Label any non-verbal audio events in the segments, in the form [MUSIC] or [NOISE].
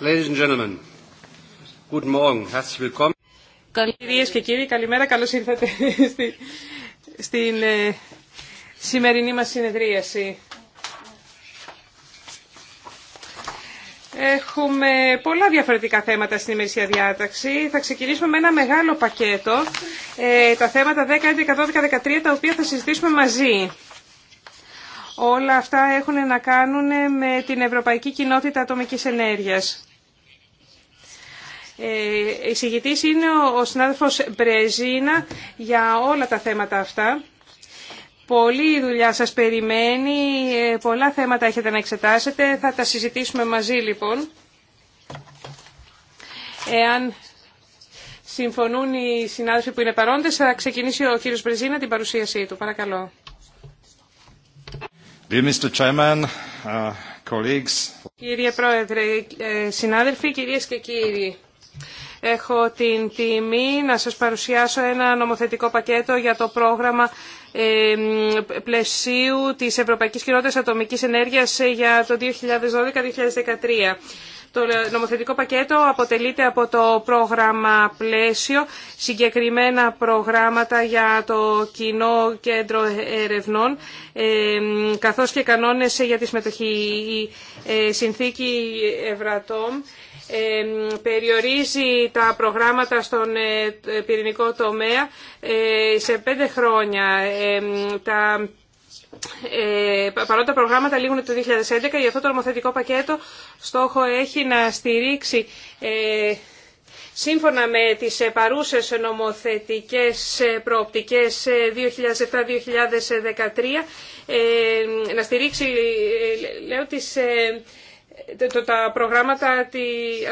Ladies Κυρίες και κύριοι, καλημέρα, καλώς ήρθατε [LAUGHS] στην ε, σημερινή μας συνεδρίαση. Έχουμε πολλά διαφορετικά θέματα στην ημερησία διάταξη. Θα ξεκινήσουμε με ένα μεγάλο πακέτο, ε, τα θέματα 10, 11, 12, 13, τα οποία θα συζητήσουμε μαζί. Όλα αυτά έχουν να κάνουν με την Ευρωπαϊκή Κοινότητα Ατομικής Ενέργειας. Ε, εισηγητής είναι ο, ο συνάδελφος Μπρεζίνα για όλα τα θέματα αυτά. Πολύ δουλειά σας περιμένει, ε, πολλά θέματα έχετε να εξετάσετε. Θα τα συζητήσουμε μαζί λοιπόν. Εάν συμφωνούν οι συνάδελφοι που είναι παρόντες, θα ξεκινήσει ο κύριος Μπρεζίνα την παρουσίασή του. Παρακαλώ. Uh, Κύριε Πρόεδρε, ε, συνάδελφοι, κυρίες και κύριοι, έχω την τιμή να σας παρουσιάσω ένα νομοθετικό πακέτο για το πρόγραμμα ε, πλαισίου της Ευρωπαϊκής Κοινότητας Ατομικής Ενέργειας ε, για το 2012-2013. Το νομοθετικό πακέτο αποτελείται από το πρόγραμμα πλαίσιο, συγκεκριμένα προγράμματα για το κοινό κέντρο ερευνών, καθώς και κανόνες για τη συμμετοχή. Η ε, συνθήκη Ευρατόμ περιορίζει τα προγράμματα στον ε, πυρηνικό τομέα ε, σε πέντε χρόνια. Τα ε, τα προγράμματα λήγουν το 2011. Γι' αυτό το νομοθετικό πακέτο στόχο έχει να στηρίξει ε, σύμφωνα με τις παρούσες νομοθετικές προοπτικές 2007-2013 ε, να στηρίξει λέω τις τα προγράμματα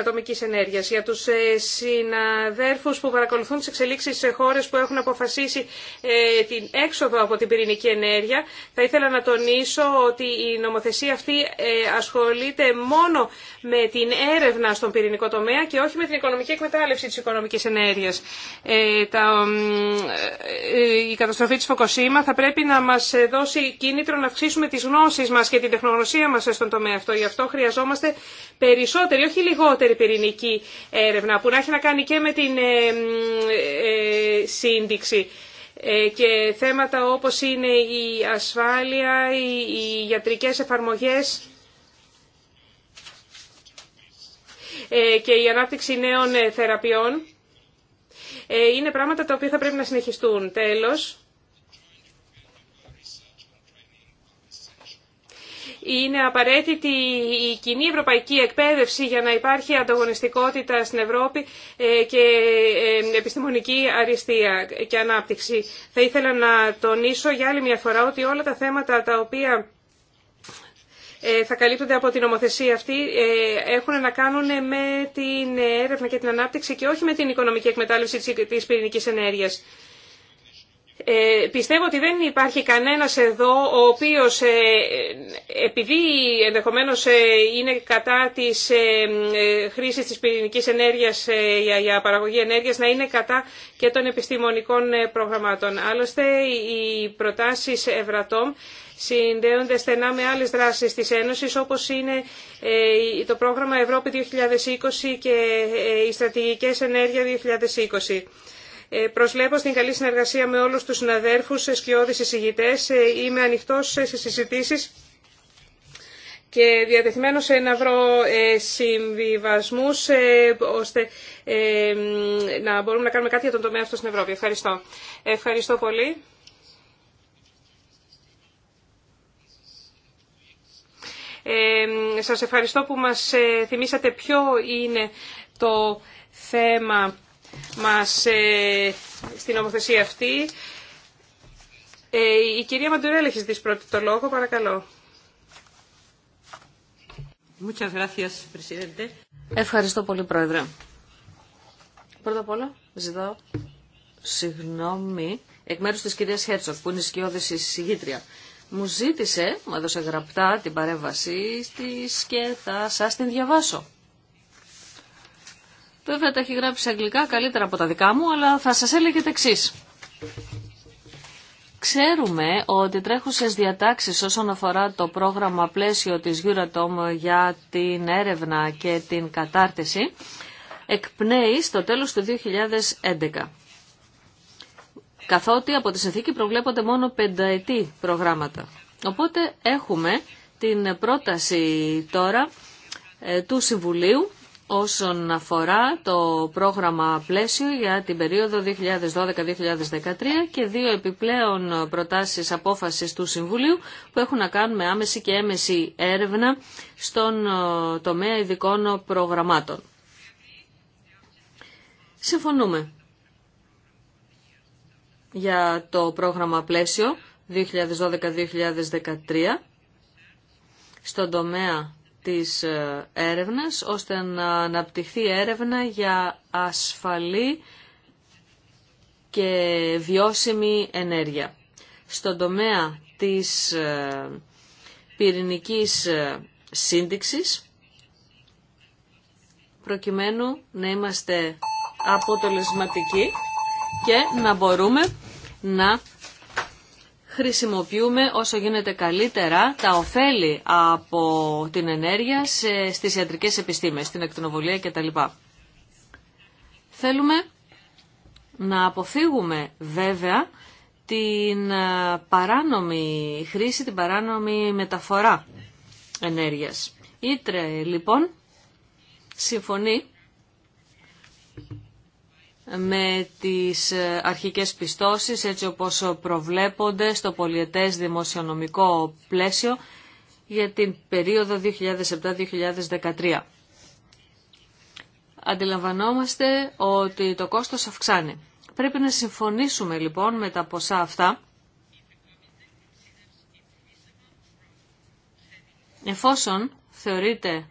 ατομικής ενέργειας. Για τους ε, συναδέρφους που παρακολουθούν τις εξελίξεις σε χώρες που έχουν αποφασίσει ε, την έξοδο από την πυρηνική ενέργεια, θα ήθελα να τονίσω ότι η νομοθεσία αυτή ε, ασχολείται μόνο με την έρευνα στον πυρηνικό τομέα και όχι με την οικονομική εκμετάλλευση της οικονομικής ενέργειας. Η καταστροφή της Φοκοσίμα θα πρέπει να μας δώσει κίνητρο να αυξήσουμε τις γνώσεις μας και την τεχνογνωσία μας στον τομέα αυτό. Γι' αυτό χρειαζόμαστε χρειαζόμαστε περισσότερη, όχι λιγότερη πυρηνική έρευνα που να έχει να κάνει και με την ε, ε, σύνδεξη ε, και θέματα όπως είναι η ασφάλεια, οι γιατρικές εφαρμογές και η ανάπτυξη νέων θεραπείων είναι πράγματα τα οποία θα πρέπει να συνεχιστούν. Τέλος, Είναι απαραίτητη η κοινή ευρωπαϊκή εκπαίδευση για να υπάρχει ανταγωνιστικότητα στην Ευρώπη ε, και ε, επιστημονική αριστεία και ανάπτυξη. Θα ήθελα να τονίσω για άλλη μια φορά ότι όλα τα θέματα τα οποία ε, θα καλύπτονται από την ομοθέσια αυτή έχουν να κάνουν με την έρευνα και την ανάπτυξη και όχι με την οικονομική εκμετάλλευση της πυρηνικής ενέργειας. Ε, πιστεύω ότι δεν υπάρχει κανένας εδώ ο οποίος ε, επειδή ενδεχομένως ε, είναι κατά της χρήσης της πυρηνικής ενέργειας για, παραγωγή ενέργειας να είναι κατά και των επιστημονικών προγραμμάτων. Άλλωστε οι προτάσεις Ευρατόμ συνδέονται στενά με άλλες δράσεις της Ένωσης όπως είναι το πρόγραμμα Ευρώπη 2020 και οι στρατηγικές ενέργεια 2020. Ε, προσλέπω στην καλή συνεργασία με όλους τους συναδέρφους, σκιώδεις εισηγητές. Ε, είμαι ανοιχτός σε συζητήσεις και διατεθειμένος να βρω ε, συμβιβασμούς ώστε να μπορούμε να κάνουμε κάτι για τον τομέα αυτό στην Ευρώπη. Ευχαριστώ. Ευχαριστώ πολύ. Ε, σας ευχαριστώ που μας θυμήσατε ποιο είναι το θέμα μας ε, στην νομοθεσία αυτή. Ε, η κυρία Μαντουρέλ έχει ζητήσει πρώτη το λόγο, παρακαλώ. Ευχαριστώ πολύ, Πρόεδρε. Πρώτα απ' όλα, ζητώ συγγνώμη εκ μέρους της κυρίας Χέρτσοφ που είναι σκιώδης συγγήτρια. Μου ζήτησε, μου έδωσε γραπτά την παρέμβασή της και θα σας την διαβάσω. Βέβαια τα έχει γράψει αγγλικά καλύτερα από τα δικά μου, αλλά θα σας έλεγε τα εξή. Ξέρουμε ότι τρέχουσες διατάξεις όσον αφορά το πρόγραμμα πλαίσιο της Euratom για την έρευνα και την κατάρτιση εκπνέει στο τέλος του 2011. Καθότι από τη συνθήκη προβλέπονται μόνο πενταετή προγράμματα. Οπότε έχουμε την πρόταση τώρα ε, του Συμβουλίου όσον αφορά το πρόγραμμα πλαίσιο για την περίοδο 2012-2013 και δύο επιπλέον προτάσεις απόφασης του Συμβουλίου που έχουν να κάνουν με άμεση και έμεση έρευνα στον ε, τομέα ειδικών προγραμμάτων. Συμφωνούμε για το πρόγραμμα πλαίσιο 2012-2013 στον τομέα της ε, έρευνας, ώστε να αναπτυχθεί έρευνα για ασφαλή και βιώσιμη ενέργεια. Στον τομέα της ε, πυρηνικής ε, σύνδεξης, προκειμένου να είμαστε αποτελεσματικοί και να μπορούμε να χρησιμοποιούμε όσο γίνεται καλύτερα τα ωφέλη από την ενέργεια στις ιατρικές επιστήμες, στην εκτινοβολία κτλ. Θέλουμε να αποφύγουμε βέβαια την ε, παράνομη χρήση, την παράνομη μεταφορά ενέργειας. Ήτρε λοιπόν συμφωνεί με τις ε, αρχικές πιστώσεις έτσι όπως προβλέπονται στο πολιετές δημοσιονομικό πλαίσιο για την περίοδο 2007-2013. Αντιλαμβανόμαστε ότι το κόστος αυξάνει. Πρέπει να συμφωνήσουμε λοιπόν με τα ποσά αυτά εφόσον θεωρείται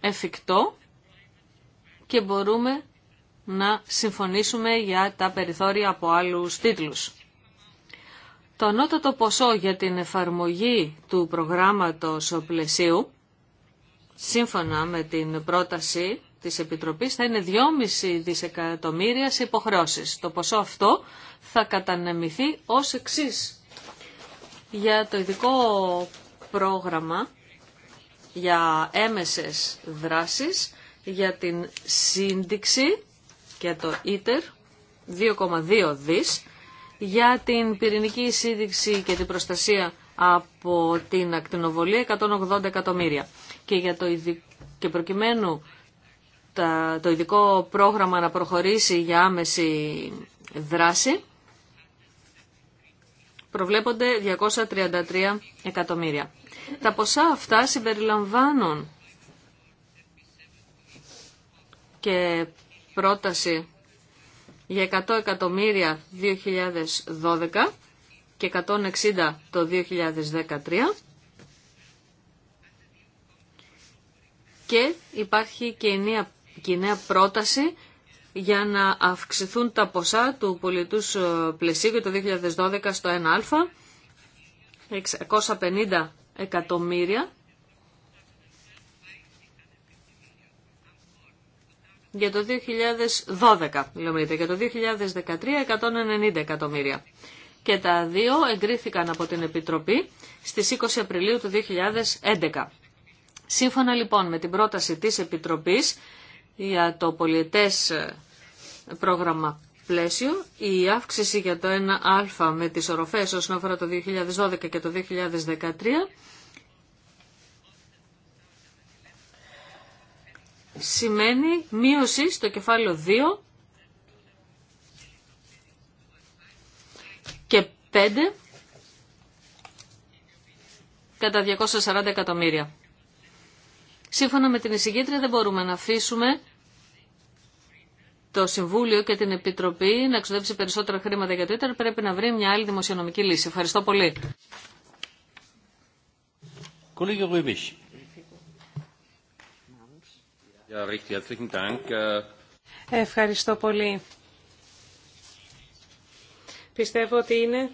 εφικτό και μπορούμε να συμφωνήσουμε για τα περιθώρια από άλλους τίτλους. Το ανώτατο ποσό για την εφαρμογή του προγράμματος πλαισίου, σύμφωνα με την πρόταση της Επιτροπής, θα είναι 2,5 δισεκατομμύρια σε υποχρεώσεις. Το ποσό αυτό θα κατανεμηθεί ως εξής. Για το ειδικό πρόγραμμα για έμεσες δράσεις, για την σύνδεξη και το ΙΤΕΡ, 2,2 δις, για την πυρηνική εισήδηξη και την προστασία από την ακτινοβολία 180 εκατομμύρια. Και, για το και προκειμένου το ειδικό πρόγραμμα να προχωρήσει για άμεση δράση, προβλέπονται 233 εκατομμύρια. Τα ποσά αυτά συμπεριλαμβάνουν και πρόταση για 100 εκατομμύρια 2012 και 160 το 2013 και υπάρχει και η νέα, πρόταση για να αυξηθούν τα ποσά του πολιτού ε, πλαισίου το 2012 στο 1α 650 εκατομμύρια για το 2012, λέμε, για το 2013 190 εκατομμύρια. Και τα δύο εγκρίθηκαν από την Επιτροπή στις 20 Απριλίου του 2011. Σύμφωνα λοιπόν με την πρόταση της Επιτροπής για το πολιετές ε, πρόγραμμα πλαίσιο, η αύξηση για το 1α με τις οροφές όσον αφορά το 2012 και το 2013 σημαίνει μείωση στο κεφάλαιο 2 και 5 κατά 240 εκατομμύρια. Σύμφωνα με την εισηγήτρια δεν μπορούμε να αφήσουμε το Συμβούλιο και την Επιτροπή να ξοδέψει περισσότερα χρήματα για το ίτερ. Πρέπει να βρει μια άλλη δημοσιονομική λύση. Ευχαριστώ πολύ. Äh, Ευχαριστώ πολύ. Πιστεύω ότι είναι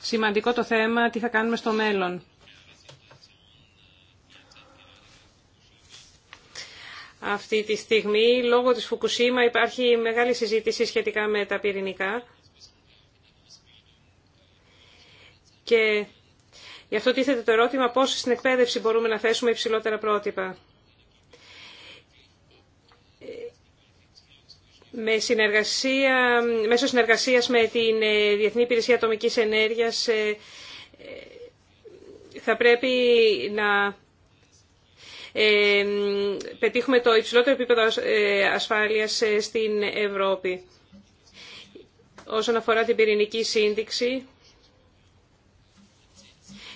σημαντικό το θέμα τι θα κάνουμε στο μέλλον. Αυτή τη στιγμή, λόγω της Φουκουσίμα, υπάρχει μεγάλη συζήτηση σχετικά με τα πυρηνικά. Και γι' αυτό τίθεται το ερώτημα πώς στην εκπαίδευση μπορούμε να θέσουμε υψηλότερα πρότυπα. με συνεργασία, μέσω συνεργασίας με την ε, Διεθνή Υπηρεσία Ατομικής Ενέργειας ε, ε, θα πρέπει να πετύχουμε το υψηλότερο επίπεδο ασφάλειας στην Ευρώπη. Όσον αφορά την πυρηνική σύνδεξη,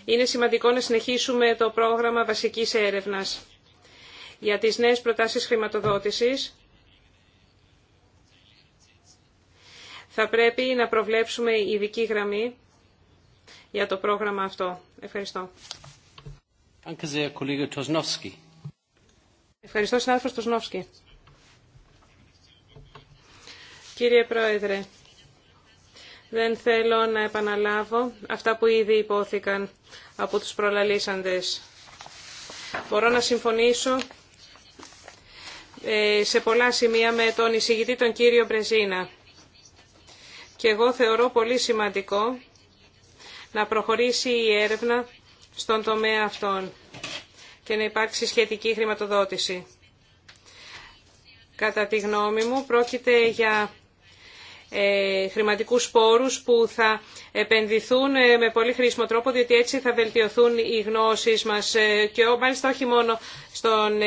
είναι σημαντικό να συνεχίσουμε το πρόγραμμα βασικής έρευνας για τις νέες προτάσεις χρηματοδότησης. θα πρέπει να προβλέψουμε ειδική γραμμή για το πρόγραμμα αυτό. Ευχαριστώ. Ευχαριστώ, συνάδελφος Τοσνόφσκι. Κύριε Πρόεδρε, δεν θέλω να επαναλάβω αυτά που ήδη υπόθηκαν από τους προλαλήσαντες. Μπορώ να συμφωνήσω ε, σε πολλά σημεία με τον εισηγητή τον κύριο Μπρεζίνα και εγώ θεωρώ πολύ σημαντικό να προχωρήσει η έρευνα στον τομέα αυτών και να υπάρξει σχετική χρηματοδότηση. Κατά τη γνώμη μου πρόκειται για ε, χρηματικούς πόρους που θα επενδυθούν ε, με πολύ χρήσιμο τρόπο διότι έτσι θα βελτιωθούν οι γνώσεις μας ε, και μάλιστα όχι μόνο στον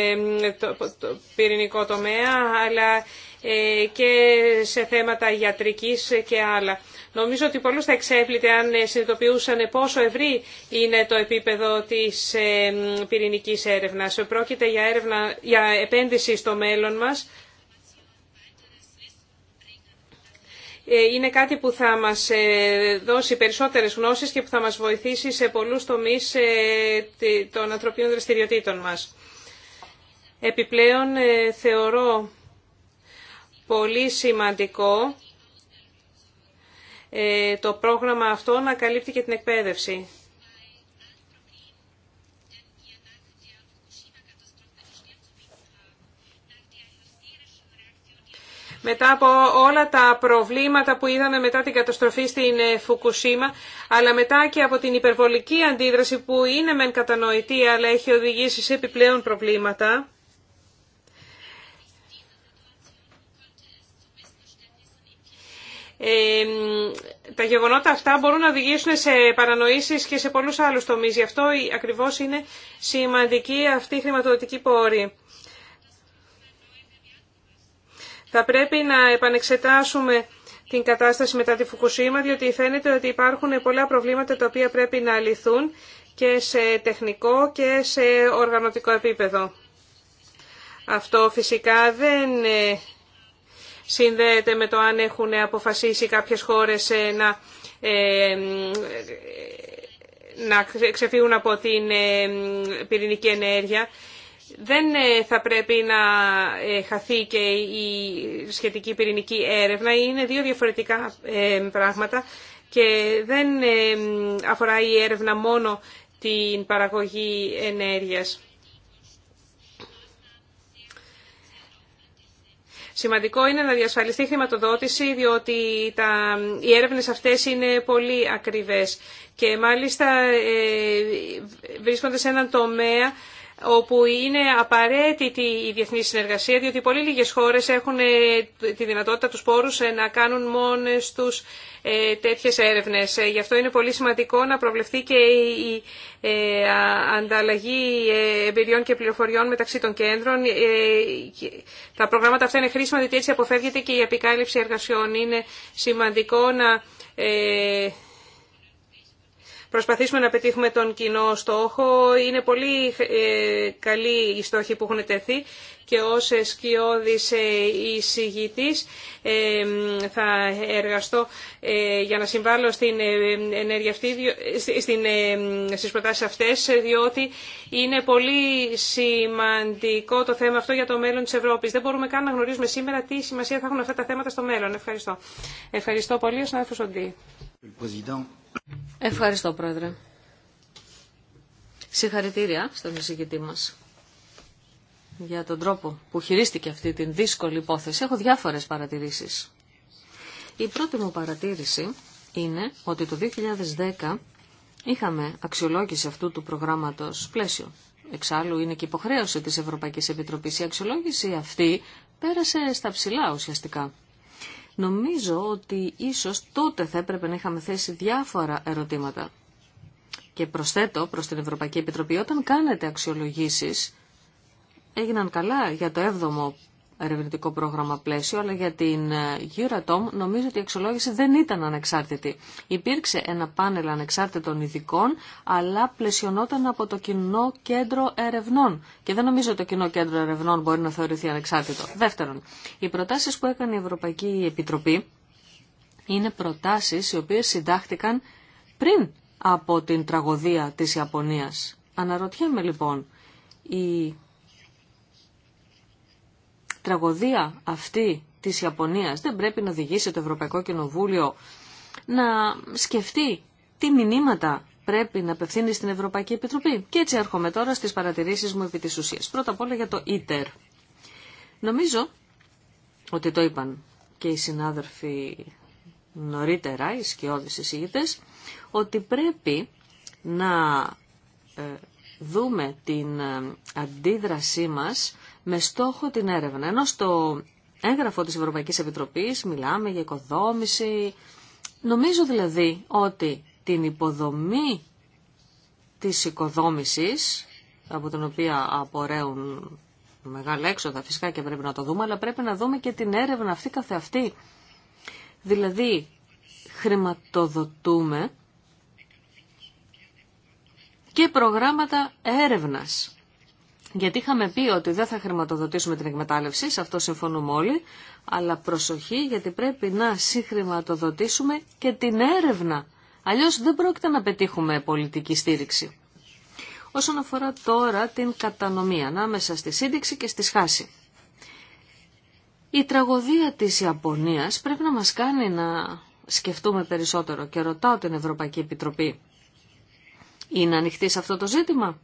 πυρηνικό τομέα αλλά ε, και σε θέματα γιατρικής και άλλα. Νομίζω ότι πολλούς θα εξέπλητε αν συνειδητοποιούσαν πόσο ευρύ είναι το επίπεδο της ε, πυρηνικής έρευνας. Πρόκειται για, έρευνα, για επένδυση στο μέλλον μας. Ε, είναι κάτι που θα μας δώσει περισσότερες γνώσεις και που θα μας βοηθήσει σε πολλούς τομείς των ανθρωπίνων δραστηριοτήτων μας. Επιπλέον, θεωρώ πολύ σημαντικό ε, το πρόγραμμα αυτό να καλύπτει και την εκπαίδευση. μετά από όλα τα προβλήματα που είδαμε μετά την καταστροφή στην ε, Φουκουσίμα, αλλά μετά και από την υπερβολική αντίδραση που είναι μεν κατανοητή, αλλά έχει οδηγήσει σε επιπλέον προβλήματα. τα γεγονότα αυτά μπορούν να οδηγήσουν σε παρανοήσεις και σε πολλούς άλλους τομείς. Γι' αυτό ακριβώς είναι σημαντική αυτή η χρηματοδοτική πόρη. Θα πρέπει να επανεξετάσουμε την κατάσταση μετά τη Φουκουσίμα, διότι φαίνεται ότι υπάρχουν πολλά προβλήματα τα οποία πρέπει να λυθούν και σε τεχνικό και σε οργανωτικό επίπεδο. Αυτό φυσικά δεν ε, συνδέεται με το αν έχουν αποφασίσει κάποιες χώρες ε, να, ε, να ξεφύγουν από την ε, πυρηνική ενέργεια. Δεν θα πρέπει να χαθεί και η σχετική πυρηνική έρευνα. Είναι δύο διαφορετικά πράγματα και δεν αφορά η έρευνα μόνο την παραγωγή ενέργειας. Σημαντικό είναι να διασφαλιστεί η χρηματοδότηση, διότι τα, οι έρευνες αυτές είναι πολύ ακριβές και μάλιστα ε, βρίσκονται σε έναν τομέα όπου είναι απαραίτητη η διεθνή συνεργασία, διότι πολύ λίγες χώρες έχουν ε, τη δυνατότητα τους πόρους ε, να κάνουν μόνες τους ε, τέτοιες έρευνες. Γι' αυτό είναι πολύ σημαντικό να προβλεφθεί και η ανταλλαγή εμπειριών και πληροφοριών μεταξύ των κέντρων. Τα προγράμματα αυτά είναι χρήσιμα, διότι έτσι αποφεύγεται και η επικάλυψη εργασιών. Είναι σημαντικό να προσπαθήσουμε να πετύχουμε τον κοινό στόχο. Είναι πολύ ε, καλή οι στόχοι που έχουν τεθεί και ως σκιώδης ε, εισηγητής ε, θα εργαστώ για να συμβάλλω στην ενέργεια αυτή, στην, στις προτάσεις αυτές, διότι είναι πολύ σημαντικό το θέμα αυτό για το μέλλον της Ευρώπης. Δεν μπορούμε καν να γνωρίζουμε σήμερα τι σημασία θα έχουν αυτά τα θέματα στο μέλλον. Ευχαριστώ. Ευχαριστώ πολύ, ο συνάδελφος Οντή. Ευχαριστώ, Πρόεδρε. Συγχαρητήρια στον εισηγητή μας για τον τρόπο που χειρίστηκε αυτή την δύσκολη υπόθεση. Έχω διάφορες παρατηρήσεις. Η πρώτη μου παρατήρηση είναι ότι το 2010 είχαμε αξιολόγηση αυτού του προγράμματος πλαίσιο. Εξάλλου είναι και υποχρέωση της Ευρωπαϊκής Επιτροπής. Η αξιολόγηση αυτή πέρασε στα ψηλά ουσιαστικά. Νομίζω ότι ίσως τότε θα έπρεπε να είχαμε θέσει διάφορα ερωτήματα. Και προσθέτω προς την Ευρωπαϊκή Επιτροπή, όταν κάνετε αξιολογήσεις, έγιναν καλά για το 7ο ερευνητικό πρόγραμμα πλαίσιο, αλλά για την ε, Euratom νομίζω ότι η αξιολόγηση δεν ήταν ανεξάρτητη. Υπήρξε ένα πάνελ ανεξάρτητων ειδικών, αλλά πλαισιωνόταν από το Κοινό Κέντρο Ερευνών. Και δεν νομίζω ότι το Κοινό Κέντρο Ερευνών μπορεί να θεωρηθεί ανεξάρτητο. Δεύτερον, οι προτάσεις που έκανε η Ευρωπαϊκή Επιτροπή είναι προτάσεις οι οποίες συντάχτηκαν πριν από την τραγωδία της Ιαπωνίας. Αναρωτιέμαι λοιπόν, η τραγωδία αυτή της Ιαπωνίας δεν πρέπει να οδηγήσει το Ευρωπαϊκό Κοινοβούλιο να σκεφτεί τι μηνύματα πρέπει να απευθύνει στην Ευρωπαϊκή Επιτροπή. Και έτσι έρχομαι τώρα στις παρατηρήσεις μου επί της ουσίας. Πρώτα απ' όλα για το ITER. Νομίζω ότι το είπαν και οι συνάδελφοι νωρίτερα, οι σκιώδεις εισηγητές, ότι πρέπει να ε, δούμε την ε, αντίδρασή μας με στόχο την έρευνα. Ενώ στο έγγραφο της Ευρωπαϊκής Επιτροπής μιλάμε για οικοδόμηση. Νομίζω δηλαδή ότι την υποδομή της οικοδόμησης, από την οποία απορρέουν μεγάλα έξοδα φυσικά και πρέπει να το δούμε, αλλά πρέπει να δούμε και την έρευνα αυτή καθεαυτή. Δηλαδή, χρηματοδοτούμε και προγράμματα έρευνας γιατί είχαμε πει ότι δεν θα χρηματοδοτήσουμε την εκμετάλλευση, σε αυτό συμφωνούμε όλοι, αλλά προσοχή γιατί πρέπει να συγχρηματοδοτήσουμε και την έρευνα. Αλλιώς δεν πρόκειται να πετύχουμε πολιτική στήριξη. Όσον αφορά τώρα την κατανομή ανάμεσα στη σύνδεξη και στη σχάση. Η τραγωδία της Ιαπωνίας πρέπει να μας κάνει να σκεφτούμε περισσότερο και ρωτάω την Ευρωπαϊκή Επιτροπή. Είναι ανοιχτή σε αυτό το ζήτημα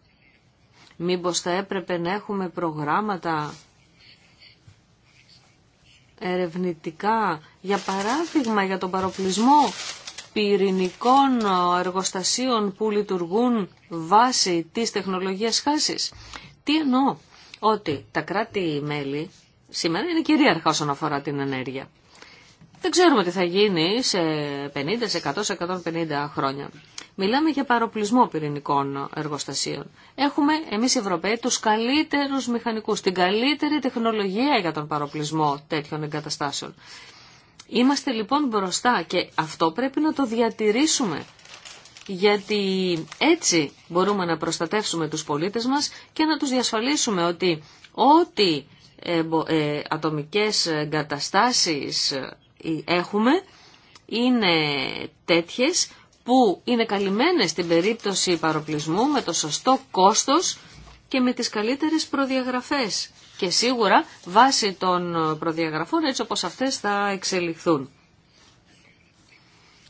Μήπως θα έπρεπε να έχουμε προγράμματα ερευνητικά, για παράδειγμα για τον παροπλισμό πυρηνικών εργοστασίων που λειτουργούν βάσει της τεχνολογίας χάσης. Τι εννοώ, ότι τα κράτη-μέλη σήμερα είναι κυρίαρχα όσον αφορά την ενέργεια. Δεν ξέρουμε τι θα γίνει σε 50, σε 100, 150 χρόνια. Μιλάμε για παροπλισμό πυρηνικών εργοστασίων. Έχουμε εμείς οι Ευρωπαίοι τους καλύτερους μηχανικούς, την καλύτερη τεχνολογία για τον παροπλισμό τέτοιων εγκαταστάσεων. Είμαστε λοιπόν μπροστά και αυτό πρέπει να το διατηρήσουμε. Γιατί έτσι μπορούμε να προστατεύσουμε τους πολίτες μας και να τους διασφαλίσουμε ότι ό,τι ε, ε, ατομικές εγκαταστάσεις ε, έχουμε είναι τέτοιες που είναι καλυμμένες στην περίπτωση παροπλισμού με το σωστό κόστος και με τις καλύτερες προδιαγραφές. Και σίγουρα βάσει των προδιαγραφών έτσι όπως αυτές θα εξελιχθούν.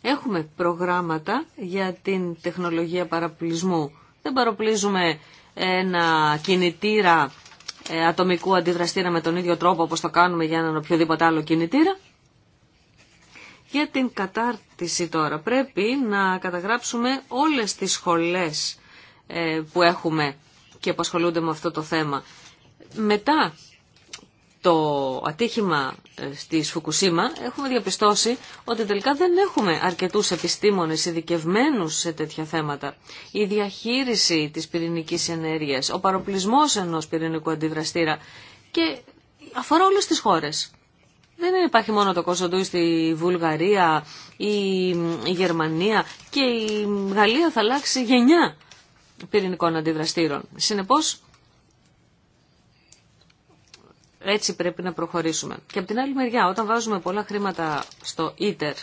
Έχουμε προγράμματα για την τεχνολογία παραπλησμού. Δεν παροπλίζουμε ένα κινητήρα ε, ατομικού αντιδραστήρα με τον ίδιο τρόπο όπως το κάνουμε για έναν οποιοδήποτε άλλο κινητήρα. Για την κατάρτιση τώρα πρέπει να καταγράψουμε όλες τις σχολές ε, που έχουμε και απασχολούνται με αυτό το θέμα. Μετά το ατύχημα ε, στη Φουκουσίμα έχουμε διαπιστώσει ότι τελικά δεν έχουμε αρκετούς επιστήμονες ειδικευμένου σε τέτοια θέματα. Η διαχείριση της πυρηνικής ενέργειας, ο παροπλισμός ενός πυρηνικού αντιδραστήρα και αφορά όλες τις χώρες. Δεν υπάρχει μόνο το του στη Βουλγαρία, η Γερμανία και η Γαλλία θα αλλάξει γενιά πυρηνικών αντιδραστήρων. Συνεπώς, έτσι πρέπει να προχωρήσουμε. Και από την άλλη μεριά, όταν βάζουμε πολλά χρήματα στο ίτερ,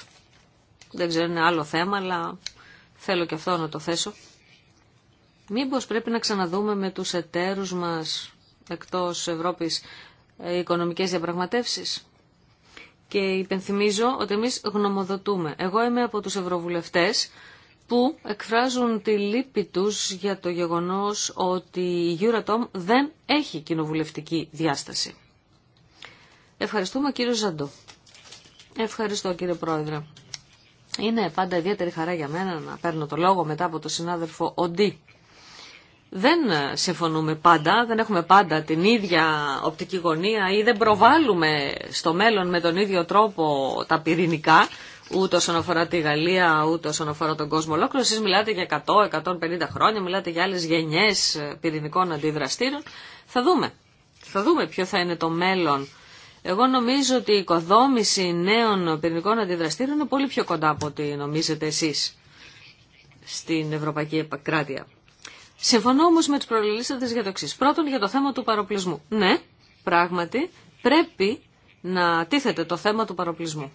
δεν ξέρω είναι άλλο θέμα, αλλά θέλω και αυτό να το θέσω, μήπως πρέπει να ξαναδούμε με τους εταίρους μας εκτός Ευρώπης ε, οικονομικές διαπραγματεύσεις. Και υπενθυμίζω ότι εμείς γνωμοδοτούμε. Εγώ είμαι από τους ευρωβουλευτές που εκφράζουν τη λύπη τους για το γεγονός ότι η Euratom δεν έχει κοινοβουλευτική διάσταση. Ευχαριστούμε κύριο Ζαντό. Ευχαριστώ κύριε Πρόεδρε. Είναι πάντα ιδιαίτερη χαρά για μένα να παίρνω το λόγο μετά από τον συνάδελφο Οντί δεν συμφωνούμε πάντα, δεν έχουμε πάντα την ίδια οπτική γωνία ή δεν προβάλλουμε στο μέλλον με τον ίδιο τρόπο τα πυρηνικά, ούτε όσον αφορά τη Γαλλία, ούτε όσον αφορά τον κόσμο ολόκληρο. Εσείς μιλάτε για 100-150 χρόνια, μιλάτε για άλλες γενιές πυρηνικών αντιδραστήρων. Θα δούμε. Θα δούμε ποιο θα είναι το μέλλον. Εγώ νομίζω ότι η οικοδόμηση νέων πυρηνικών αντιδραστήρων είναι πολύ πιο κοντά από ό,τι νομίζετε εσείς στην Ευρωπαϊκή Επικράτεια. Συμφωνώ όμω με του προλαλήσαντε για το εξή. Πρώτον, για το θέμα του παροπλισμού. Ναι, πράγματι, πρέπει να τίθεται το θέμα του παροπλισμού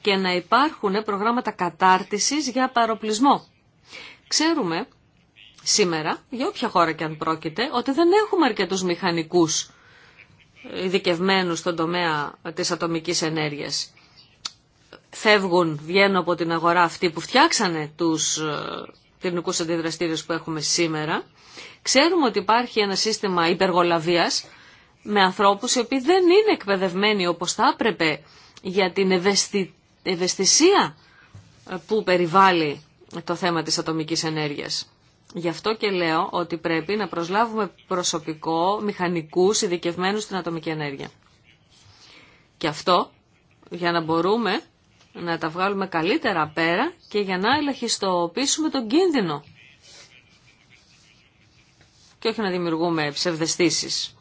και να υπάρχουν προγράμματα κατάρτισης για παροπλισμό. Ξέρουμε σήμερα, για όποια χώρα και αν πρόκειται, ότι δεν έχουμε αρκετούς μηχανικούς ειδικευμένου στον τομέα της ατομικής ενέργεια. Φεύγουν, βγαίνουν από την αγορά αυτοί που φτιάξανε τους ε, πυρηνικούς αντιδραστήριους που έχουμε σήμερα. Ξέρουμε ότι υπάρχει ένα σύστημα υπεργολαβίας με ανθρώπους οι οποίοι δεν είναι εκπαιδευμένοι όπως θα έπρεπε για την ευαισθη... ευαισθησία ε, που περιβάλλει το θέμα της ατομικής ενέργειας. Γι' αυτό και λέω ότι πρέπει να προσλάβουμε προσωπικό, μηχανικούς, ειδικευμένους στην ατομική ενέργεια. Και αυτό για να μπορούμε να τα βγάλουμε καλύτερα πέρα και για να ελαχιστοποιήσουμε τον κίνδυνο και όχι να δημιουργούμε ψευδεστήσεις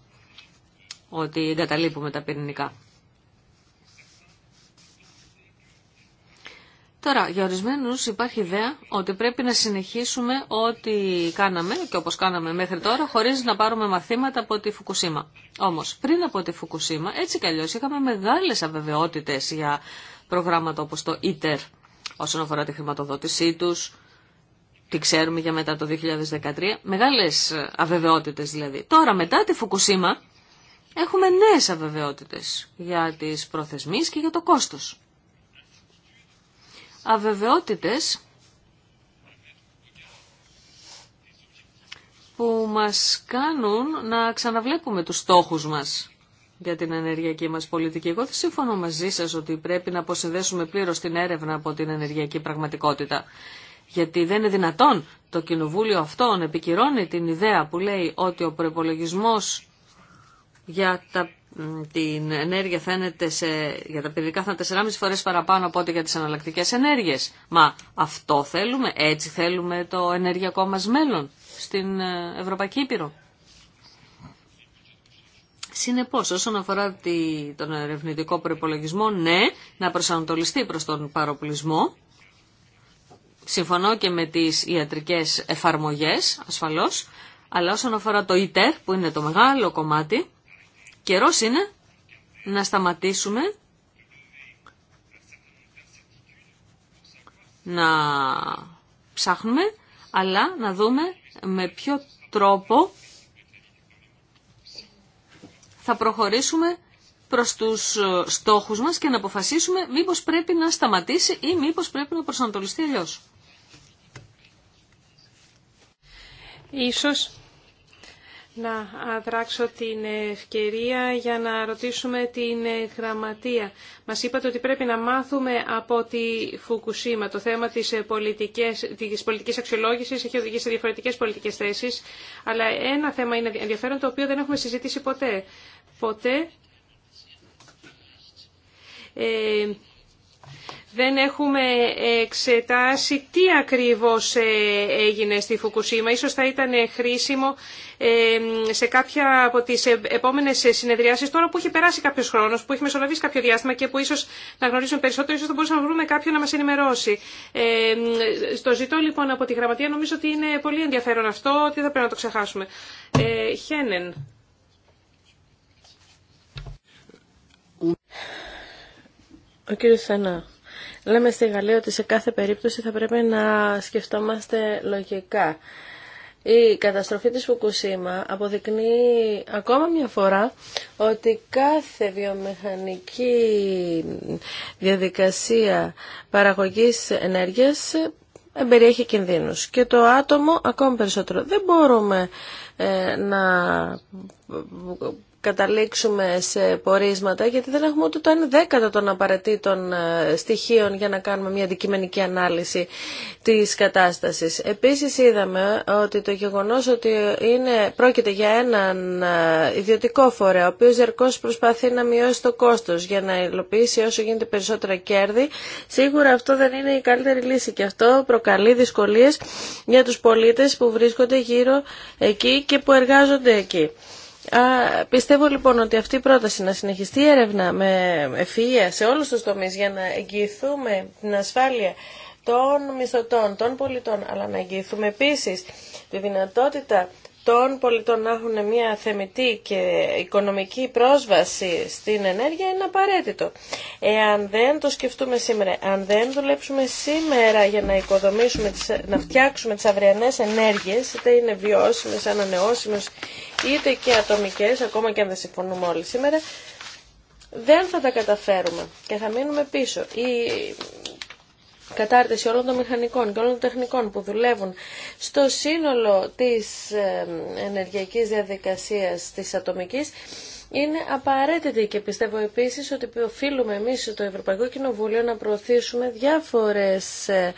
ότι εγκαταλείπουμε τα πυρηνικά. Τώρα, για ορισμένου υπάρχει ιδέα ότι πρέπει να συνεχίσουμε ό,τι κάναμε και όπως κάναμε μέχρι τώρα, χωρίς να πάρουμε μαθήματα από τη Φουκουσίμα. Όμω, πριν από τη Φουκουσίμα, έτσι κι αλλιώς είχαμε μεγάλε αβεβαιότητες... για προγράμματα όπως το ITER όσον αφορά τη χρηματοδότησή τους, τι ξέρουμε για μετά το 2013, μεγάλες αβεβαιότητες δηλαδή. Τώρα μετά τη Φουκουσίμα έχουμε νέες αβεβαιότητες για τις προθεσμίες και για το κόστος. Αβεβαιότητες που μας κάνουν να ξαναβλέπουμε τους στόχους μας για την ενεργειακή μας πολιτική. Εγώ δεν συμφωνώ μαζί σας ότι πρέπει να αποσυνδέσουμε πλήρως την έρευνα από την ενεργειακή πραγματικότητα. Γιατί δεν είναι δυνατόν το κοινοβούλιο αυτό να επικυρώνει την ιδέα που λέει ότι ο προπολογισμό για τα, την ενέργεια φαίνεται σε, για τα πυρηνικά θα είναι 4,5 φορέ παραπάνω από ό,τι για τι αναλλακτικές ενέργειε. Μα αυτό θέλουμε, έτσι θέλουμε το ενεργειακό μα μέλλον στην ε, Ευρωπαϊκή Ήπειρο. Συνεπώ, όσον αφορά τον ερευνητικό προπολογισμό, ναι, να προσανατολιστεί προς τον παροπλισμό. Συμφωνώ και με τις ιατρικέ εφαρμογές, ασφαλώ. Αλλά όσον αφορά το ΙΤΕΡ, που είναι το μεγάλο κομμάτι, καιρό είναι να σταματήσουμε να ψάχνουμε, αλλά να δούμε με ποιο τρόπο θα προχωρήσουμε προς τους ε, στόχους μας και να αποφασίσουμε μήπως πρέπει να σταματήσει ή μήπως πρέπει να προσανατολιστεί αλλιώς. Ίσως να αδράξω την ευκαιρία για να ρωτήσουμε την γραμματεία. Μας είπατε ότι πρέπει να μάθουμε από τη Φουκουσίμα. Το θέμα της πολιτικής, της πολιτικής αξιολόγησης έχει οδηγήσει σε διαφορετικές πολιτικές θέσεις, αλλά ένα θέμα είναι ενδιαφέρον το οποίο δεν έχουμε συζητήσει ποτέ. Ποτέ ε, δεν έχουμε εξετάσει τι ακριβώς ε, έγινε στη Φουκουσίμα. Ίσως θα ήταν χρήσιμο ε, σε κάποια από τις ε, επόμενες συνεδριάσεις, τώρα που έχει περάσει κάποιος χρόνος, που έχει μεσολαβήσει κάποιο διάστημα και που ίσως να γνωρίζουμε περισσότερο, ίσως θα μπορούσαμε να βρούμε κάποιον να μας ενημερώσει. Ε, στο ζητώ λοιπόν από τη γραμματεία, νομίζω ότι είναι πολύ ενδιαφέρον αυτό, ότι θα πρέπει να το ξεχάσουμε. Χένεν. Ο κύριος Σανά. Λέμε στη Γαλλία ότι σε κάθε περίπτωση θα πρέπει να σκεφτόμαστε λογικά. Η καταστροφή της Φουκουσίμα αποδεικνύει ακόμα μια φορά ότι κάθε βιομηχανική διαδικασία παραγωγής ενέργειας περιέχει κινδύνους. Και το άτομο ακόμα περισσότερο. Δεν μπορούμε ε, να καταλήξουμε σε πορίσματα, γιατί δεν έχουμε ούτε το 1 δέκατο των απαραίτητων ε, στοιχείων για να κάνουμε μια αντικειμενική ανάλυση της κατάστασης. Επίσης είδαμε ότι το γεγονός ότι είναι, πρόκειται για έναν ε, ιδιωτικό φορέα, ο οποίος διαρκώς προσπαθεί να μειώσει το κόστος για να υλοποιήσει όσο γίνεται περισσότερα κέρδη, σίγουρα αυτό δεν είναι η καλύτερη λύση και αυτό προκαλεί δυσκολίες για τους πολίτες που βρίσκονται γύρω εκεί και που εργάζονται εκεί πιστεύω λοιπόν ότι αυτή η πρόταση να συνεχιστεί η έρευνα με ευφυΐα σε όλους τους τομείς για να εγγυηθούμε την ασφάλεια των μισθωτών, των πολιτών, αλλά να εγγυηθούμε επίσης τη δυνατότητα των πολιτών να έχουν μια θεμητή και οικονομική πρόσβαση στην ενέργεια είναι απαραίτητο. Εάν δεν το σκεφτούμε σήμερα, αν δεν δουλέψουμε σήμερα για να οικοδομήσουμε, να φτιάξουμε τις αυριανές ενέργειες, είτε είναι βιώσιμες, ανανεώσιμες, είτε και ατομικές, ακόμα και αν δεν συμφωνούμε όλοι σήμερα, δεν θα τα καταφέρουμε και θα μείνουμε πίσω. Η κατάρτιση όλων των μηχανικών και όλων των τεχνικών που δουλεύουν στο σύνολο της ε, ενεργειακής διαδικασίας της ατομικής είναι απαραίτητη και πιστεύω επίσης ότι οφείλουμε εμείς στο Ευρωπαϊκό Κοινοβούλιο να προωθήσουμε διάφορες ε,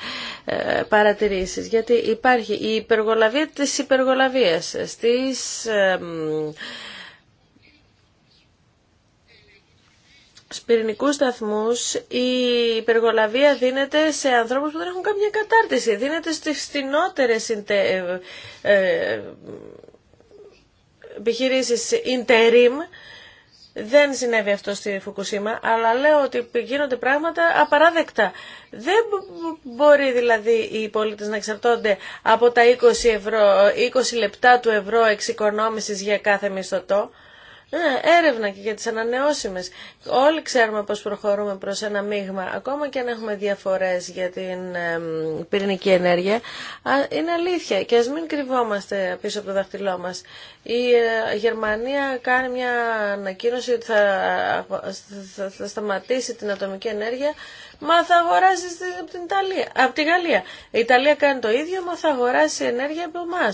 ε, παρατηρήσεις γιατί υπάρχει η υπεργολαβία της υπεργολαβίας στις πυρηνικούς σταθμούς η υπεργολαβία δίνεται σε ανθρώπους που δεν έχουν καμία κατάρτιση. Δίνεται στις φθηνότερες συντε... ε... ε επιχειρήσεις interim. Δεν συνέβη αυτό στη Φουκουσίμα, αλλά λέω ότι γίνονται πράγματα απαράδεκτα. Δεν μπορεί δηλαδή οι πολίτες να εξαρτώνται από τα 20, ευρώ, 20 λεπτά του ευρώ εξοικονόμησης για κάθε μισθωτό. Ε, έρευνα και για τις ανανεώσιμες. Όλοι ξέρουμε πώς προχωρούμε προς ένα μείγμα, ακόμα και αν έχουμε διαφορές για την πυρηνική ενέργεια. Είναι αλήθεια και ας μην κρυβόμαστε πίσω από το δαχτυλό μας. Η ε, Γερμανία κάνει μια ανακοίνωση ότι θα, σταματήσει την ατομική ενέργεια Μα θα αγοράσει από την Ιταλία, από τη Γαλλία. Η Ιταλία κάνει το ίδιο, μα θα αγοράσει ενέργεια από εμά.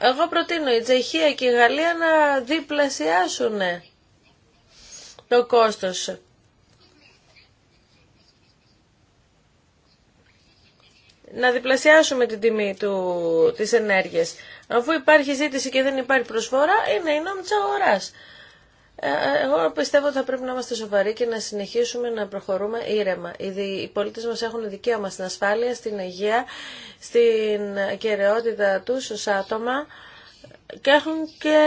Εγώ προτείνω η Τσεχία και η Γαλλία να διπλασιάσουν το κόστος. Να διπλασιάσουμε την τιμή του, της ενέργειας. Αφού υπάρχει ζήτηση και δεν υπάρχει προσφορά, είναι η νόμη της αγοράς. Ε, ε, εγώ πιστεύω ότι θα πρέπει να είμαστε σοβαροί και να συνεχίσουμε να προχωρούμε ήρεμα. Οι πολίτες μας έχουν δικαίωμα στην ασφάλεια, στην υγεία, στην κυριότητα του ω άτομα και έχουν και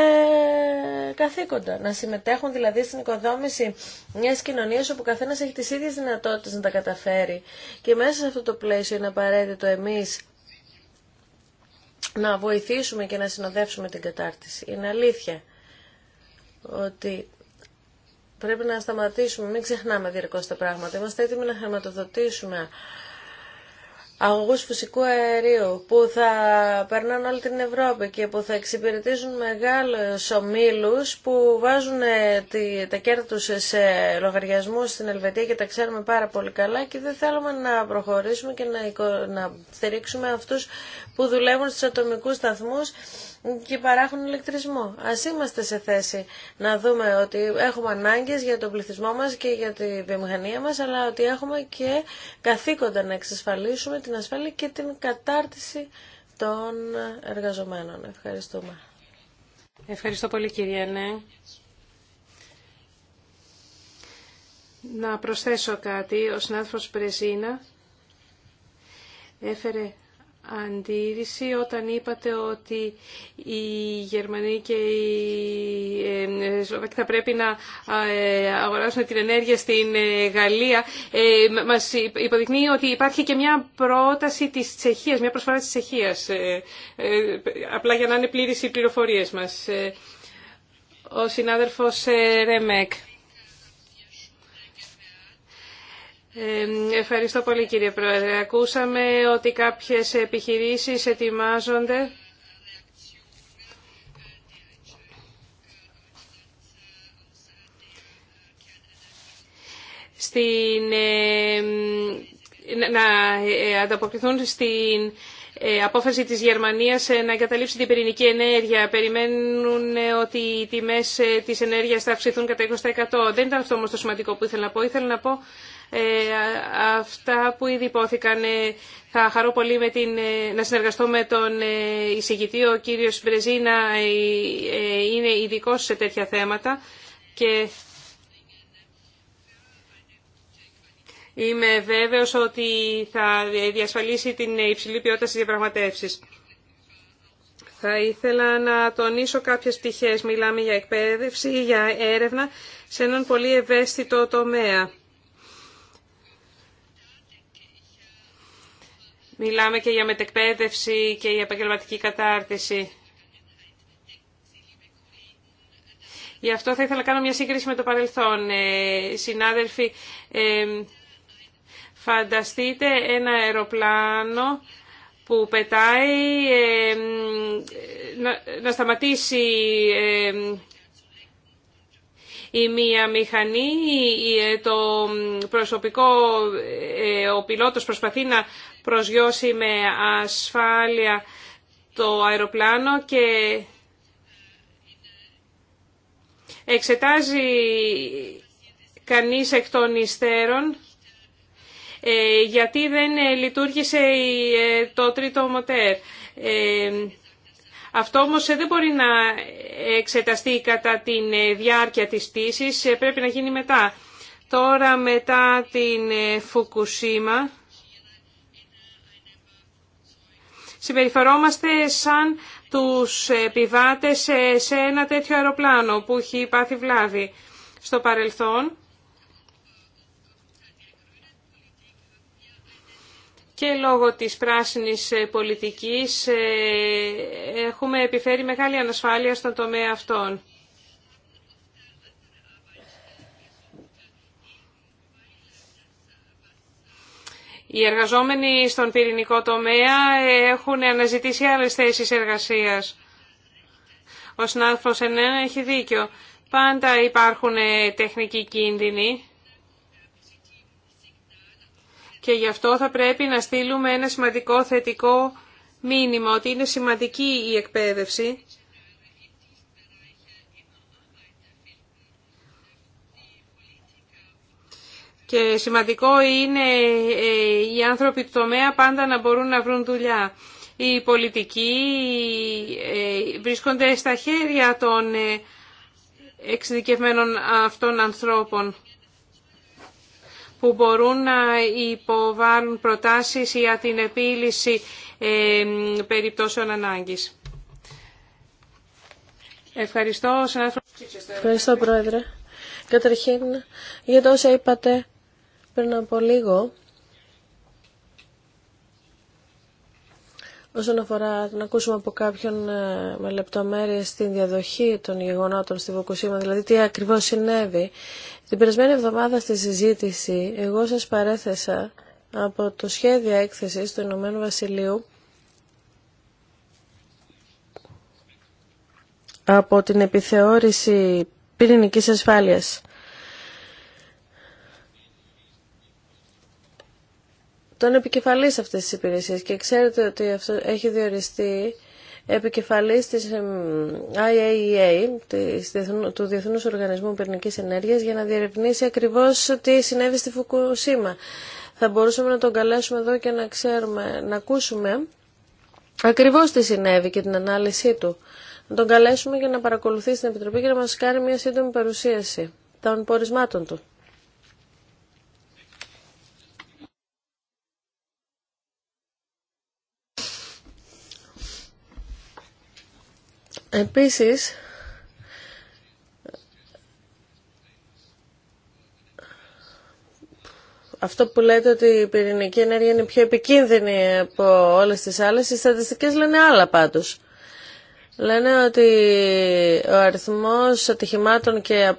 καθήκοντα. Να συμμετέχουν δηλαδή στην οικοδόμηση μια κοινωνία όπου καθένα έχει τι ίδιε δυνατότητε να τα καταφέρει. Και μέσα σε αυτό το πλαίσιο είναι απαραίτητο εμεί να βοηθήσουμε και να συνοδεύσουμε την κατάρτιση. Είναι αλήθεια ότι πρέπει να σταματήσουμε, μην ξεχνάμε διαρκώς τα πράγματα. Είμαστε έτοιμοι να χρηματοδοτήσουμε αγωγούς φυσικού αερίου που θα περνάνε όλη την Ευρώπη και που θα εξυπηρετήσουν μεγάλους ομίλους που βάζουν ε, τα κέρδη τους σε λογαριασμού στην Ελβετία και τα ξέρουμε πάρα πολύ καλά και δεν θέλουμε να προχωρήσουμε και να στηρίξουμε αυτούς που δουλεύουν στους ατομικούς σταθμούς και παράχουν ηλεκτρισμό. Ας είμαστε σε θέση να δούμε ότι έχουμε ανάγκες για τον πληθυσμό μας και για τη βιομηχανία μας, αλλά ότι έχουμε και καθήκοντα να εξασφαλίσουμε την ασφάλεια και την κατάρτιση των εργαζομένων. Ευχαριστούμε. Ευχαριστώ πολύ κυρία Ναι. Να προσθέσω κάτι. Ο συνάδελφος Πρεζίνα έφερε αντίρρηση όταν είπατε ότι οι Γερμανοί και οι ε, ε, Σλοβακοί θα πρέπει να ε, αγοράσουν την ενέργεια στην Γαλλία. Μας υποδεικνύει ότι υπάρχει και μια πρόταση της Τσεχίας, μια προσφορά της Τσεχίας, απλά για να είναι πλήρης οι πληροφορίες μας. Ο συνάδελφος Ρεμέκ. Ευχαριστώ πολύ κύριε Πρόεδρε. Ακούσαμε ότι κάποιες επιχειρήσεις ετοιμάζονται στην, να ε, ανταποκριθούν στην ε, απόφαση της Γερμανίας ε, να εγκαταλείψει την πυρηνική ενέργεια. Περιμένουν ότι οι τιμές της ενέργειας θα αυξηθούν κατά 20%. Δεν ήταν αυτό όμως το σημαντικό που ήθελα να πω. Ήθελα να πω ε, αυτά που ήδη υπόθηκαν. Ε, θα χαρώ πολύ με την, ε, να συνεργαστώ με τον εισηγητή. Ο κύριος Μπρεζίνα είναι ειδικό σε τέτοια θέματα και είμαι βέβαιος ότι θα διασφαλίσει την υψηλή ποιότητα στις διαπραγματεύσεις. Θα ήθελα να τονίσω κάποιες πτυχές. Μιλάμε για εκπαίδευση, για έρευνα σε έναν πολύ ευαίσθητο τομέα. Μιλάμε και για μετεκπαίδευση και για επαγγελματική κατάρτιση. Γι' αυτό θα ήθελα να κάνω μια σύγκριση με το παρελθόν. Ε, συνάδελφοι, ε, φανταστείτε ένα αεροπλάνο που πετάει ε, να σταματήσει η μία μηχανή, το προσωπικό, ο πιλότος προσπαθεί να προσγειώσει με ασφάλεια το αεροπλάνο και εξετάζει κανείς εκ των υστέρων ε, γιατί δεν ε, λειτουργήσε ε, το τρίτο μοτέρ. Αυτό όμως δεν μπορεί να εξεταστεί κατά τη διάρκεια της πτήσης, πρέπει να γίνει μετά. Τώρα μετά την Φουκουσίμα συμπεριφερόμαστε σαν τους επιβάτες σε ένα τέτοιο αεροπλάνο που έχει πάθει βλάβη στο παρελθόν. Και λόγω της πράσινης πολιτικής ε, έχουμε επιφέρει μεγάλη ανασφάλεια στον τομέα αυτών. Οι εργαζόμενοι στον πυρηνικό τομέα έχουν αναζητήσει άλλες θέσεις εργασίας. Ο συνάδελφος Ενένα έχει δίκιο. Πάντα υπάρχουν ε, τεχνικοί κίνδυνοι και γι' αυτό θα πρέπει να στείλουμε ένα σημαντικό θετικό μήνυμα ότι είναι σημαντική η εκπαίδευση Και σημαντικό είναι ε, οι άνθρωποι του τομέα πάντα να μπορούν να βρουν δουλειά. Οι πολιτικοί ε, βρίσκονται στα χέρια των ε, εξειδικευμένων αυτών ανθρώπων που μπορούν να υποβάλουν προτάσεις για την επίλυση περιπτώσεων ανάγκης. Ευχαριστώ, Ευχαριστώ, Πρόεδρε. Καταρχήν, για τόσα όσα είπατε πριν από λίγο Όσον αφορά να ακούσουμε από κάποιον ε, με λεπτομέρειες την διαδοχή των γεγονότων στη Βοκουσίμα, δηλαδή τι ακριβώς συνέβη, την περασμένη εβδομάδα στη συζήτηση εγώ σας παρέθεσα από το σχέδιο έκθεσης του Ηνωμένου Βασιλείου από την επιθεώρηση πυρηνικής ασφάλειας. τον επικεφαλής αυτής της υπηρεσίας και ξέρετε ότι αυτό έχει διοριστεί επικεφαλής της IAEA, e του Διεθνούς Οργανισμού Πυρηνικής Ενέργειας, για να διερευνήσει ακριβώς τι συνέβη στη Φουκουσίμα. Θα μπορούσαμε να τον καλέσουμε εδώ και να ξέρουμε, να ακούσουμε ακριβώς τι συνέβη και την ανάλυση του. Να τον καλέσουμε για να παρακολουθήσει την Επιτροπή και να μας κάνει μια σύντομη παρουσίαση των πορισμάτων του. Επίσης, αυτό που λέτε ότι η πυρηνική ενέργεια είναι πιο επικίνδυνη από όλες τις άλλες, οι στατιστικές λένε άλλα πάντως. Λένε ότι ο αριθμός ατυχημάτων και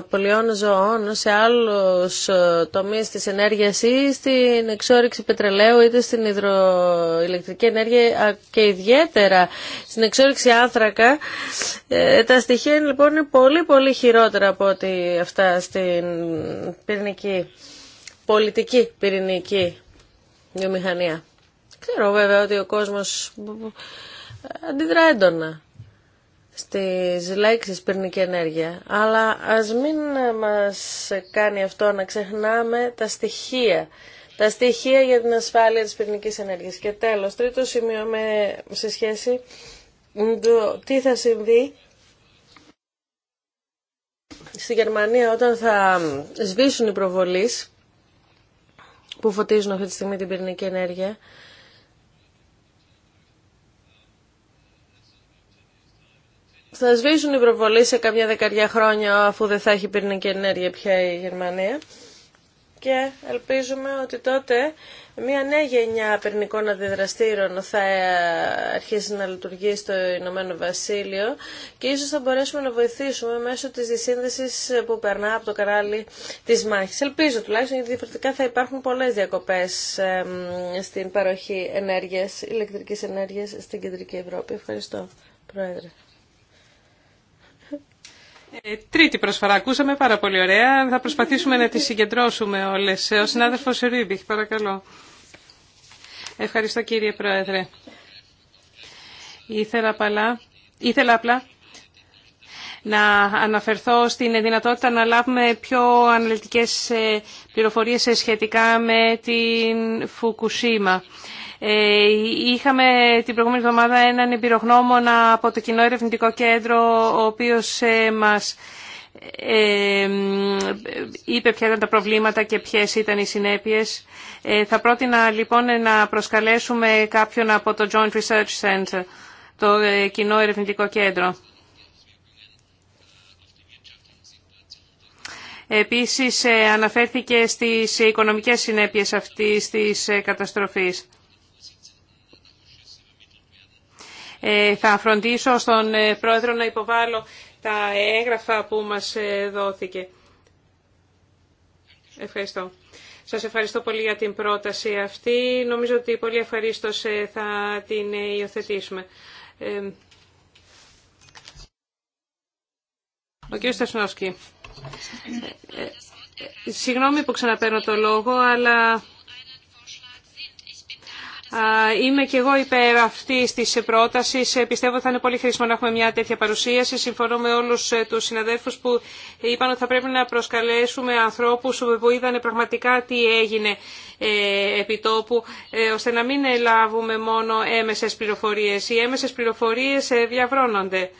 απολειών ζωών σε άλλους ε, τομείς της ενέργειας ή στην εξόριξη πετρελαίου είτε στην υδροηλεκτρική ενέργεια και ιδιαίτερα στην εξόριξη άνθρακα ε, τα στοιχεία λοιπόν είναι πολύ πολύ χειρότερα από ότι αυτά στην πυρηνική, πολιτική πυρηνική βιομηχανία. Ξέρω βέβαια ότι ο κόσμος αντιδρά έντονα στις λέξεις «πυρνική ενέργεια. Αλλά ας μην μας κάνει αυτό να ξεχνάμε τα στοιχεία. Τα στοιχεία για την ασφάλεια της πυρνικής ενέργειας. Και τέλος, τρίτο σημείο με, σε σχέση με το τι θα συμβεί στη Γερμανία όταν θα σβήσουν οι προβολείς που φωτίζουν αυτή τη στιγμή την πυρνική ενέργεια θα σβήσουν οι προβολή σε καμιά δεκαριά χρόνια αφού δεν θα έχει πυρηνική ενέργεια πια η Γερμανία και ελπίζουμε ότι τότε μια νέα γενιά πυρηνικών αντιδραστήρων θα αρχίσει να λειτουργεί στο Ηνωμένο Βασίλειο και ίσως θα μπορέσουμε να βοηθήσουμε μέσω της δυσύνδεσης που περνά από το καράλι της μάχης. Ελπίζω τουλάχιστον γιατί διαφορετικά θα υπάρχουν πολλές διακοπές στην παροχή ενέργειας, ηλεκτρικής ενέργειας στην Κεντρική Ευρώπη. Ευχαριστώ, Πρόεδρε. Ε, τρίτη προσφορά ακούσαμε, πάρα πολύ ωραία. Θα προσπαθήσουμε να τη συγκεντρώσουμε όλες. Ε, ο συνάδελφος Ρίμπιχ, παρακαλώ. Ευχαριστώ κύριε Πρόεδρε. Ήθελα, παλά, ήθελα απλά να αναφερθώ στην δυνατότητα να λάβουμε πιο αναλυτικές ε, πληροφορίες σχετικά με την Φουκουσίμα. Ε, είχαμε την προηγούμενη εβδομάδα έναν εμπειρογνώμονα από το Κοινό Ερευνητικό Κέντρο, ο οποίος ε, μας ε, είπε ποια ήταν τα προβλήματα και ποιες ήταν οι συνέπειες. Θα πρότεινα λοιπόν να προσκαλέσουμε κάποιον από το Joint Research Center, το Κοινό Ερευνητικό Κέντρο. Επίσης αναφέρθηκε στις οικονομικές συνέπειες αυτής της καταστροφής. Ε, θα φροντίσω στον ε, πρόεδρο να υποβάλω τα έγγραφα που μας ε, δόθηκε. Ευχαριστώ. Σας ευχαριστώ πολύ για την πρόταση αυτή. Νομίζω ότι πολύ ευχαριστώ θα την υιοθετήσουμε. Ο κύριος Στασνόσκη. Συγγνώμη που ξαναπαίρνω το λόγο, αλλά Είμαι και εγώ υπέρ αυτή τη πρόταση. Ε, πιστεύω ότι θα είναι πολύ χρήσιμο να έχουμε μια τέτοια παρουσίαση. Συμφωνώ με όλου ε, του συναδέλφου που είπαν ότι θα πρέπει να προσκαλέσουμε ανθρώπου που είδαν πραγματικά τι έγινε ε, επί τόπου, ώστε να μην λάβουμε μόνο έμεσε πληροφορίε. Οι έμεσε πληροφορίε διαβρώνονται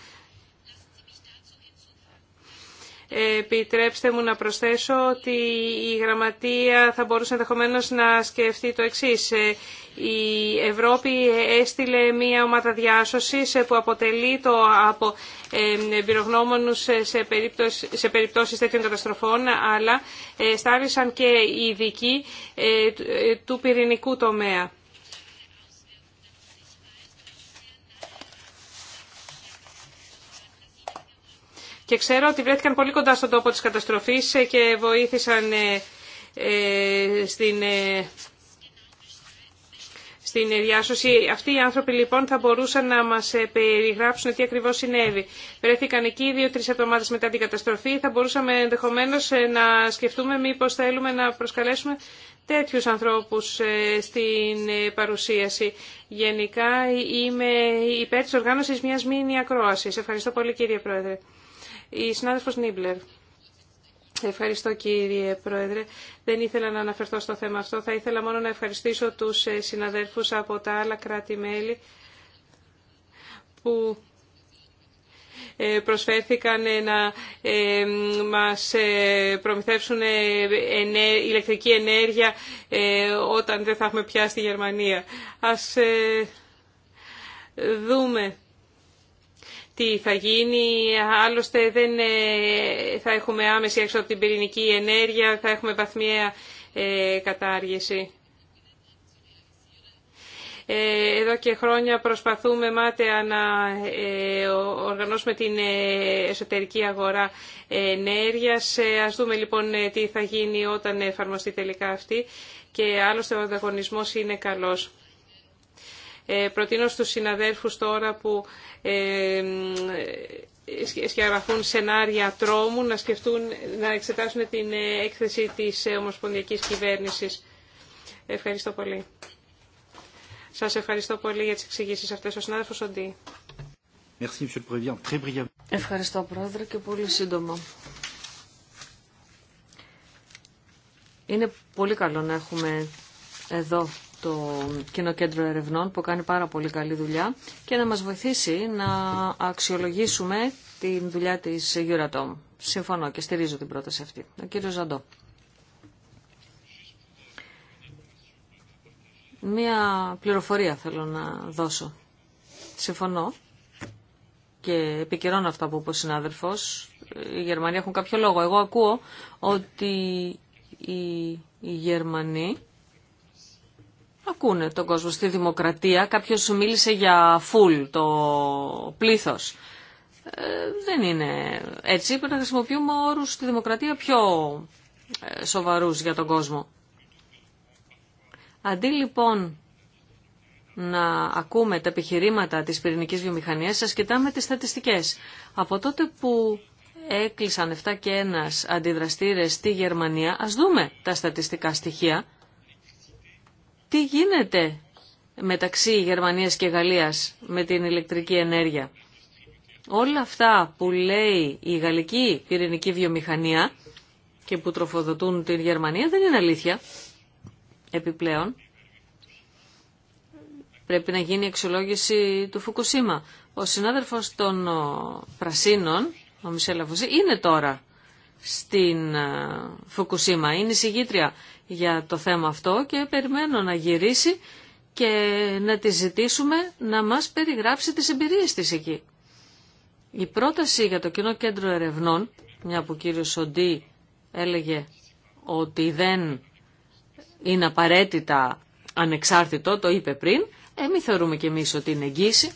επιτρέψτε μου να προσθέσω ότι η γραμματεία θα μπορούσε ενδεχομένω να σκεφτεί το εξή. Ε, η Ευρώπη έστειλε μία ομάδα διάσωσης ε, που αποτελεί το από ε, εμπειρογνώμονους σε, περίπτωση, σε περιπτώσεις τέτοιων καταστροφών, αλλά στάρισαν και οι ειδικοί του πυρηνικού τομέα. και ξέρω ότι βρέθηκαν πολύ κοντά στον τόπο της καταστροφής ε, και βοήθησαν ε, ε, στην στην διάσωση. Αυτοί οι άνθρωποι λοιπόν θα μπορούσαν να μας περιγράψουν τι ακριβως συνεβη συνέβη. Βρέθηκαν εκεί δύο-τρει εβδομάδες μετά την καταστροφή. Θα μπορούσαμε ενδεχομένω να σκεφτούμε μήπω θέλουμε να προσκαλέσουμε τέτοιου ανθρώπου στην παρουσίαση. Γενικά είμαι υπέρ τη οργάνωσης μιας μήνυα ακρόασης. Ευχαριστώ πολύ κύριε Πρόεδρε. Η συνάδελφος Νίμπλερ. Ευχαριστώ κύριε Πρόεδρε. Δεν ήθελα να αναφερθώ στο θέμα αυτό. Θα ήθελα μόνο να ευχαριστήσω τους ε, συναδέλφους από τα άλλα κράτη-μέλη που ε, προσφέρθηκαν ε, να μας προμηθεύσουν ηλεκτρική ενέργεια όταν δεν θα έχουμε πια στη Γερμανία. Ας δούμε τι θα γίνει. Άλλωστε δεν ε, θα έχουμε άμεση έξω από την πυρηνική ενέργεια, θα έχουμε βαθμιαία ε, κατάργηση. Ε, εδώ και χρόνια προσπαθούμε μάταια να οργανώσουμε την εσωτερική αγορά ενέργειας. Ας δούμε λοιπόν τι θα γίνει όταν εφαρμοστεί τελικά αυτή και άλλωστε ο ανταγωνισμός είναι καλός. Ε, προτείνω στους συναδέλφους τώρα που ε, σκιαγραφούν σενάρια τρόμου να, σκεφτούν, να εξετάσουν την ε, έκθεση της Ομοσπονδιακής Κυβέρνησης. Ευχαριστώ πολύ. Σας ευχαριστώ πολύ για τις εξηγήσεις αυτές. Ο συνάδελφος Οντή. Ευχαριστώ Πρόεδρε και πολύ σύντομα. Είναι πολύ καλό να έχουμε εδώ το Κοινό Κέντρο Ερευνών που κάνει πάρα πολύ καλή δουλειά και να μας βοηθήσει να αξιολογήσουμε την δουλειά της Euratom. Συμφωνώ και στηρίζω την πρόταση αυτή. Ο κύριο Ζαντό. Μία πληροφορία θέλω να δώσω. Συμφωνώ και επικαιρώνω αυτά που είπε ο συνάδελφος. Οι Γερμανοί έχουν κάποιο λόγο. Εγώ ακούω ότι οι Γερμανοί ακούνε τον κόσμο στη δημοκρατία. Κάποιος σου μίλησε για φουλ, το πλήθος. Ε, δεν είναι έτσι. Πρέπει να χρησιμοποιούμε όρους στη δημοκρατία πιο ε, σοβαρούς για τον κόσμο. Αντί λοιπόν να ακούμε τα επιχειρήματα της πυρηνικής βιομηχανίας, σας κοιτάμε τις στατιστικές. Από τότε που έκλεισαν 7 και 1 αντιδραστήρες στη Γερμανία, ας δούμε τα στατιστικά στοιχεία τι γίνεται μεταξύ Γερμανίας και Γαλλίας με την ηλεκτρική ενέργεια. Όλα αυτά που λέει η γαλλική πυρηνική βιομηχανία και που τροφοδοτούν την Γερμανία δεν είναι αλήθεια. Επιπλέον, πρέπει να γίνει εξολόγηση του Φουκουσίμα. Ο συνάδελφος των ε, Πρασίνων, ο Μισελ είναι τώρα στην ε, Φουκουσίμα. Είναι η συγγήτρια για το θέμα αυτό και περιμένω να γυρίσει και να τη ζητήσουμε να μας περιγράψει τις εμπειρίες της εκεί. Η πρόταση για το Κοινό Κέντρο Ερευνών, μια που ο κύριος Σοντή έλεγε ότι δεν είναι απαραίτητα ανεξάρτητο, το είπε πριν, εμείς θεωρούμε και εμείς ότι είναι εγγύηση.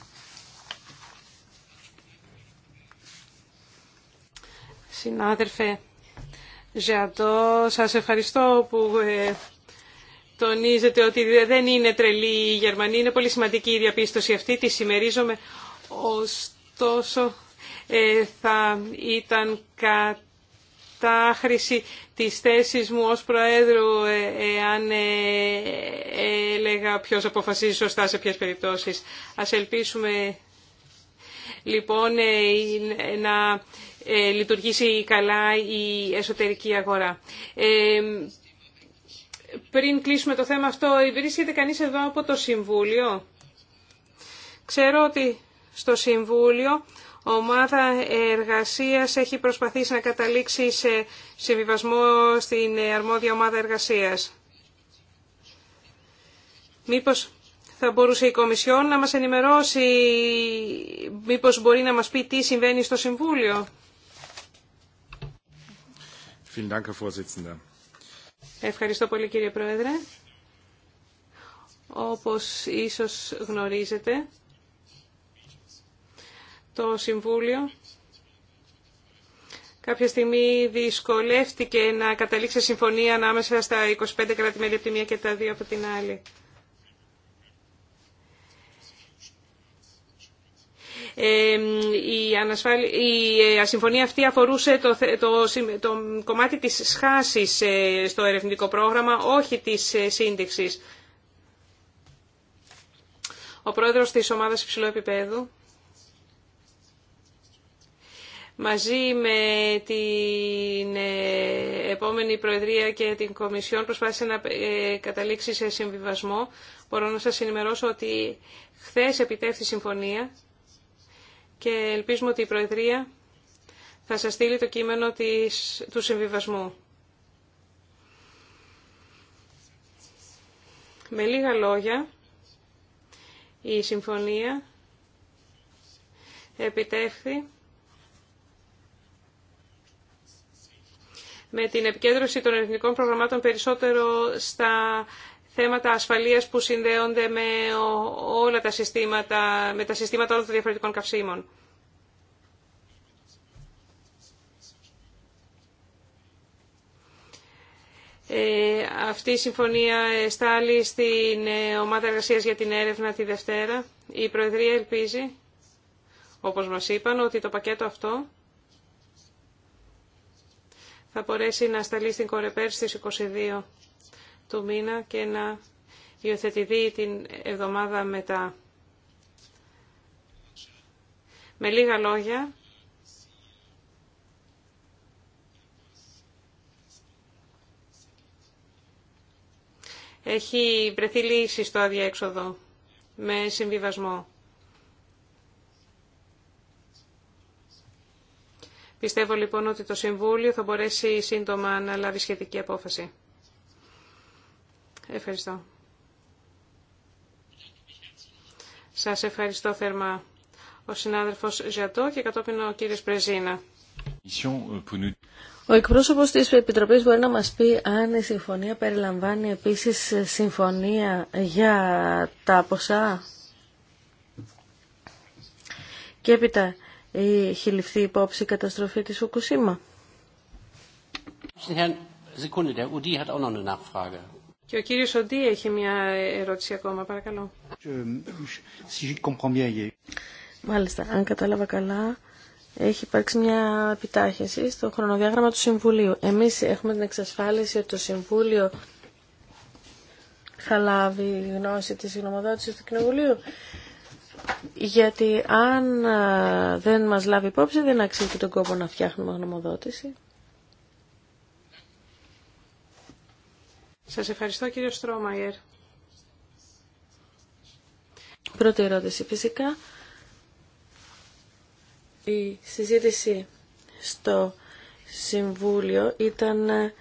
Συνάδελφε, Ζεατό, σας ευχαριστώ που ε, τονίζετε ότι δεν είναι τρελή η Γερμανία. Είναι πολύ σημαντική η διαπίστωση αυτή, τη συμμερίζομαι. Ωστόσο, ε, θα ήταν κατάχρηση της θέσης μου ως Προέδρου αν ε, έλεγα ποιος αποφασίζει σωστά σε ποιες περιπτώσεις. Ας ελπίσουμε λοιπόν να ε, λειτουργήσει καλά η εσωτερική αγορά. Ε, πριν κλείσουμε το θέμα αυτό, βρίσκεται κανείς εδώ από το Συμβούλιο. Ξέρω ότι στο Συμβούλιο ομάδα εργασίας έχει προσπαθήσει να καταλήξει σε συμβιβασμό στην αρμόδια ομάδα εργασίας. Μήπως θα μπορούσε η Κομισιόν να μας ενημερώσει, μήπως μπορεί να μας πει τι συμβαίνει στο Συμβούλιο. Ευχαριστώ πολύ κύριε Πρόεδρε. Όπως ίσως γνωρίζετε, το Συμβούλιο κάποια στιγμή δυσκολεύτηκε να καταλήξει συμφωνία ανάμεσα στα 25 κράτη-μέλη από τη μία και τα δύο από την άλλη. Η ε, ασυμφωνία αυτή αφορούσε το κομμάτι της σχάσης ε, στο ερευνητικό πρόγραμμα, όχι της ε, σύνδεξης. Ο πρόεδρος της ομάδας υψηλού επίπεδου μαζί με την επόμενη Προεδρία και την Κομισιόν προσπάθησε να καταλήξει σε συμβιβασμό. Μπορώ να σας ενημερώσω ότι χθες επιτεύχθη συμφωνία και ελπίζουμε ότι η Προεδρία θα σας στείλει το κείμενο της, του συμβιβασμού. Με λίγα λόγια, η συμφωνία επιτεύχθη με την επικέντρωση των εθνικών προγραμμάτων περισσότερο στα θέματα ασφαλείας που συνδέονται με όλα τα συστήματα, με τα συστήματα όλων των διαφορετικών καυσίμων. Ε, αυτή η συμφωνία στάλει στην ε, ομάδα εργασίας για την έρευνα τη Δευτέρα. Η Προεδρία ελπίζει, όπως μας είπαν, ότι το πακέτο αυτό θα μπορέσει να σταλεί στην Κορεπέρ στις 22 του μήνα και να υιοθετηθεί την εβδομάδα μετά. Με λίγα λόγια, έχει βρεθεί λύση στο αδιέξοδο με συμβιβασμό. Πιστεύω λοιπόν ότι το Συμβούλιο θα μπορέσει σύντομα να λάβει σχετική απόφαση. Ευχαριστώ. Σας ευχαριστώ θερμά. Ο συνάδελφος Ζιατό και κατόπιν ο κύριος Πρεζίνα. Ο εκπρόσωπος της Επιτροπής μπορεί να μας πει αν η συμφωνία περιλαμβάνει επίσης συμφωνία για τα ποσά. Και έπειτα έχει ληφθεί υπόψη η καταστροφή της Φουκουσίμα. Και ο κύριος Οντί έχει μια ερώτηση ακόμα, παρακαλώ. Ε, Μάλιστα, αν κατάλαβα καλά, έχει υπάρξει μια επιτάχυνση στο χρονοδιάγραμμα του Συμβουλίου. Εμείς έχουμε την εξασφάλιση ότι το Συμβούλιο θα λάβει γνώση της γνωμοδότησης του Κοινοβουλίου. Γιατί αν ε, δεν μας λάβει υπόψη δεν αξίζει τον κόπο να φτιάχνουμε γνωμοδότηση. Σας ευχαριστώ κύριο Στρόμαγερ. Πρώτη ερώτηση φυσικά. Η συζήτηση στο Συμβούλιο ήταν ε,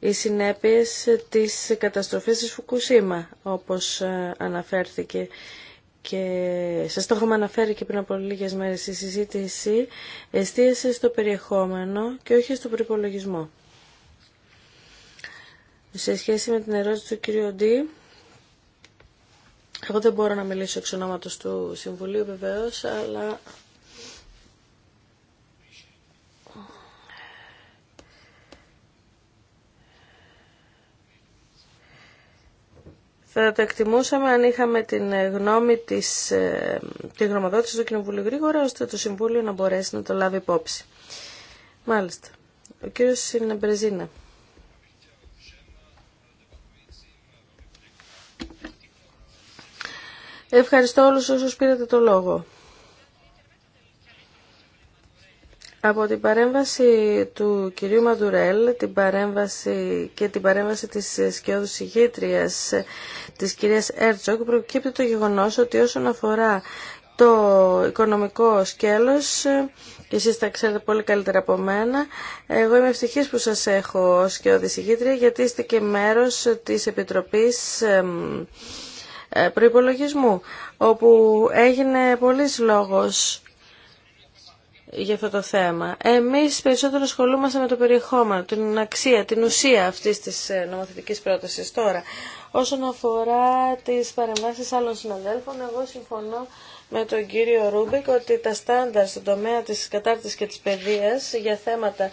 οι συνέπειες της καταστροφής της Φουκουσίμα, όπως ε, αναφέρθηκε και σας το έχουμε αναφέρει και πριν από λίγες μέρες η συζήτηση εστίασε στο περιεχόμενο και όχι στο προπολογισμό. Σε σχέση με την ερώτηση του κύριου Ντί, εγώ δεν μπορώ να μιλήσω εξ ονόματος του Συμβουλίου βεβαίως, αλλά Θα το εκτιμούσαμε αν είχαμε την γνώμη της, ε, τη γνωμοδότηση του Κοινοβουλίου γρήγορα, ώστε το Συμβούλιο να μπορέσει να το λάβει υπόψη. Μάλιστα. Ο κύριος Συνεμπρεζίνα. Ευχαριστώ όλους όσους πήρατε το λόγο. Από την παρέμβαση του κυρίου Μαντουρέλ την παρέμβαση και την παρέμβαση της σκιώδους ηγήτριας της κυρίας Έρτσοκ προκύπτει το γεγονός ότι όσον αφορά το οικονομικό σκέλος και εσείς τα ξέρετε πολύ καλύτερα από μένα. Εγώ είμαι ευτυχής που σας έχω ως ηγήτρια γιατί είστε και μέρος της Επιτροπής ε, προϋπολογισμού, όπου έγινε πολύς λόγος για αυτό το θέμα. Εμείς περισσότερο ασχολούμαστε με το περιεχόμενο, την αξία, την ουσία αυτής της ε, νομοθετικής πρότασης τώρα. Όσον αφορά τις παρεμβάσεις άλλων συναδέλφων, εγώ συμφωνώ με τον κύριο Ρούμπικ ότι τα στάνταρ στον τομέα της κατάρτισης και της παιδείας για θέματα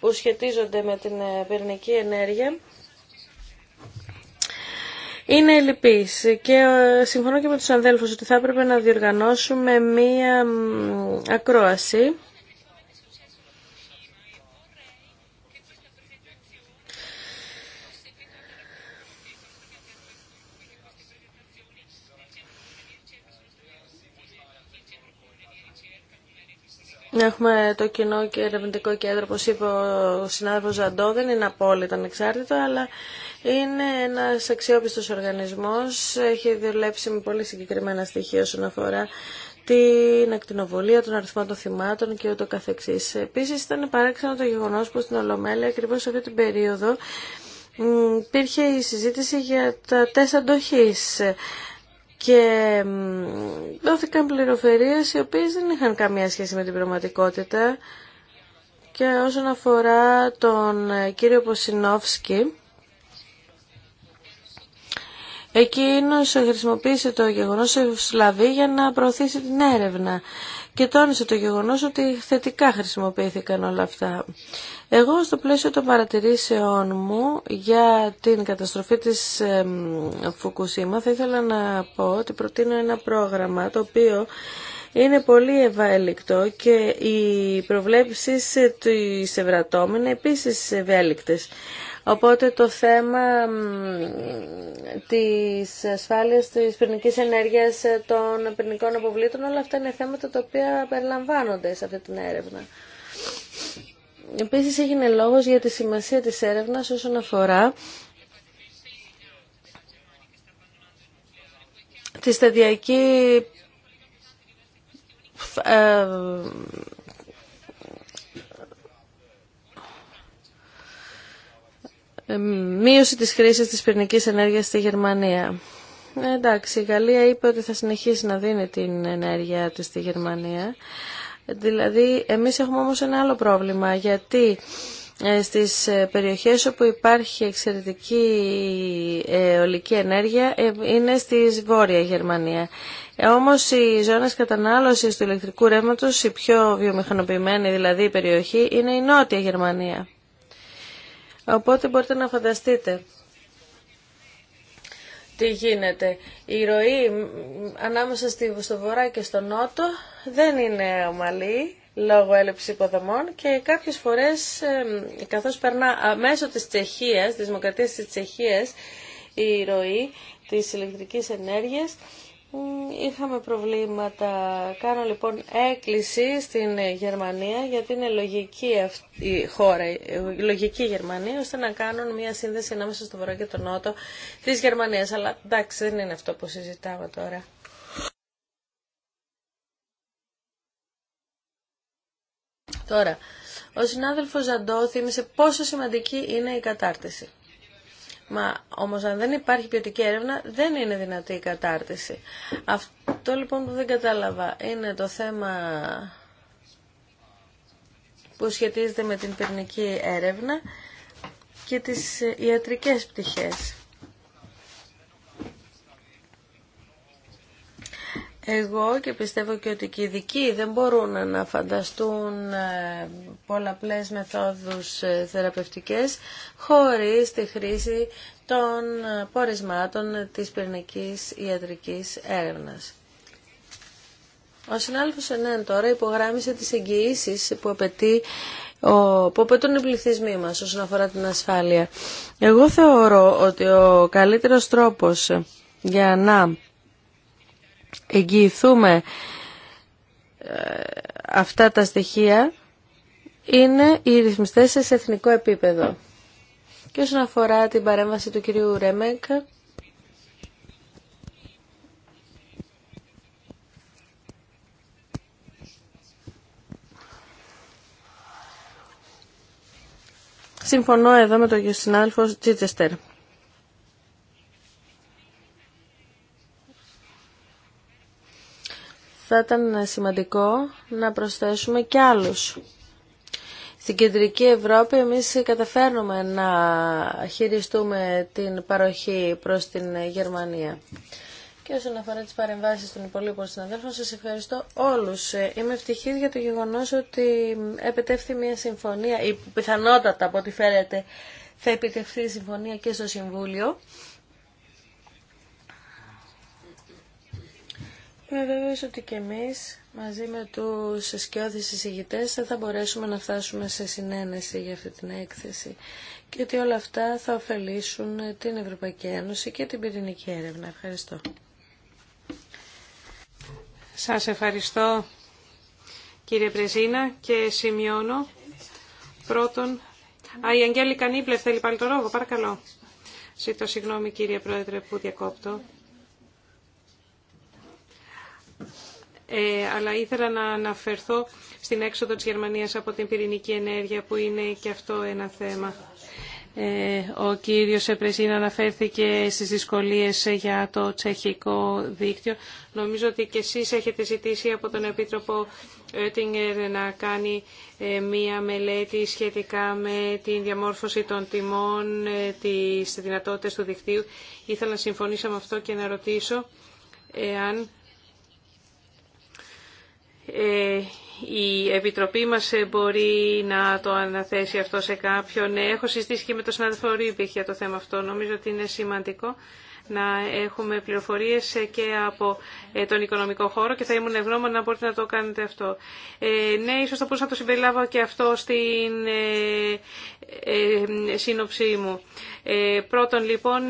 που σχετίζονται με την ε, πυρηνική ενέργεια είναι ελλειπής και ε, συμφωνώ και με τους αδέλφους ότι θα έπρεπε να διοργανώσουμε μία ακρόαση Έχουμε το κοινό και ερευνητικό κέντρο, όπως είπε ο συνάδελφος Ζαντό, δεν είναι απόλυτα ανεξάρτητο, αλλά είναι ένας αξιόπιστος οργανισμός, έχει δουλέψει με πολύ συγκεκριμένα στοιχεία όσον αφορά την ακτινοβολία, τον αριθμό των θυμάτων και ούτω καθεξής. Επίσης ήταν παράξενο το γεγονός που στην Ολομέλεια ακριβώς σε αυτή την περίοδο υπήρχε η συζήτηση για τα τεστ αντοχής και δόθηκαν πληροφορίες οι οποίες δεν είχαν καμία σχέση με την πραγματικότητα και όσον αφορά τον κύριο Ποσινόφσκι Εκείνο χρησιμοποίησε το γεγονός Σλαβή για να προωθήσει την έρευνα και τόνισε το γεγονός ότι θετικά χρησιμοποιήθηκαν όλα αυτά. Εγώ στο πλαίσιο των παρατηρήσεών μου για την καταστροφή της Φουκουσίμα θα ήθελα να πω ότι προτείνω ένα πρόγραμμα το οποίο είναι πολύ ευέλικτο και οι προβλέψεις ε, της είναι επίσης ευέλικτες. Οπότε το θέμα της ασφάλειας της πυρηνικής ενέργειας ε, των πυρνικών αποβλήτων, όλα αυτά είναι θέματα τα οποία περιλαμβάνονται σε αυτή την έρευνα. Επίσης έγινε λόγος για τη σημασία της έρευνας όσον αφορά τη σταδιακή ε, μείωση της χρήσης της πυρηνικής ενέργειας στη Γερμανία. Ε, εντάξει, η Γαλλία είπε ότι θα συνεχίσει να δίνει την ενέργειά της στη Γερμανία. Δηλαδή, εμείς έχουμε όμως ένα άλλο πρόβλημα, γιατί ε, στις ε, περιοχές όπου υπάρχει εξαιρετική ολική ενέργεια είναι στη Βόρεια Γερμανία. Όμως οι ζώνες κατανάλωσης του ηλεκτρικού ρεύματος, δηλαδή η πιο βιομηχανοποιημένη δηλαδή περιοχή, είναι η Νότια Γερμανία. Οπότε μπορείτε να φανταστείτε τι γίνεται. Η ροή ανάμεσα στη βορρά και στο νότο δεν είναι ομαλή λόγω έλλειψη υποδομών και κάποιες φορές καθώς περνά μέσω της Τσεχίας, της Δημοκρατίας της Τσεχίας η ροή της ηλεκτρικής ενέργειας ε, είχαμε προβλήματα. Κάνω λοιπόν έκκληση στην Γερμανία γιατί είναι λογική η χώρα, λογική Γερμανία, ώστε να κάνουν μια σύνδεση ανάμεσα στο βορρά και το νότο της Γερμανίας. Αλλά εντάξει δεν είναι αυτό που συζητάμε τώρα. Τώρα, ο συνάδελφος Ζαντό θύμισε πόσο σημαντική είναι η κατάρτιση. Μα όμως αν δεν υπάρχει ποιοτική έρευνα δεν είναι δυνατή η κατάρτιση. Αυτό λοιπόν που δεν κατάλαβα είναι το θέμα που σχετίζεται με την πυρνική έρευνα και τις ιατρικές πτυχές. Εγώ και πιστεύω και ότι και οι ειδικοί δεν μπορούν να φανταστούν ε, πολλαπλές μεθόδους ε, θεραπευτικές χωρίς τη χρήση των ε, πορισμάτων της πυρηνικής ιατρικής έρευνας. Ο συνάλφος Ενέν τώρα υπογράμμισε τις εγγυήσει που, απαιτεί, που απαιτούν οι πληθυσμοί μας όσον αφορά την ασφάλεια. Εγώ θεωρώ ότι ο καλύτερος τρόπος για να εγγυηθούμε ε, αυτά τα στοιχεία είναι οι ρυθμιστές σε εθνικό επίπεδο. Και όσον αφορά την παρέμβαση του κυρίου Ρέμεκ, Συμφωνώ εδώ με τον συνάδελφο Τζιτσέστερ. θα ήταν σημαντικό να προσθέσουμε και άλλους. Στην κεντρική Ευρώπη εμείς καταφέρνουμε να χειριστούμε την παροχή προς την Γερμανία. Και όσον αφορά τις παρεμβάσεις των υπολείπων συναδέλφων, σας ευχαριστώ όλους. Ε, είμαι ευτυχής για το γεγονός ότι επιτεύχθη μια συμφωνία, ή πιθανότατα από ό,τι φέρετε θα επιτευχθεί η συμφωνία και στο Συμβούλιο. Είμαι βέβαιος ότι και εμείς μαζί με τους σκιώδεις εισηγητές θα, μπορέσουμε να φτάσουμε σε συνένεση για αυτή την έκθεση και ότι όλα αυτά θα ωφελήσουν την Ευρωπαϊκή Ένωση και την πυρηνική έρευνα. Ευχαριστώ. Σας ευχαριστώ κύριε Πρεζίνα και σημειώνω πρώτον... Α, η Αγγέλη Κανίπλε θέλει πάλι το λόγο, παρακαλώ. Ζήτω συγγνώμη κύριε Πρόεδρε που διακόπτω. Ε, αλλά ήθελα να αναφερθώ στην έξοδο της Γερμανίας από την πυρηνική ενέργεια που είναι και αυτό ένα θέμα. Ε, ο κύριος Επρεσίν αναφέρθηκε στις δυσκολίες για το τσεχικό δίκτυο. Νομίζω ότι και εσείς έχετε ζητήσει από τον Επίτροπο Oettinger να κάνει ε, μία μελέτη σχετικά με την διαμόρφωση των τιμών τις δυνατότητες του δικτύου. Ήθελα να συμφωνήσω με αυτό και να ρωτήσω εάν ε, η Επιτροπή μας ε, μπορεί να το αναθέσει αυτό σε κάποιον. Ε, έχω συζητήσει και με τον συνάδελφο Ρίπη για το θέμα αυτό. Νομίζω ότι είναι σημαντικό να έχουμε πληροφορίες και από ε, τον οικονομικό χώρο και θα ήμουν ευγνώμων να μπορείτε να το κάνετε αυτό. Ε, ναι, ίσως θα μπορούσα να το συμπεριλάβω και αυτό στην ε, σύνοψή μου. Πρώτον, λοιπόν,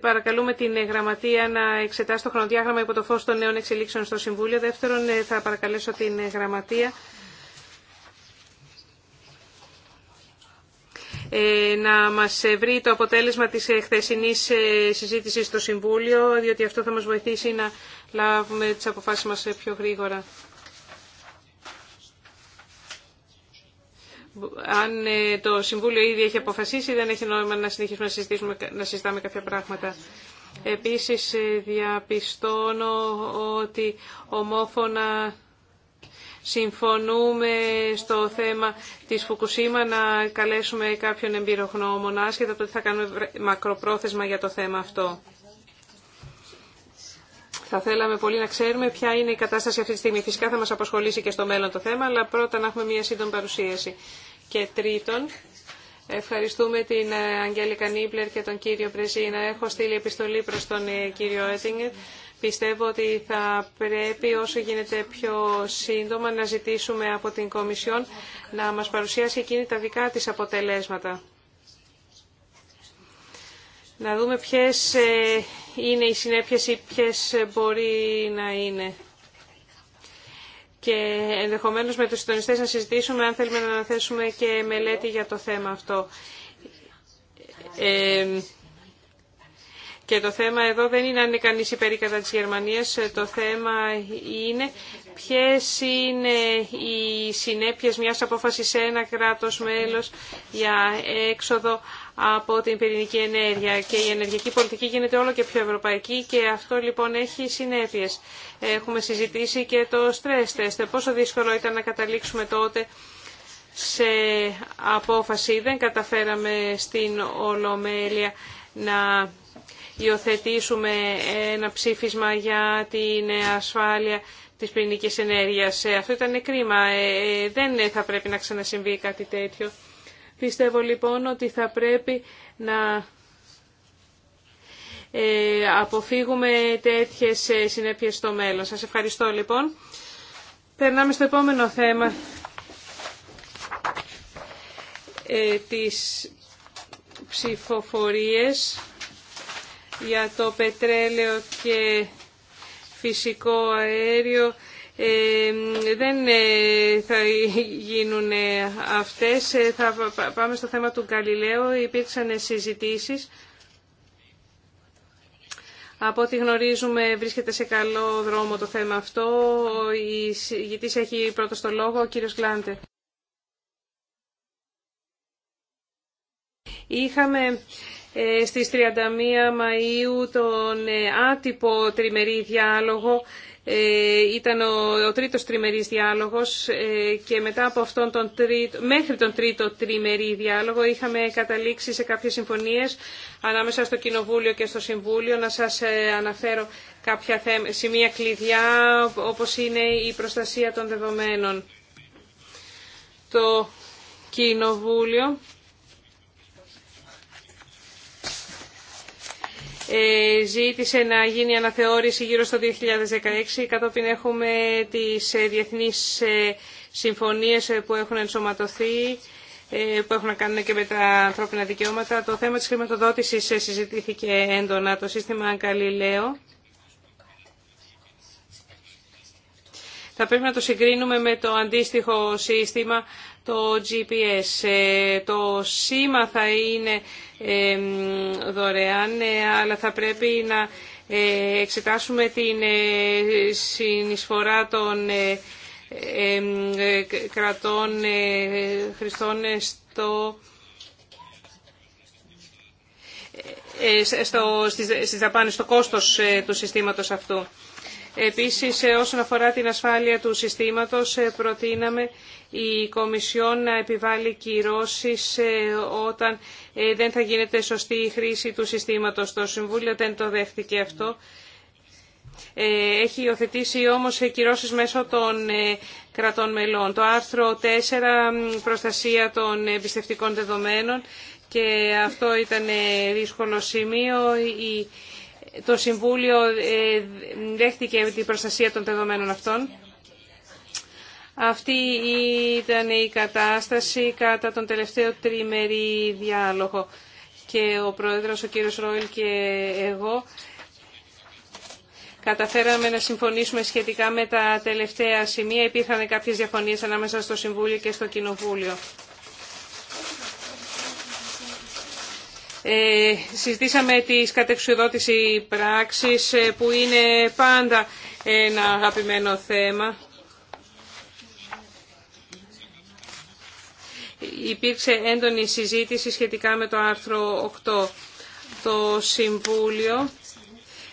παρακαλούμε την Γραμματεία να εξετάσει το χρονοδιάγραμμα υπό το φως των νέων εξελίξεων στο Συμβούλιο. Δεύτερον, θα παρακαλέσω την Γραμματεία Ε, να μας βρει το αποτέλεσμα της χθεσινής ε, συζήτησης στο Συμβούλιο, διότι αυτό θα μας βοηθήσει να λάβουμε τις αποφάσεις μας ε, πιο γρήγορα. Αν το Συμβούλιο ήδη έχει αποφασίσει, δεν έχει νόημα να συνεχίσουμε να, συζητήσουμε, να συζητάμε κάποια πράγματα. Επίσης, διαπιστώνω ότι ομόφωνα συμφωνούμε στο θέμα της Φουκουσίμα να καλέσουμε κάποιον εμπειρογνώμονα, άσχετα από το τι θα κάνουμε μακροπρόθεσμα για το θέμα αυτό. Θα θέλαμε πολύ να ξέρουμε ποια είναι η κατάσταση αυτή τη στιγμή. Φυσικά θα μας απασχολήσει και στο μέλλον το θέμα, αλλά πρώτα να έχουμε μια σύντομη παρουσίαση. Και τρίτον, ευχαριστούμε την ε, Αγγέλη Νίπλερ και τον κύριο Πρεζίνα. Έχω στείλει επιστολή προς τον ε, κύριο Έτιγκερ Πιστεύω ότι θα πρέπει όσο γίνεται πιο σύντομα να ζητήσουμε από την Κομισιόν να μας παρουσιάσει εκείνη τα δικά της αποτελέσματα. Να δούμε ποιες ε, είναι οι συνέπειες ή ποιες μπορεί να είναι. Και ενδεχομένως με τους συντονιστές να συζητήσουμε αν θέλουμε να αναθέσουμε και μελέτη για το θέμα αυτό. Ε, και το θέμα εδώ δεν είναι αν είναι κανεί υπέρ κατά της Γερμανίας. Ε, το θέμα είναι ποιε είναι οι συνέπειες μιας απόφασης σε ένα κράτο μέλος για έξοδο από την πυρηνική ενέργεια και η ενεργειακή πολιτική γίνεται όλο και πιο ευρωπαϊκή και αυτό λοιπόν έχει συνέπειες. Έχουμε συζητήσει και το stress test. Πόσο δύσκολο ήταν να καταλήξουμε τότε σε απόφαση. Δεν καταφέραμε στην Ολομέλεια να υιοθετήσουμε ένα ψήφισμα για την ασφάλεια της πυρηνικής ενέργειας. Ε, αυτό ήταν κρίμα. Ε, ε, δεν θα πρέπει να ξανασυμβεί κάτι τέτοιο. Πιστεύω λοιπόν ότι θα πρέπει να αποφύγουμε τέτοιες συνέπειες στο μέλλον. Σας ευχαριστώ λοιπόν. Περνάμε στο επόμενο θέμα της για το πετρέλαιο και φυσικό αέριο ε, δεν ε, θα γίνουν ε, αυτές. Θα πάμε στο θέμα του Γκαλιλαίου. Υπήρξαν συζητήσεις. Από ό,τι γνωρίζουμε βρίσκεται σε καλό δρόμο το θέμα αυτό. Η συγητής έχει πρώτο το λόγο, ο κύριος Γκλάντε. Είχαμε ε, στις 31 Μαΐου τον ε, άτυπο τριμερή διάλογο ε, ήταν ο, ο τρίτος τριμερής διάλογος και μετά από αυτόν τον τρίτο, μέχρι τον τρίτο τριμερή διάλογο είχαμε καταλήξει σε κάποιες συμφωνίες ανάμεσα στο Κοινοβούλιο και στο Συμβούλιο. Να σας αναφέρω κάποια σημεία κλειδιά όπως είναι η προστασία των δεδομένων. Το Κοινοβούλιο Ε, ζήτησε να γίνει αναθεώρηση γύρω στο 2016. Κατόπιν έχουμε τις ε, διεθνείς ε, συμφωνίες που έχουν ενσωματωθεί που έχουν να κάνουν και με τα ανθρώπινα δικαιώματα. Το θέμα της χρηματοδότησης συζητήθηκε έντονα. Το σύστημα Αγκαλιλαίο θα πρέπει να το συγκρίνουμε με το αντίστοιχο σύστημα, το GPS. Ε, το σήμα θα είναι δωρεάν, ε, αλλά θα πρέπει να ε, εξετάσουμε την συνεισφορά των κρατών χρηστών στο στο, στις, στις δαπάνες, στο κόστος του συστήματος αυτού. Επίσης, ε, όσον αφορά την ασφάλεια του συστήματος, ε, προτείναμε η Κομισιόν να επιβάλλει κυρώσεις ε, όταν δεν θα γίνεται σωστή η χρήση του συστήματος. Το Συμβούλιο δεν το δέχτηκε αυτό. Έχει υιοθετήσει όμως κυρώσεις μέσω των κρατών μελών. Το άρθρο 4, προστασία των εμπιστευτικών δεδομένων και αυτό ήταν δύσκολο σημείο το Συμβούλιο ε, δέχτηκε την προστασία των δεδομένων αυτών. Αυτή ήταν η κατάσταση κατά τον τελευταίο τριμερή διάλογο. Και ο Πρόεδρος, ο κύριος Ρόιλ και εγώ καταφέραμε να συμφωνήσουμε σχετικά με τα τελευταία σημεία. Υπήρχαν κάποιες διαφωνίες ανάμεσα στο Συμβούλιο και στο Κοινοβούλιο. Ε, συζητήσαμε τις κατεξουδότηση πράξης ε, που είναι πάντα ένα αγαπημένο θέμα. Υπήρξε έντονη συζήτηση σχετικά με το άρθρο 8. Το Συμβούλιο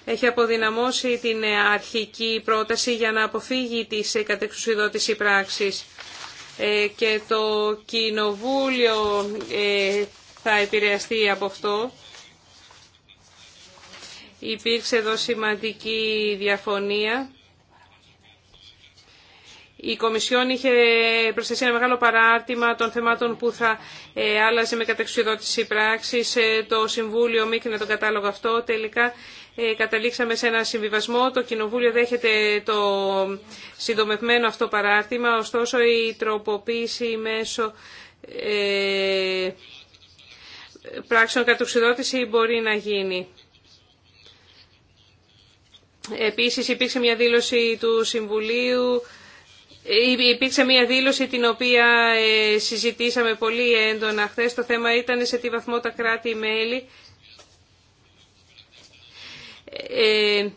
έχει αποδυναμώσει την αρχική πρόταση για να αποφύγει της κατεξουσιδότηση πράξης. Ε, και το Κοινοβούλιο θα επηρεαστεί από αυτό. Υπήρξε εδώ σημαντική διαφωνία. Η Κομισιόν είχε προσθέσει ένα μεγάλο παράρτημα των θεμάτων που θα ε, άλλαζε με κατεξουδότηση πράξης. Ε, το Συμβούλιο να τον κατάλογο αυτό. Τελικά ε, καταλήξαμε σε ένα συμβιβασμό. Το Κοινοβούλιο δέχεται το συντομευμένο αυτό παράρτημα. Ωστόσο, η τροποποίηση μέσω πράξεων κατοξιδότηση μπορεί να γίνει. Επίσης υπήρξε μια δήλωση του Συμβουλίου, υπήρξε μια δήλωση την οποία ε, συζητήσαμε πολύ έντονα χθες. Το θέμα ήταν σε τι βαθμό τα κράτη-μέλη ε,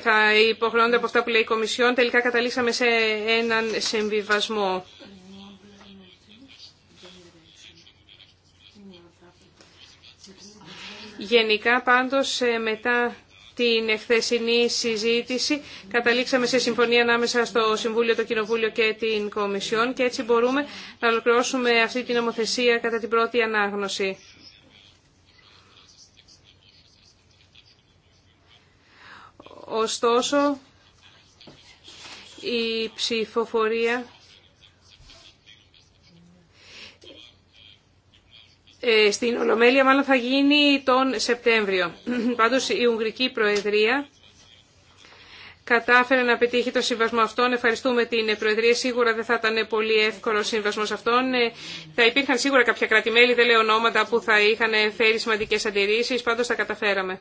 θα υποχρεώνονται από αυτά που λέει η Κομισιόν. Τελικά καταλήξαμε σε έναν συμβιβασμό. Γενικά πάντως ε, μετά την εχθεσινή συζήτηση καταλήξαμε σε συμφωνία ανάμεσα στο Συμβούλιο, το Κοινοβούλιο και την Κομισιόν και έτσι μπορούμε να ολοκληρώσουμε αυτή την νομοθεσία κατά την πρώτη ανάγνωση. Ωστόσο, η ψηφοφορία ε, στην Ολομέλεια μάλλον θα γίνει τον Σεπτέμβριο. Πάντως η Ουγγρική Προεδρία κατάφερε να πετύχει το συμβασμό αυτόν. Ευχαριστούμε την Προεδρία. Σίγουρα δεν θα ήταν πολύ εύκολο ο συμβασμό αυτόν. Ε, θα υπήρχαν σίγουρα κρατημέλη, δεν λέω ονόματα, που θα είχαν φέρει σημαντικέ αντιρρήσει. Πάντω τα καταφέραμε.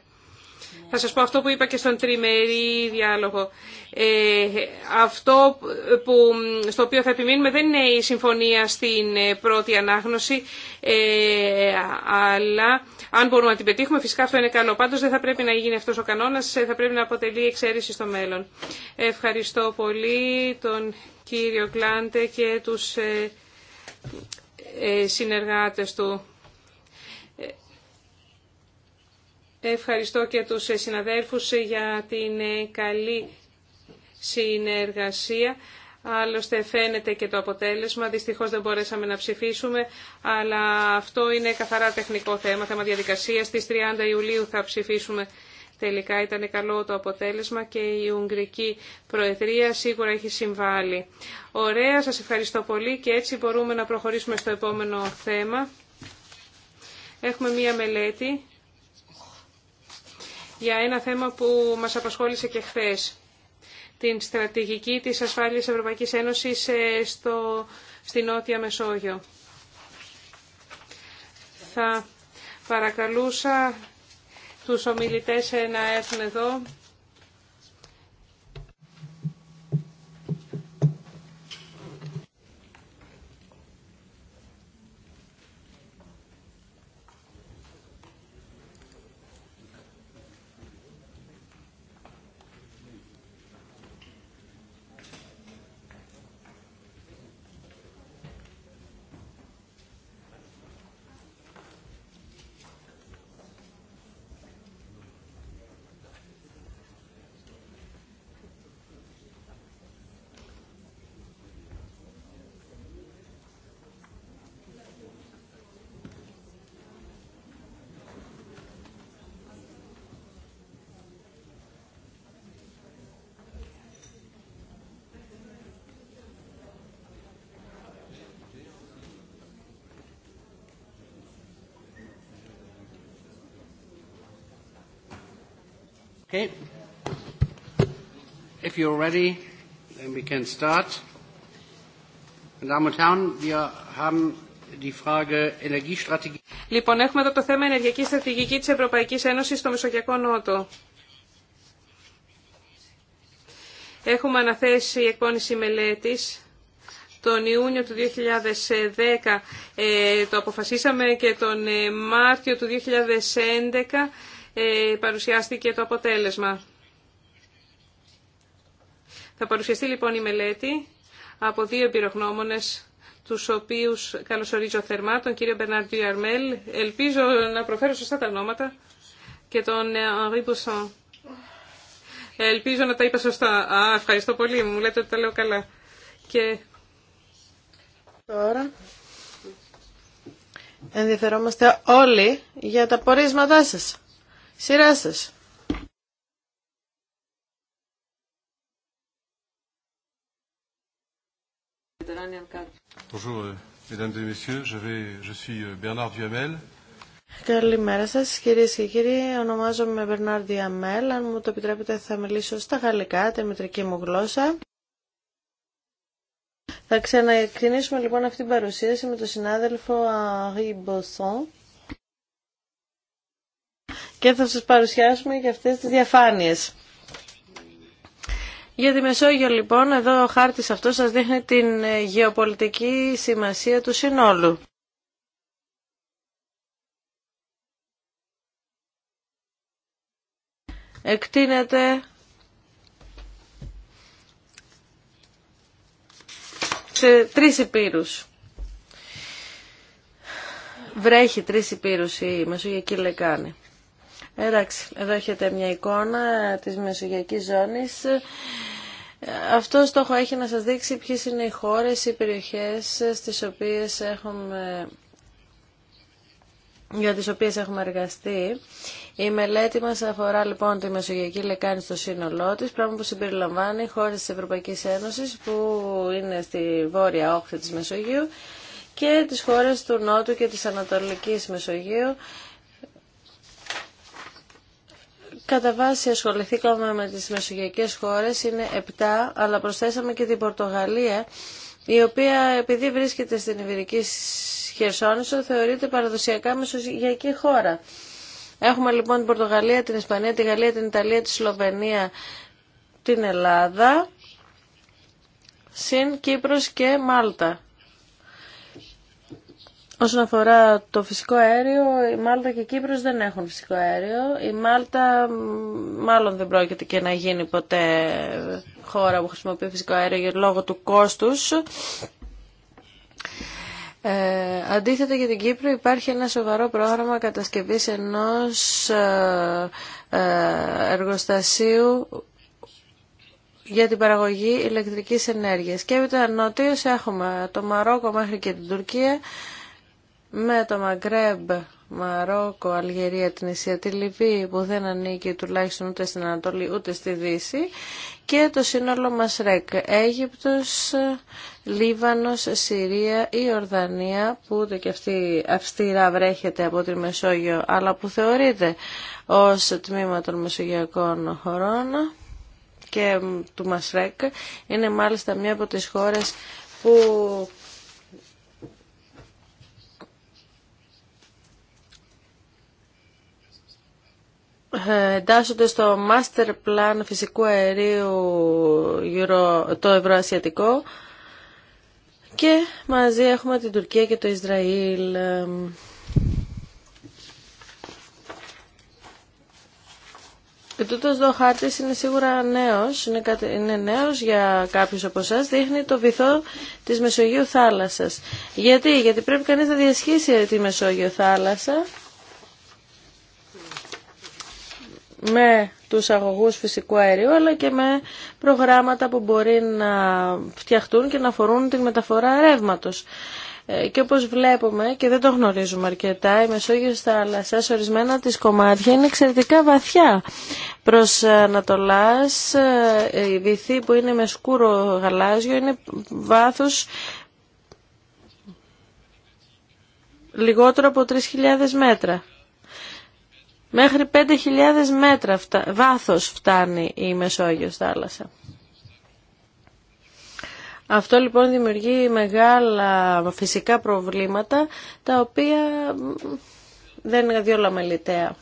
Θα σας πω αυτό που είπα και στον τριμερή διάλογο. Ε, αυτό που, στο οποίο θα επιμείνουμε δεν είναι η συμφωνία στην ε, πρώτη ανάγνωση, ε, αλλά αν μπορούμε να την πετύχουμε φυσικά αυτό είναι καλό. Πάντως δεν θα πρέπει να γίνει αυτός ο κανόνας, ε, θα πρέπει να αποτελεί εξαίρεση στο μέλλον. Ευχαριστώ πολύ τον κύριο Κλάντε και τους ε, συνεργάτες του. Ευχαριστώ και τους συναδέρφους για την ε, καλή συνεργασία. Άλλωστε φαίνεται και το αποτέλεσμα. Δυστυχώς δεν μπορέσαμε να ψηφίσουμε, αλλά αυτό είναι καθαρά τεχνικό θέμα, θέμα διαδικασίας. Στις 30 Ιουλίου θα ψηφίσουμε τελικά. Ήταν καλό το αποτέλεσμα και η Ουγγρική Προεδρία σίγουρα έχει συμβάλει. Ωραία, σας ευχαριστώ πολύ και έτσι μπορούμε να προχωρήσουμε στο επόμενο θέμα. Έχουμε μία μελέτη για ένα θέμα που μας απασχόλησε και χθες. Την στρατηγική της ασφάλειας Ευρωπαϊκής Ένωσης ε, στο, στη Νότια Μεσόγειο. Θα παρακαλούσα τους ομιλητές ε, να έρθουν εδώ. Λοιπόν, έχουμε εδώ το θέμα ενεργειακή στρατηγική της Ευρωπαϊκής Ένωσης στο Μεσογειακό Νότο. Έχουμε αναθέσει η εκπόνηση μελέτης τον Ιούνιο του 2010 ε, το αποφασίσαμε και τον ε, Μάρτιο του 2011 ε, παρουσιάστηκε το αποτέλεσμα. Θα παρουσιαστεί λοιπόν η μελέτη από δύο εμπειρογνώμονες τους οποίους καλωσορίζω θερμά, τον κύριο Μπερνάρντιο Αρμέλ, ελπίζω να προφέρω σωστά τα ονόματα, και τον Henri Μπουσόν. Ελπίζω να τα είπα σωστά. Α, ευχαριστώ πολύ, μου λέτε ότι τα λέω καλά. Και... Τώρα ενδιαφερόμαστε όλοι για τα πορίσματά σας. Σειρά σα. Euh, euh, Καλημέρα σας κυρίες και κύριοι, ονομάζομαι Bernard Duhamel. Αν μου το επιτρέπετε θα μιλήσω στα γαλλικά, τη μητρική μου γλώσσα. Θα ξαναεκκρινίσουμε λοιπόν αυτή την παρουσίαση με τον συνάδελφο Henri Bosson και θα σας παρουσιάσουμε και αυτές τις διαφάνειες. Για τη Μεσόγειο λοιπόν, εδώ ο χάρτης αυτό σας δείχνει την ε, γεωπολιτική σημασία του συνόλου. Εκτείνεται σε τρεις υπήρους. Βρέχει τρεις υπήρους η Μεσογειακή Λεκάνη. Εντάξει, εδώ έχετε μια εικόνα της μεσογειακής ζώνης. Αυτό στόχο έχει να σας δείξει ποιες είναι οι χώρες, οι περιοχές στις οποίες έχουμε για τις οποίες έχουμε εργαστεί. Η μελέτη μας αφορά λοιπόν τη Μεσογειακή Λεκάνη στο σύνολό της, πράγμα που συμπεριλαμβάνει χώρες της Ευρωπαϊκής Ένωσης που είναι στη βόρεια όχθη της Μεσογείου και τις χώρες του Νότου και της Ανατολικής Μεσογείου Κατά βάση ασχοληθήκαμε με τις μεσογειακές χώρες, είναι 7, αλλά προσθέσαμε και την Πορτογαλία, η οποία επειδή βρίσκεται στην Ιβηρική Χερσόνησο θεωρείται παραδοσιακά μεσογειακή χώρα. Έχουμε λοιπόν την Πορτογαλία, την Ισπανία, τη Γαλλία, την Ιταλία, τη Σλοβενία, την Ελλάδα, συν Κύπρος και Μάλτα. Όσον αφορά το φυσικό αέριο, η Μάλτα και η Κύπρος δεν έχουν φυσικό αέριο. Η Μάλτα μάλλον δεν πρόκειται και να γίνει ποτέ χώρα που χρησιμοποιεί φυσικό αέριο λόγω του κόστους. Ε, αντίθετα για την Κύπρο υπάρχει ένα σοβαρό πρόγραμμα κατασκευής ενός ε, ε, εργοστασίου για την παραγωγή ηλεκτρικής ενέργειας. Και έπειτα νότιος έχουμε το Μαρόκο μέχρι και την Τουρκία με το Μαγκρέμπ, Μαρόκο, Αλγερία, την Ισία, τη Λιβύη που δεν ανήκει τουλάχιστον ούτε στην Ανατολή ούτε στη Δύση και το σύνολο Μασρέκ, ΡΕΚ, Αίγυπτος, Λίβανος, Συρία, η Ορδανία που ούτε και αυτή αυστηρά βρέχεται από τη Μεσόγειο αλλά που θεωρείται ως τμήμα των μεσογειακών χωρών και του Μασρέκ είναι μάλιστα μία από τις χώρες που εντάσσονται στο Master Plan Φυσικού Αερίου το Ευρωασιατικό και μαζί έχουμε την Τουρκία και το Ισραήλ. Και ε, τούτο ο χάρτη είναι σίγουρα νέο, είναι, είναι νέο για κάποιου από εσά. Δείχνει το βυθό τη Μεσογείου θάλασσα. Γιατί, Γιατί πρέπει κανεί να διασχίσει τη Μεσόγειο θάλασσα με τους αγωγούς φυσικού αερίου αλλά και με προγράμματα που μπορεί να φτιαχτούν και να αφορούν την μεταφορά ρεύματο. Ε, και όπως βλέπουμε, και δεν το γνωρίζουμε αρκετά, η Μεσόγειο στα ορισμένα της κομμάτια είναι εξαιρετικά βαθιά. Προς Ανατολάς, ε, η βυθή που είναι με σκούρο γαλάζιο είναι βάθος λιγότερο από 3.000 μέτρα. Μέχρι 5.000 μέτρα φτα... βάθος φτάνει η Μεσόγειος θάλασσα. Αυτό λοιπόν δημιουργεί μεγάλα φυσικά προβλήματα τα οποία δεν είναι διόλα μελιτέα.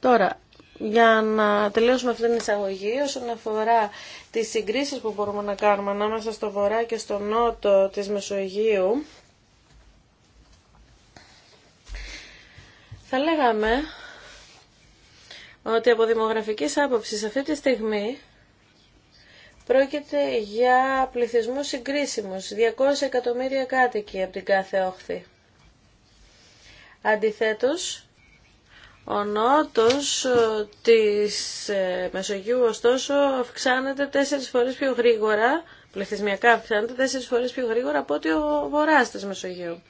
Τώρα, για να τελειώσουμε αυτήν την εισαγωγή όσον αφορά τις συγκρίσεις που μπορούμε να κάνουμε ανάμεσα στο βορρά και στο νότο της Μεσογείου Θα λέγαμε ότι από δημογραφικής άποψης αυτή τη στιγμή πρόκειται για πληθυσμούς συγκρίσιμους, 200 εκατομμύρια κάτοικοι από την κάθε όχθη. Αντιθέτως, ο νότος της ε, Μεσογείου ωστόσο αυξάνεται τέσσερις φορές πιο γρήγορα, πληθυσμιακά αυξάνεται τέσσερις φορές πιο γρήγορα από ότι ο βορράς της Μεσογείου.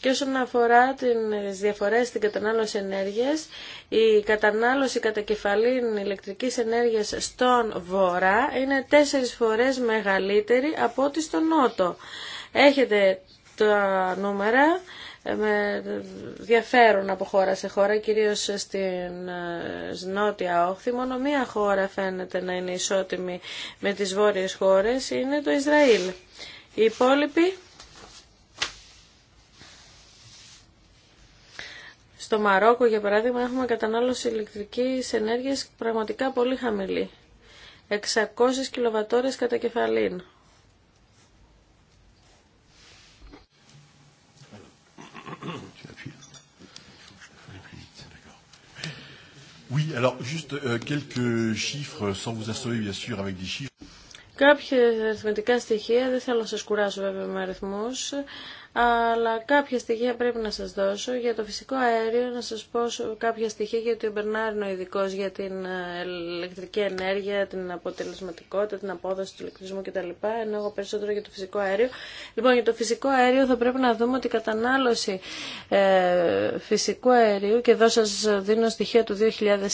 Και όσον αφορά τις διαφορές στην κατανάλωση ενέργειας, η κατανάλωση κατά κεφαλήν ηλεκτρικής ενέργειας στον Βορρά είναι τέσσερις φορές μεγαλύτερη από ό,τι στον Νότο. Έχετε τα νούμερα ε, με διαφέρουν από χώρα σε χώρα, κυρίως στην ε, νότια όχθη. Μόνο μία χώρα φαίνεται να είναι ισότιμη με τις βόρειες χώρες, είναι το Ισραήλ. Οι υπόλοιποι Στο Μαρόκο, για παράδειγμα, έχουμε κατανάλωση ηλεκτρικής ενέργειας πραγματικά πολύ χαμηλή. 600 κιλοβατόρες κατά κεφαλήν. Oui, alors juste euh, quelques chiffres, sans vous bien sûr avec des chiffres. Κάποια αριθμητικά στοιχεία, δεν θέλω να σας κουράσω βέβαια με αριθμούς, αλλά κάποια στοιχεία πρέπει να σας δώσω. Για το φυσικό αέριο να σας πω κάποια στοιχεία γιατί ο Μπερνάρ ο ειδικό για την ε, ηλεκτρική ενέργεια, την αποτελεσματικότητα, την απόδοση του ηλεκτρισμού κτλ. Ενώ εγώ περισσότερο για το φυσικό αέριο. Λοιπόν, για το φυσικό αέριο θα πρέπει να δούμε ότι η κατανάλωση ε, φυσικού αερίου, και εδώ σας δίνω στοιχεία του 2009,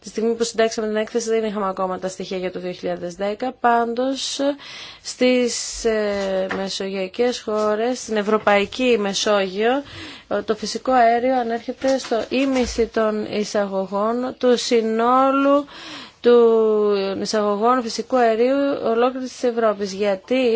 τη στιγμή που συντάξαμε την έκθεση δεν είχαμε ακόμα τα στοιχεία για το 2010, πάντως στις ε, μεσογειακές χώρες στην Ευρωπαϊκή Μεσόγειο το φυσικό αέριο ανέρχεται στο ίμιση των εισαγωγών του συνόλου του εισαγωγών φυσικού αερίου ολόκληρη της Ευρώπης. Γιατί?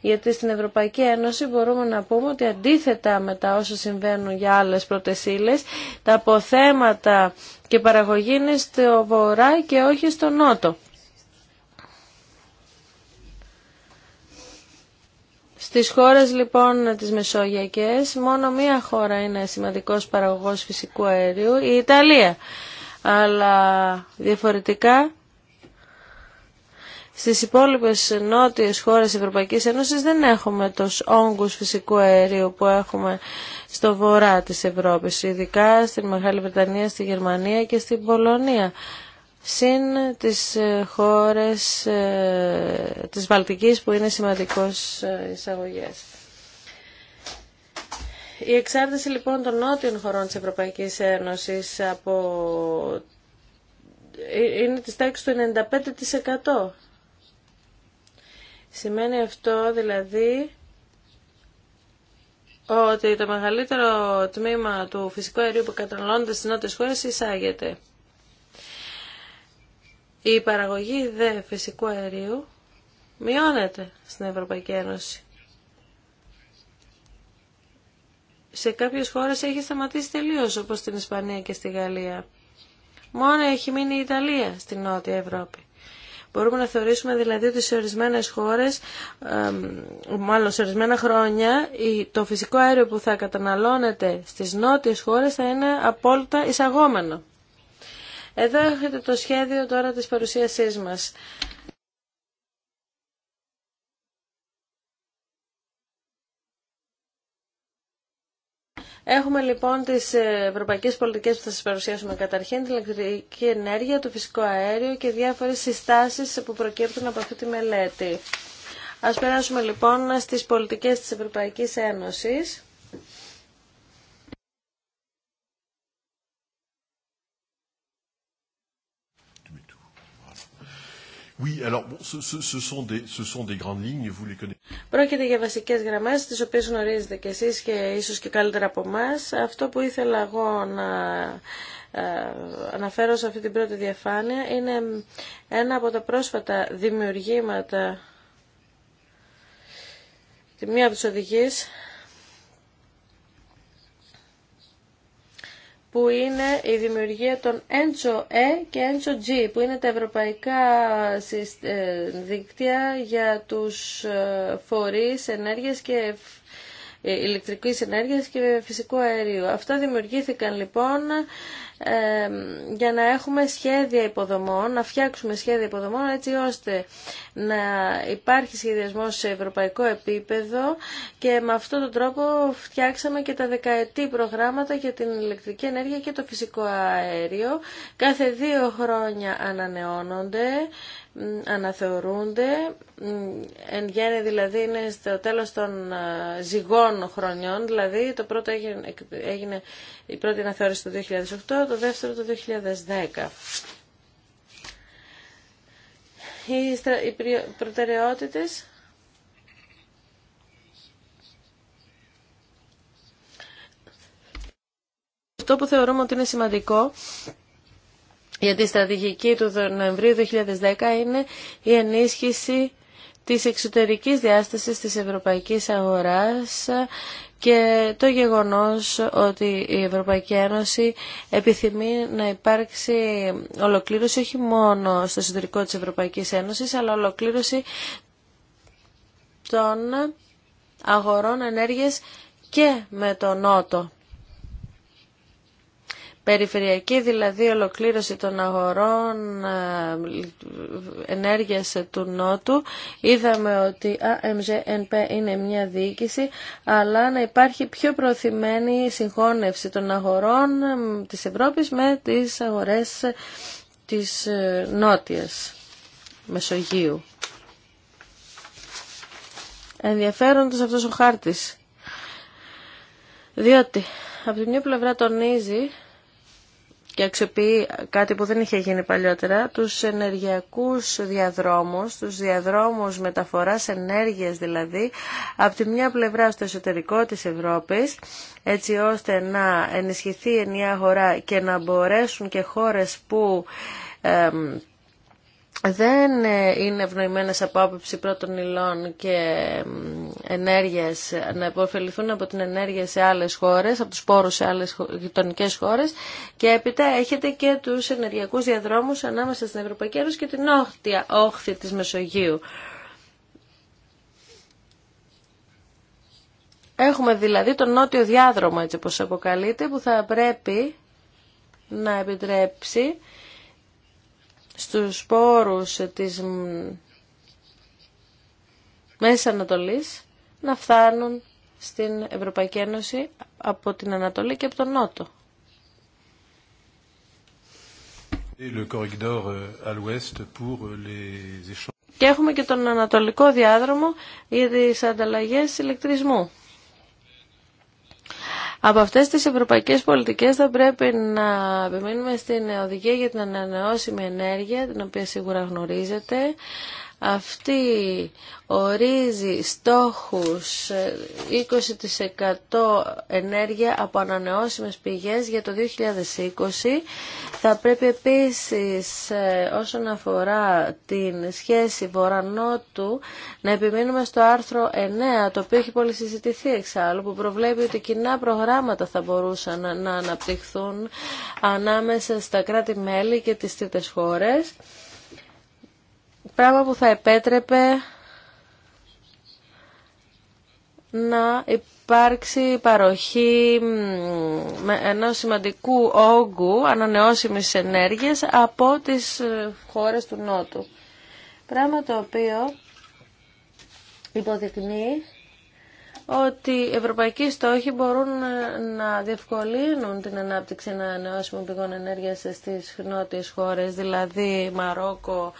Γιατί στην Ευρωπαϊκή Ένωση μπορούμε να πούμε ότι αντίθετα με τα όσα συμβαίνουν για άλλες πρωτεσίλες, τα αποθέματα και παραγωγή είναι στο βορρά και όχι στο νότο. Στις χώρες λοιπόν τις Μεσόγειακές μόνο μία χώρα είναι σημαντικός παραγωγός φυσικού αερίου, η Ιταλία. Αλλά διαφορετικά στις υπόλοιπες νότιες χώρες Ευρωπαϊκής Ένωσης δεν έχουμε τους όγκους φυσικού αερίου που έχουμε στο βορρά της Ευρώπης, ειδικά στην Μεγάλη Βρετανία, στη Γερμανία και στην Πολωνία συν τις ε, χώρες ε, της Βαλτικής που είναι σημαντικός ε, εισαγωγές. Η εξάρτηση λοιπόν των νότιων χωρών της Ευρωπαϊκής Ένωσης από... είναι της τάξης του 95%. Σημαίνει αυτό δηλαδή ότι το μεγαλύτερο τμήμα του φυσικού αερίου που καταναλώνεται στις νότιες χώρες εισάγεται. Η παραγωγή δε φυσικού αερίου μειώνεται στην Ευρωπαϊκή Ένωση. Σε κάποιες χώρες έχει σταματήσει τελείως, όπως στην Ισπανία και στη Γαλλία. Μόνο έχει μείνει η Ιταλία στην Νότια Ευρώπη. Μπορούμε να θεωρήσουμε δηλαδή ότι σε ορισμένες χώρες, μάλλον σε ορισμένα χρόνια, το φυσικό αέριο που θα καταναλώνεται στις νότιες χώρες θα είναι απόλυτα εισαγόμενο. Εδώ έχετε το σχέδιο τώρα της παρουσίασής μας. Έχουμε λοιπόν τις ευρωπαϊκέ πολιτικές που θα σας παρουσιάσουμε καταρχήν, την ηλεκτρική ενέργεια, το φυσικό αέριο και διάφορες συστάσεις που προκύπτουν από αυτή τη μελέτη. Ας περάσουμε λοιπόν στις πολιτικές της Ευρωπαϊκή Ένωσης. Πρόκειται για βασικέ γραμμέ, τι οποίε γνωρίζετε κι εσεί και ίσω και καλύτερα από εμά. Αυτό που ήθελα εγώ να ε, αναφέρω σε αυτή την πρώτη διαφάνεια είναι ένα από τα πρόσφατα δημιουργήματα, μία από τι οδηγίε που είναι η δημιουργία των ENCHO E ε και ENCHO G, που είναι τα ευρωπαϊκά ε, δίκτυα για τους ε, φορείς ενέργειας και ηλεκτρικής ενέργειας και φυσικού αερίου. Αυτά δημιουργήθηκαν λοιπόν ε, για να έχουμε σχέδια υποδομών, να φτιάξουμε σχέδια υποδομών έτσι ώστε να υπάρχει σχεδιασμός σε ευρωπαϊκό επίπεδο και με αυτόν τον τρόπο φτιάξαμε και τα δεκαετή προγράμματα για την ηλεκτρική ενέργεια και το φυσικό αέριο. Κάθε δύο χρόνια ανανεώνονται αναθεωρούνται. Εν γέννη δηλαδή είναι στο τέλος των ε, ζυγών χρονιών, δηλαδή το πρώτο έγινε, έγινε η πρώτη αναθεώρηση το 2008, το δεύτερο το 2010. Οι, στρα, οι προτεραιότητες Αυτό που θεωρούμε ότι είναι σημαντικό γιατί η στρατηγική του Νοεμβρίου 2010 είναι η ενίσχυση της εξωτερικής διάστασης της ευρωπαϊκής αγοράς και το γεγονός ότι η Ευρωπαϊκή Ένωση επιθυμεί να υπάρξει ολοκλήρωση όχι μόνο στο εσωτερικό της Ευρωπαϊκής Ένωσης, αλλά ολοκλήρωση των αγορών ενέργειας και με τον Νότο. Περιφερειακή δηλαδή ολοκλήρωση των αγορών ε, ενέργειας του Νότου. Είδαμε ότι AMGNP είναι μια διοίκηση, αλλά να υπάρχει πιο προωθημένη συγχώνευση των αγορών ε, της Ευρώπης με τις αγορές της ε, Νότιας Μεσογείου. Ενδιαφέροντος αυτός ο χάρτης. Διότι από τη μια πλευρά τονίζει και αξιοποιεί κάτι που δεν είχε γίνει παλιότερα, τους ενεργειακούς διαδρόμους, τους διαδρόμους μεταφοράς ενέργειας δηλαδή, από τη μια πλευρά στο εσωτερικό της Ευρώπης, έτσι ώστε να ενισχυθεί η ενιαία αγορά και να μπορέσουν και χώρες που δεν ε, είναι ευνοημένες από άποψη πρώτων υλών και ενέργειας να υποφεληθούν από την ενέργεια σε άλλες χώρες, από τους πόρους σε άλλες γειτονικέ χώρες και έπειτα έχετε και τους ενεργειακούς διαδρόμους ανάμεσα στην Ευρωπαϊκή Ένωση και την όχθια, όχθη της Μεσογείου. Έχουμε δηλαδή τον νότιο διάδρομο έτσι όπως αποκαλείται που θα πρέπει να επιτρέψει στους πόρους της Μέσης Ανατολής να φτάνουν στην Ευρωπαϊκή Ένωση από την Ανατολή και από τον Νότο. Euh, euh, και έχουμε και τον Ανατολικό Διάδρομο για τις ανταλλαγές ηλεκτρισμού. Από αυτές τις ευρωπαϊκές πολιτικές θα πρέπει να επιμείνουμε στην οδηγία για την ανανεώσιμη ενέργεια, την οποία σίγουρα γνωρίζετε. Αυτή ορίζει στόχους 20% ε, ενέργεια από ανανεώσιμες πηγές για το 2020. Θα πρέπει επίσης ε, όσον αφορά την σχέση βορανότου να επιμείνουμε στο άρθρο 9, το οποίο έχει πολύ συζητηθεί εξάλλου, που προβλέπει ότι κοινά προγράμματα θα μπορούσαν να αναπτυχθούν ανάμεσα στα κράτη-μέλη και τις τρίτες χώρες πράγμα που θα επέτρεπε να υπάρξει παροχή ενός σημαντικού όγκου ανανεώσιμης ενέργειας από τις ε, χώρες του Νότου. Πράγμα το οποίο υποδεικνύει ότι οι ευρωπαϊκοί στόχοι μπορούν ε, να διευκολύνουν την ανάπτυξη ανανεώσιμων πηγών ενέργειας στις νότιες χώρες, δηλαδή Μαρόκο,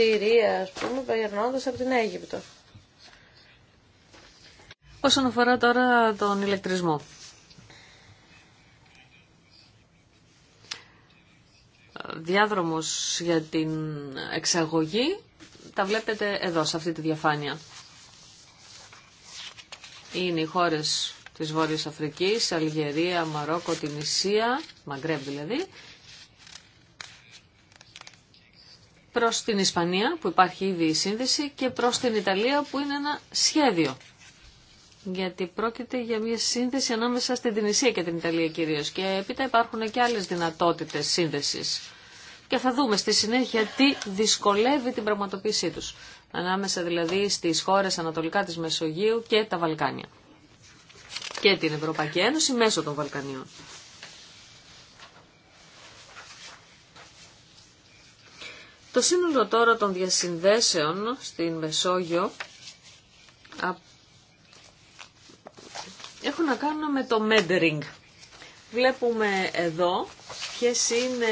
Συρία, ας πούμε, περνώντας από την Αίγυπτο. Όσον αφορά τώρα τον ηλεκτρισμό. Διάδρομος για την εξαγωγή τα βλέπετε εδώ, σε αυτή τη διαφάνεια. Είναι οι χώρες της Βόρειας Αφρικής, Αλγερία, Μαρόκο, Τινησία, Μαγκρέμπ δηλαδή, Προ την Ισπανία που υπάρχει ήδη η σύνδεση και προς την Ιταλία που είναι ένα σχέδιο. Γιατί πρόκειται για μια σύνδεση ανάμεσα στην Τινησία και την Ιταλία κυρίως και έπειτα υπάρχουν και άλλες δυνατότητε σύνδεση. Και θα δούμε στη συνέχεια τι δυσκολεύει την πραγματοποίησή τους. Ανάμεσα δηλαδή στις χώρες ανατολικά τη Μεσογείου και τα Βαλκάνια. Και την Ευρωπαϊκή Ένωση μέσω των Βαλκανίων. Το σύνολο τώρα των διασυνδέσεων στην Μεσόγειο έχουν να κάνουν με το μέντερινγκ. Βλέπουμε εδώ ποιες είναι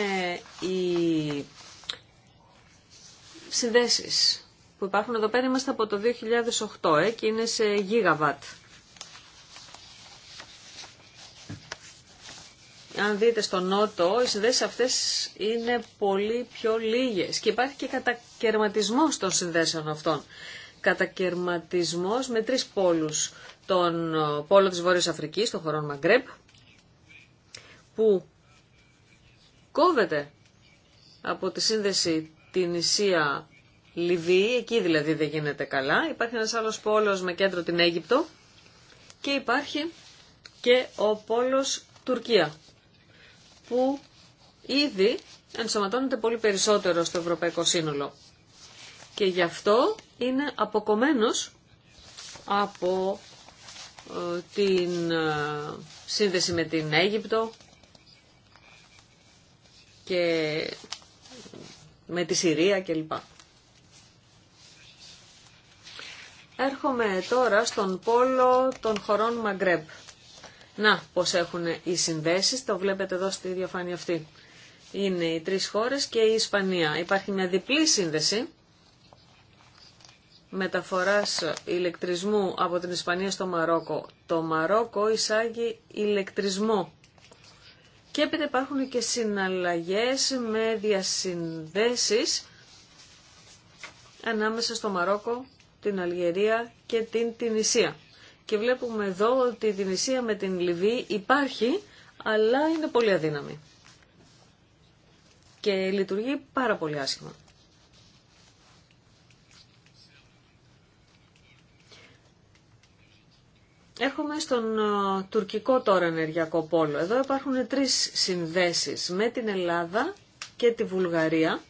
οι συνδέσεις που υπάρχουν εδώ πέρα. Είμαστε από το 2008 ε, και είναι σε γίγαβατ. αν δείτε στο Νότο, οι συνδέσεις αυτές είναι πολύ πιο λίγες και υπάρχει και κατακαιρματισμός των συνδέσεων αυτών. Κατακαιρματισμός με τρεις πόλους. Τον ε, πόλο της Βόρειας Αφρικής, των χωρών Μαγκρέπ, που κόβεται από τη σύνδεση την Ισία Λιβύη, εκεί δηλαδή δεν γίνεται καλά. Υπάρχει ένας άλλος πόλος με κέντρο την Αίγυπτο και υπάρχει και ο πόλος Τουρκία που ήδη ενσωματώνεται πολύ περισσότερο στο ευρωπαϊκό σύνολο. Και γι' αυτό είναι αποκομμένος από ε, την ε, σύνδεση με την Αίγυπτο και με τη Συρία κλπ. Έρχομαι τώρα στον πόλο των χωρών Μαγκρέμπ. Να, πώς έχουν οι συνδέσεις, το βλέπετε εδώ στη διαφάνεια αυτή. Είναι οι τρεις χώρες και η Ισπανία. Υπάρχει μια διπλή σύνδεση μεταφοράς ηλεκτρισμού από την Ισπανία στο Μαρόκο. Το Μαρόκο εισάγει ηλεκτρισμό. Και έπειτα υπάρχουν και συναλλαγές με διασυνδέσεις ανάμεσα στο Μαρόκο, την Αλγερία και την Τινησία. Και βλέπουμε εδώ ότι η Δινησία με την Λιβύη υπάρχει, αλλά είναι πολύ αδύναμη. Και λειτουργεί πάρα πολύ άσχημα. Έρχομαι στον ε, τουρκικό τώρα ενεργειακό πόλο. Εδώ υπάρχουν τρεις συνδέσεις με την Ελλάδα και τη Βουλγαρία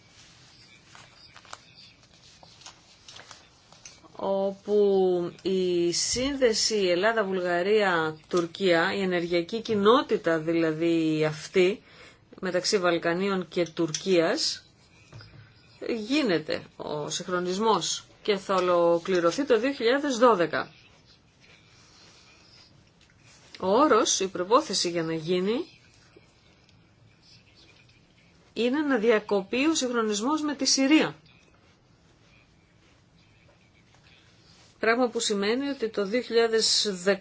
όπου η σύνδεση Ελλάδα-Βουλγαρία-Τουρκία, η ενεργειακή κοινότητα δηλαδή αυτή μεταξύ Βαλκανίων και Τουρκίας, γίνεται ο συγχρονισμός και θα ολοκληρωθεί το 2012. Ο όρος, η προπόθεση για να γίνει, είναι να διακοπεί ο συγχρονισμός με τη Συρία. Πράγμα που σημαίνει ότι το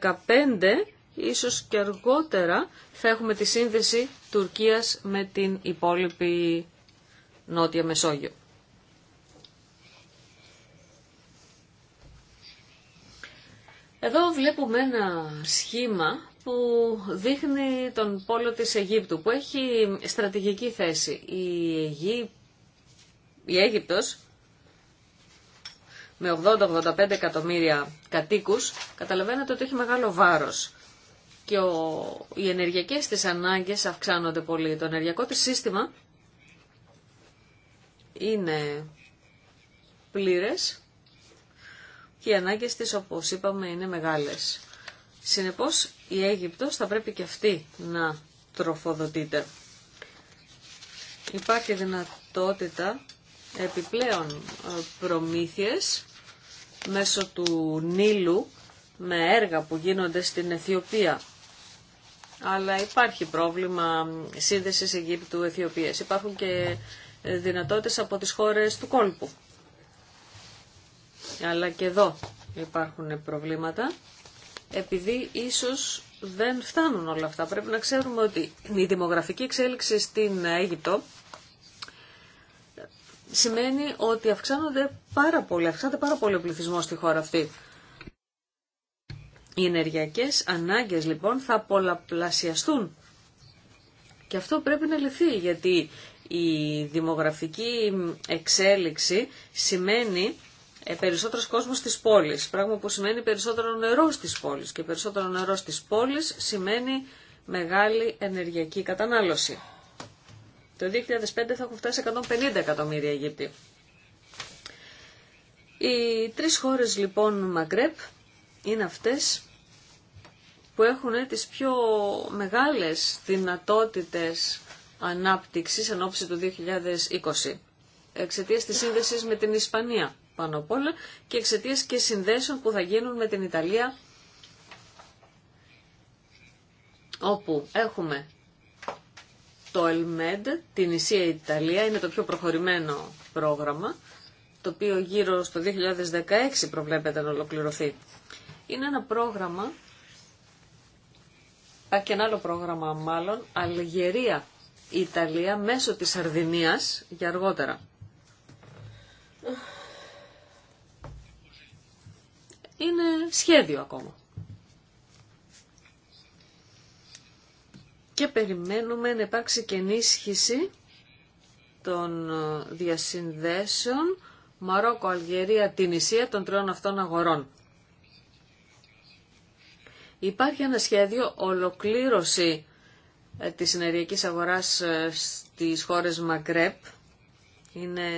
2015, ίσως και αργότερα, θα έχουμε τη σύνδεση Τουρκίας με την υπόλοιπη Νότια Μεσόγειο. Εδώ βλέπουμε ένα σχήμα που δείχνει τον πόλο της Αιγύπτου, που έχει στρατηγική θέση. Η, Αιγύ... η Αίγυπτος με 80-85 εκατομμύρια κατοίκους, καταλαβαίνετε ότι έχει μεγάλο βάρος. Και οι ενεργειακές της ανάγκες αυξάνονται πολύ. Το ενεργειακό της σύστημα είναι πλήρες και οι ανάγκες της, όπως είπαμε, είναι μεγάλες. Συνεπώς, η Αίγυπτος θα πρέπει και αυτή να τροφοδοτείται. Υπάρχει δυνατότητα επιπλέον ε, προμήθειες μέσω του Νείλου με έργα που γίνονται στην Αιθιοπία. Αλλά υπάρχει πρόβλημα σύνδεσης Αιγύπτου-Αιθιοπίας. Υπάρχουν και ε, δυνατότητες από τις χώρες του κόλπου. Αλλά και εδώ υπάρχουν προβλήματα, επειδή ίσως δεν φτάνουν όλα αυτά. Πρέπει να ξέρουμε ότι η δημογραφική εξέλιξη στην Αίγυπτο σημαίνει ότι αυξάνονται πάρα πολύ, αυξάνεται πάρα πολύ ο πληθυσμός στη χώρα αυτή. Οι ενεργειακές ανάγκες λοιπόν θα πολλαπλασιαστούν. Και αυτό πρέπει να λυθεί γιατί η δημογραφική εξέλιξη σημαίνει ε, περισσότερος κόσμος στις πόλεις, πράγμα που σημαίνει περισσότερο νερό στις πόλεις και περισσότερο νερό στις πόλεις σημαίνει μεγάλη ενεργειακή κατανάλωση. Το 2005 θα έχουν φτάσει 150 εκατομμύρια Αιγύπτιοι. Οι τρεις χώρες λοιπόν Μαγκρέπ είναι αυτές που έχουν ε, τις πιο μεγάλες δυνατότητες ανάπτυξης εν ώψη του 2020 εξαιτίας της σύνδεσης με την Ισπανία πάνω απ' όλα και εξαιτίας και συνδέσεων που θα γίνουν με την Ιταλία όπου έχουμε το ΕΛΜΕΔ, την Ισία Ιταλία, είναι το πιο προχωρημένο πρόγραμμα, το οποίο γύρω στο 2016 προβλέπεται να ολοκληρωθεί. Είναι ένα πρόγραμμα, υπάρχει και ένα άλλο πρόγραμμα μάλλον, Αλγερία Ιταλία μέσω της Σαρδινίας για αργότερα. Είναι σχέδιο ακόμα. και περιμένουμε να υπάρξει και ενίσχυση των ε, διασυνδέσεων Μαρόκο, Αλγερία, την των τριών αυτών αγορών. Υπάρχει ένα σχέδιο ολοκλήρωση ε, της ενεργειακής αγοράς ε, στις χώρες Μαγκρέπ. Είναι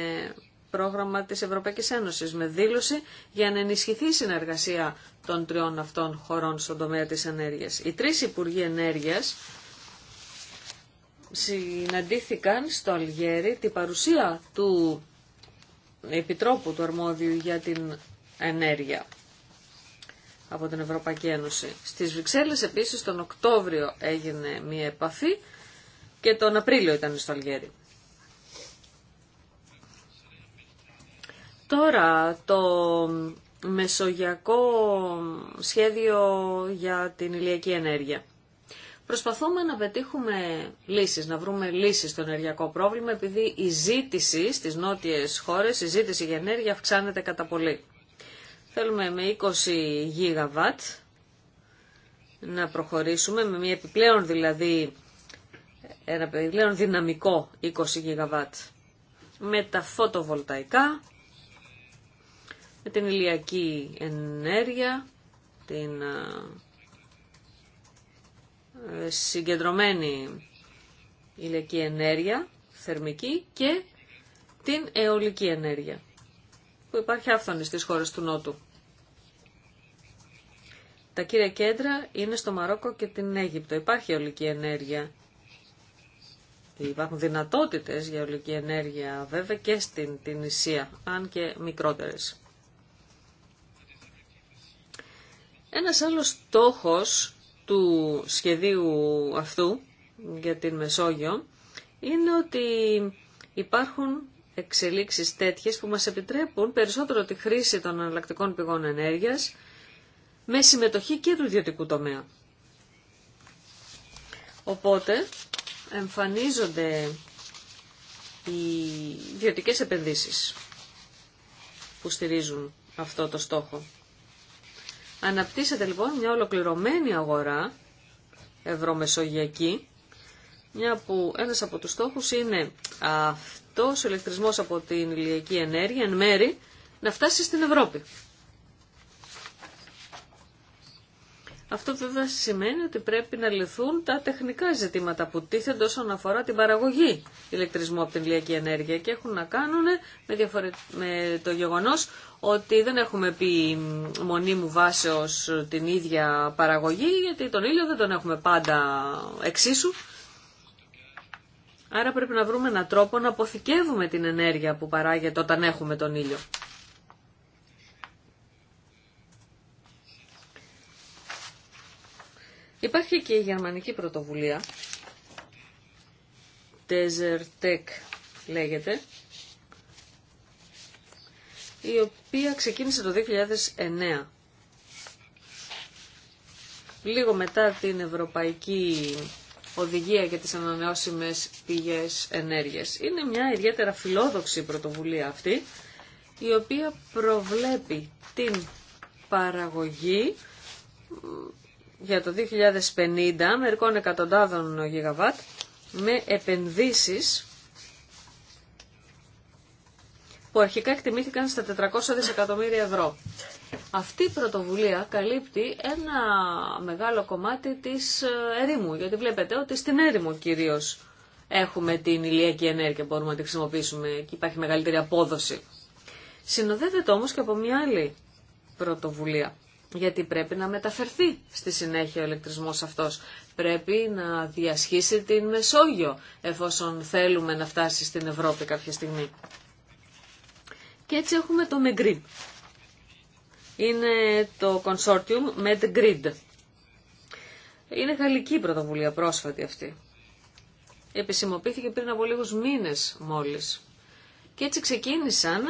πρόγραμμα της Ευρωπαϊκής Ένωσης με δήλωση για να ενισχυθεί η συνεργασία των τριών αυτών χωρών στον τομέα της ενέργειας. Οι τρεις Υπουργοί Ενέργειας συναντήθηκαν στο Αλγέρι την παρουσία του Επιτρόπου του Αρμόδιου για την Ενέργεια από την Ευρωπαϊκή Ένωση. Στις Βρυξέλλες επίσης τον Οκτώβριο έγινε μία επαφή και τον Απρίλιο ήταν στο Αλγέρι. Τώρα το μεσογειακό σχέδιο για την ηλιακή ενέργεια. Προσπαθούμε να πετύχουμε λύσεις, να βρούμε λύσεις στο ενεργειακό πρόβλημα, επειδή η ζήτηση στις νότιες χώρες, η ζήτηση για ενέργεια αυξάνεται κατά πολύ. Θέλουμε με 20 γίγαβατ να προχωρήσουμε, με μια επιπλέον δηλαδή, ένα επιπλέον δυναμικό 20 γιγαβάτ. Με τα φωτοβολταϊκά, με την ηλιακή ενέργεια, την συγκεντρωμένη ηλιακή ενέργεια, θερμική και την αιωλική ενέργεια που υπάρχει άφθονη στις χώρες του Νότου. Τα κύρια κέντρα είναι στο Μαρόκο και την Αίγυπτο. Υπάρχει αιωλική ενέργεια. Υπάρχουν δυνατότητες για αιωλική ενέργεια βέβαια και στην την Ισία, αν και μικρότερες. Ένας άλλος στόχος του σχεδίου αυτού για την Μεσόγειο είναι ότι υπάρχουν εξελίξεις τέτοιες που μας επιτρέπουν περισσότερο τη χρήση των εναλλακτικών πηγών ενέργειας με συμμετοχή και του ιδιωτικού τομέα. Οπότε εμφανίζονται οι ιδιωτικές επενδύσεις που στηρίζουν αυτό το στόχο. Αναπτύσσεται λοιπόν μια ολοκληρωμένη αγορά ευρωμεσογειακή, μια που ένας από τους στόχους είναι αυτός ο ηλεκτρισμός από την ηλιακή ενέργεια εν μέρη να φτάσει στην Ευρώπη. Αυτό βέβαια σημαίνει ότι πρέπει να λυθούν τα τεχνικά ζητήματα που τίθενται όσον αφορά την παραγωγή ηλεκτρισμού από την ηλιακή ενέργεια και έχουν να κάνουν με, διαφορε... με το γεγονός ότι δεν έχουμε πει μονίμου βάσεως την ίδια παραγωγή γιατί τον ήλιο δεν τον έχουμε πάντα εξίσου. Άρα πρέπει να βρούμε έναν τρόπο να αποθηκεύουμε την ενέργεια που παράγεται όταν έχουμε τον ήλιο. Υπάρχει και η γερμανική πρωτοβουλία, Desert Tech λέγεται, η οποία ξεκίνησε το 2009. Λίγο μετά την Ευρωπαϊκή Οδηγία για τις Ανανεώσιμες Πηγές Ενέργειας. Είναι μια ιδιαίτερα φιλόδοξη πρωτοβουλία αυτή, η οποία προβλέπει την παραγωγή για το 2050 μερικών εκατοντάδων γιγαβάτ με επενδύσεις που αρχικά εκτιμήθηκαν στα 400 δισεκατομμύρια ευρώ. Αυτή η πρωτοβουλία καλύπτει ένα μεγάλο κομμάτι της ε, ερήμου, γιατί βλέπετε ότι στην έρημο κυρίως έχουμε την ηλιακή ενέργεια, μπορούμε να τη χρησιμοποιήσουμε και υπάρχει μεγαλύτερη απόδοση. Συνοδεύεται όμως και από μια άλλη πρωτοβουλία γιατί πρέπει να μεταφερθεί στη συνέχεια ο ηλεκτρισμός αυτός. Πρέπει να διασχίσει την Μεσόγειο, εφόσον θέλουμε να φτάσει στην Ευρώπη κάποια στιγμή. Και έτσι έχουμε το Μεγκρίν. Είναι το consortium MedGrid. Είναι γαλλική πρωτοβουλία πρόσφατη αυτή. Επισημοποιήθηκε πριν από λίγους μήνες μόλις. Και έτσι ξεκίνησαν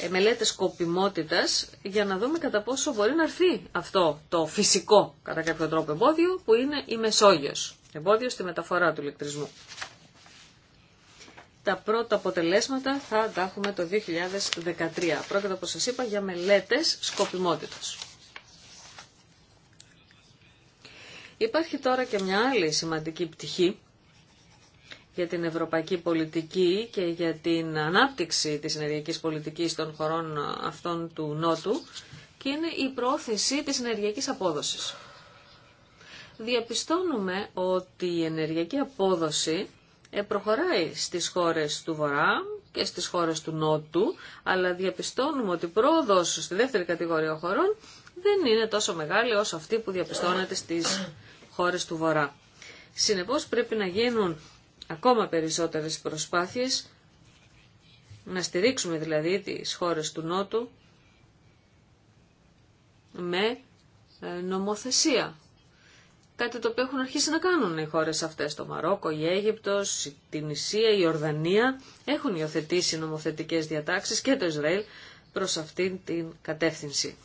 ε, μελέτες σκοπιμότητας για να δούμε κατά πόσο μπορεί να έρθει αυτό το φυσικό κατά κάποιο τρόπο εμπόδιο που είναι η Μεσόγειος, εμπόδιο στη μεταφορά του ηλεκτρισμού. Τα πρώτα αποτελέσματα θα τα έχουμε το 2013. Πρόκειται, όπως σας είπα, για μελέτες σκοπιμότητας. Υπάρχει τώρα και μια άλλη σημαντική πτυχή για την ευρωπαϊκή πολιτική και για την ανάπτυξη της ενεργειακής πολιτικής των χωρών αυτών του Νότου και είναι η πρόθεση της ενεργειακής απόδοσης. Διαπιστώνουμε ότι η ενεργειακή απόδοση ε, προχωράει στις χώρες του Βορρά και στις χώρες του Νότου, αλλά διαπιστώνουμε ότι η πρόοδος στη δεύτερη κατηγορία χωρών δεν είναι τόσο μεγάλη όσο αυτή που διαπιστώνεται στις χώρες του Βορρά. Συνεπώς πρέπει να γίνουν ακόμα περισσότερες προσπάθειες, να στηρίξουμε δηλαδή τις χώρες του Νότου με ε, νομοθεσία. Κάτι το οποίο έχουν αρχίσει να κάνουν οι χώρες αυτές, το Μαρόκο, η Αίγυπτος, η Ισία, η Ορδανία, έχουν υιοθετήσει νομοθετικές διατάξεις και το Ισραήλ προς αυτήν την κατεύθυνση.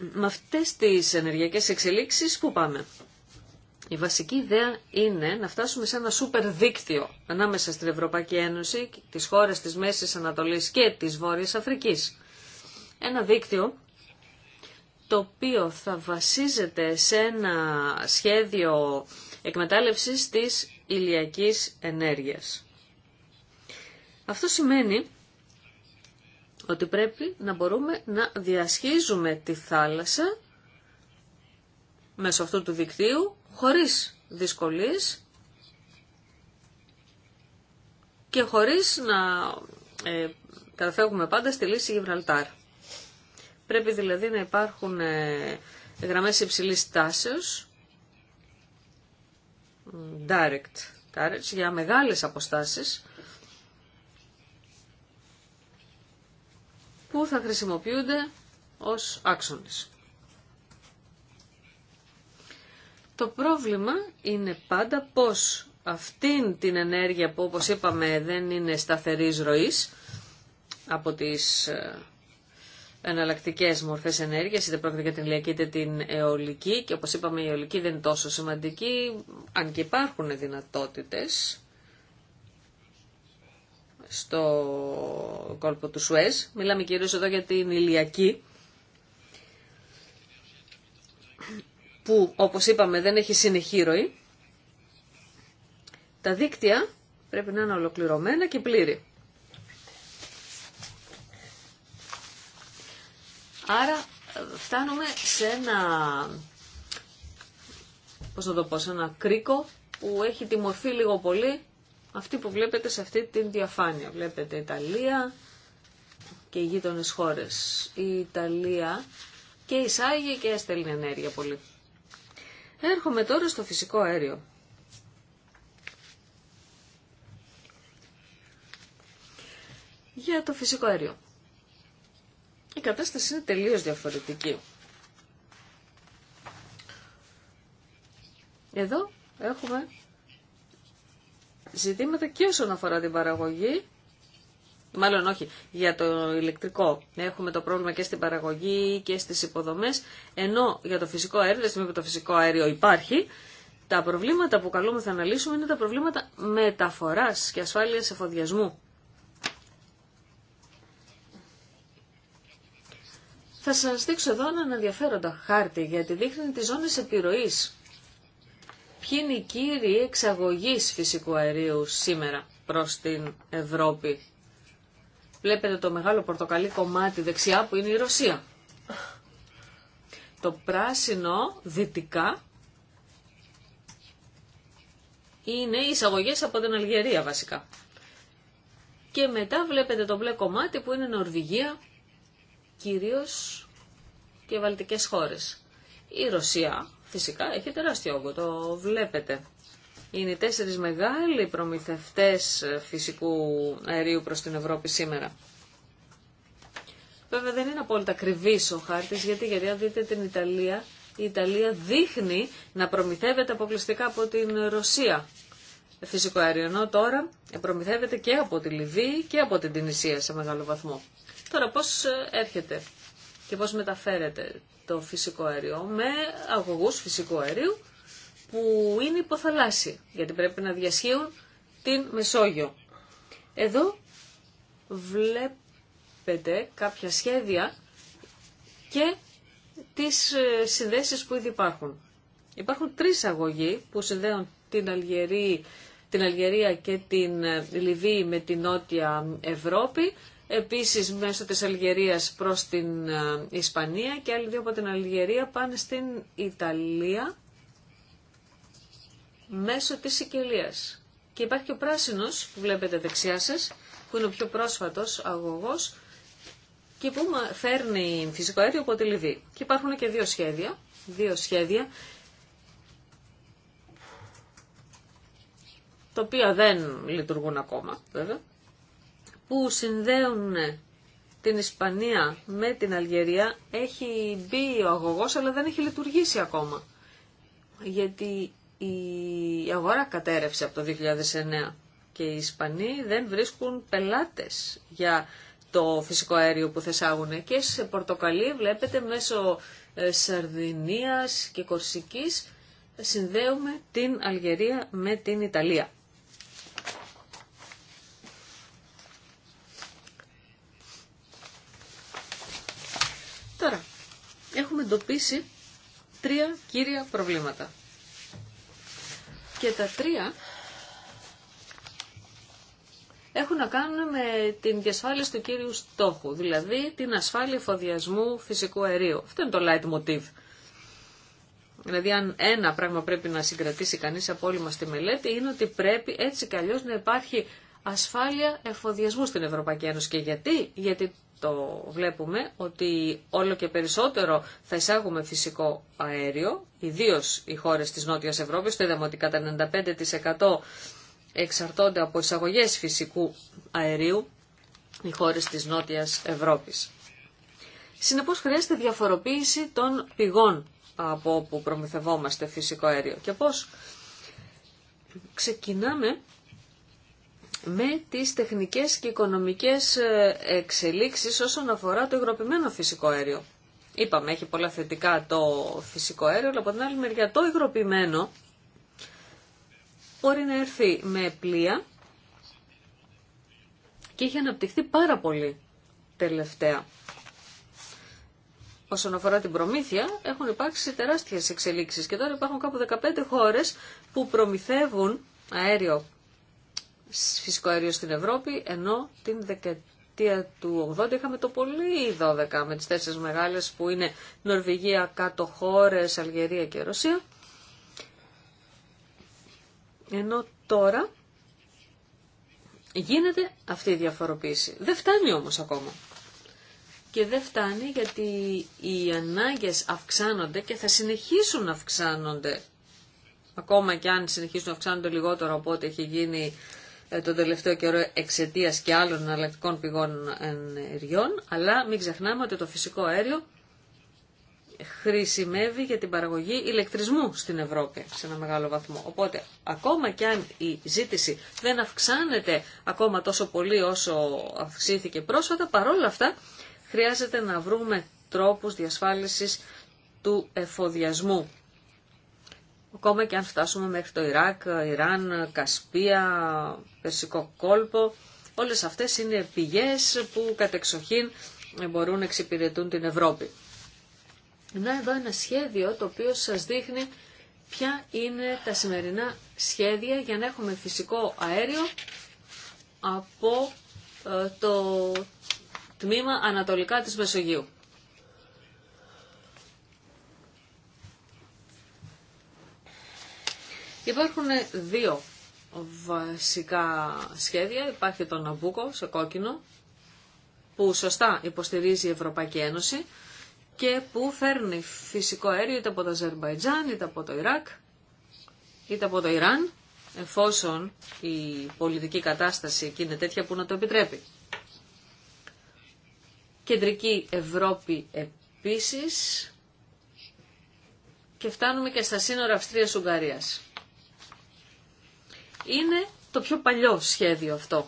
με αυτές τις ενεργειακές εξελίξεις που πάμε. Η βασική ιδέα είναι να φτάσουμε σε ένα σούπερ δίκτυο ανάμεσα στην Ευρωπαϊκή Ένωση, τις χώρες της Μέσης Ανατολής και της Βόρειας Αφρικής. Ένα δίκτυο το οποίο θα βασίζεται σε ένα σχέδιο εκμετάλλευσης της ηλιακής ενέργειας. Αυτό σημαίνει ότι πρέπει να μπορούμε να διασχίζουμε τη θάλασσα μέσω αυτού του δικτύου χωρίς δυσκολίες και χωρίς να ε, καταφεύγουμε πάντα στη λύση Γιβραλτάρ. Πρέπει δηλαδή να υπάρχουν ε, γραμμές υψηλής τάσεως, direct, direct, για μεγάλες αποστάσεις, που θα χρησιμοποιούνται ως άξονες. Το πρόβλημα είναι πάντα πως αυτήν την ενέργεια που όπως είπαμε δεν είναι σταθερής ροής από τις ε, εναλλακτικέ μορφές ενέργειας, είτε πρόκειται για την ηλιακή είτε την αιωλική και όπως είπαμε η αιωλική δεν είναι τόσο σημαντική, αν και υπάρχουν δυνατότητες στο κόλπο του Σουέζ. Μιλάμε κυρίως εδώ για την ηλιακή, που όπως είπαμε δεν έχει συνεχή ροή. Τα δίκτυα πρέπει να είναι ολοκληρωμένα και πλήρη. Άρα φτάνουμε σε ένα, πώς το πω, σε ένα κρίκο που έχει τη μορφή λίγο πολύ αυτή που βλέπετε σε αυτή την διαφάνεια. Βλέπετε Ιταλία και οι γείτονες χώρες. Η Ιταλία και εισάγει και έστελνε ενέργεια πολύ. Έρχομαι τώρα στο φυσικό αέριο. Για το φυσικό αέριο. Η κατάσταση είναι τελείως διαφορετική. Εδώ έχουμε ζητήματα και όσον αφορά την παραγωγή, μάλλον όχι, για το ηλεκτρικό. Έχουμε το πρόβλημα και στην παραγωγή και στις υποδομές, ενώ για το φυσικό αέριο, δε το φυσικό αέριο υπάρχει, τα προβλήματα που καλούμε θα αναλύσουμε είναι τα προβλήματα μεταφοράς και ασφάλειας εφοδιασμού. Θα σας δείξω εδώ έναν ενδιαφέροντα χάρτη γιατί δείχνει τις ζώνες επιρροής ποιοι είναι οι κύριοι εξαγωγής φυσικού αερίου σήμερα προς την Ευρώπη. Βλέπετε το μεγάλο πορτοκαλί κομμάτι δεξιά που είναι η Ρωσία. Το πράσινο δυτικά είναι οι εισαγωγέ από την Αλγερία βασικά. Και μετά βλέπετε το μπλε κομμάτι που είναι η Νορβηγία, κυρίως και βαλτικές χώρες. Η Ρωσία φυσικά έχει τεράστιο όγκο, το βλέπετε. Είναι οι τέσσερις μεγάλοι προμηθευτές ε, φυσικού αερίου προς την Ευρώπη σήμερα. Βέβαια δεν είναι απόλυτα ακριβής ο χάρτης, γιατί, γιατί δείτε την Ιταλία, η Ιταλία δείχνει να προμηθεύεται αποκλειστικά από την Ρωσία φυσικό αέριο, ενώ τώρα προμηθεύεται και από τη Λιβύη και από την Τινησία σε μεγάλο βαθμό. Τώρα πώς ε, έρχεται και πώς μεταφέρεται το φυσικό αέριο με αγωγούς φυσικού αερίου που είναι υποθαλάσσιοι, γιατί πρέπει να διασχίουν την Μεσόγειο. Εδώ βλέπετε κάποια σχέδια και τις ε, συνδέσεις που ήδη υπάρχουν. Υπάρχουν τρεις αγωγοί που συνδέουν την Αλγερία, την Αλγερία και την ε, Λιβύη με την Νότια Ευρώπη επίσης μέσω της Αλγερίας προς την ε, Ισπανία και άλλοι δύο από την Αλγερία πάνε στην Ιταλία μέσω της Σικελίας. Και υπάρχει και ο πράσινος που βλέπετε δεξιά σας, που είναι ο πιο πρόσφατος αγωγός και που φέρνει φυσικό αέριο από τη Λιβύη. Και υπάρχουν και δύο σχέδια, δύο σχέδια τα οποία δεν λειτουργούν ακόμα βέβαια που συνδέουν την Ισπανία με την Αλγερία έχει μπει ο αγωγός αλλά δεν έχει λειτουργήσει ακόμα. Γιατί η αγορά κατέρευσε από το 2009 και οι Ισπανοί δεν βρίσκουν πελάτες για το φυσικό αέριο που θεσάγουν. Και σε πορτοκαλί βλέπετε μέσω ε, Σαρδινίας και Κορσικής συνδέουμε την Αλγερία με την Ιταλία. έχουμε εντοπίσει τρία κύρια προβλήματα. Και τα τρία έχουν να κάνουν με την διασφάλιση του κύριου στόχου, δηλαδή την ασφάλεια εφοδιασμού φυσικού αερίου. Αυτό είναι το light motive. Δηλαδή αν ένα πράγμα πρέπει να συγκρατήσει κανείς από όλη μας τη μελέτη είναι ότι πρέπει έτσι κι αλλιώς να υπάρχει ασφάλεια εφοδιασμού στην Ευρωπαϊκή Ένωση. Και γιατί, γιατί το βλέπουμε ότι όλο και περισσότερο θα εισάγουμε φυσικό αέριο, ιδίω οι χώρες της Νότιας Ευρώπης, το είδαμε ότι κατά 95% εξαρτώνται από εισαγωγές φυσικού αερίου οι χώρες της Νότιας Ευρώπης. Συνεπώς χρειάζεται διαφοροποίηση των πηγών από όπου προμηθευόμαστε φυσικό αέριο. Και πώς ξεκινάμε με τις τεχνικές και οικονομικές ε, εξελίξεις όσον αφορά το υγροποιημένο φυσικό αέριο. Είπαμε, έχει πολλά θετικά το φυσικό αέριο, αλλά από την άλλη μεριά το υγροποιημένο μπορεί να έρθει με πλοία και έχει αναπτυχθεί πάρα πολύ τελευταία. Όσον αφορά την προμήθεια, έχουν υπάρξει τεράστιες εξελίξεις και τώρα υπάρχουν κάπου 15 χώρες που προμηθεύουν αέριο φυσικό αέριο στην Ευρώπη, ενώ την δεκαετία του 80 είχαμε το πολύ 12 με τις τέσσερις μεγάλες που είναι Νορβηγία, κάτω χώρες, Αλγερία και Ρωσία. Ενώ τώρα γίνεται αυτή η διαφοροποίηση. Δεν φτάνει όμως ακόμα. Και δεν φτάνει γιατί οι ανάγκες αυξάνονται και θα συνεχίσουν να αυξάνονται. Ακόμα και αν συνεχίσουν να αυξάνονται λιγότερο από ό,τι έχει γίνει ε, τον τελευταίο καιρό εξαιτία και άλλων εναλλακτικών πηγών ενεργειών, αλλά μην ξεχνάμε ότι το φυσικό αέριο χρησιμεύει για την παραγωγή ηλεκτρισμού στην Ευρώπη σε ένα μεγάλο βαθμό. Οπότε, ακόμα και αν η ζήτηση δεν αυξάνεται ακόμα τόσο πολύ όσο αυξήθηκε πρόσφατα, παρόλα αυτά χρειάζεται να βρούμε τρόπους διασφάλισης του εφοδιασμού Ακόμα και αν φτάσουμε μέχρι το Ιράκ, Ιράν, Κασπία, Περσικό κόλπο, όλες αυτές είναι πηγές που κατεξοχήν μπορούν να εξυπηρετούν την Ευρώπη. Να εδώ ένα σχέδιο το οποίο σας δείχνει ποια είναι τα σημερινά σχέδια για να έχουμε φυσικό αέριο από ε, το τμήμα ανατολικά της Μεσογείου. Υπάρχουν δύο βασικά σχέδια. Υπάρχει το Ναμπούκο σε κόκκινο, που σωστά υποστηρίζει η Ευρωπαϊκή Ένωση και που φέρνει φυσικό αέριο είτε από το Αζερμπαϊτζάν, είτε από το Ιράκ, είτε από το Ιράν, εφόσον η πολιτική κατάσταση εκεί είναι τέτοια που να το επιτρέπει. Κεντρική Ευρώπη επίσης και φτάνουμε και στα σύνορα Αυστρίας-Ουγγαρίας. Είναι το πιο παλιό σχέδιο αυτό.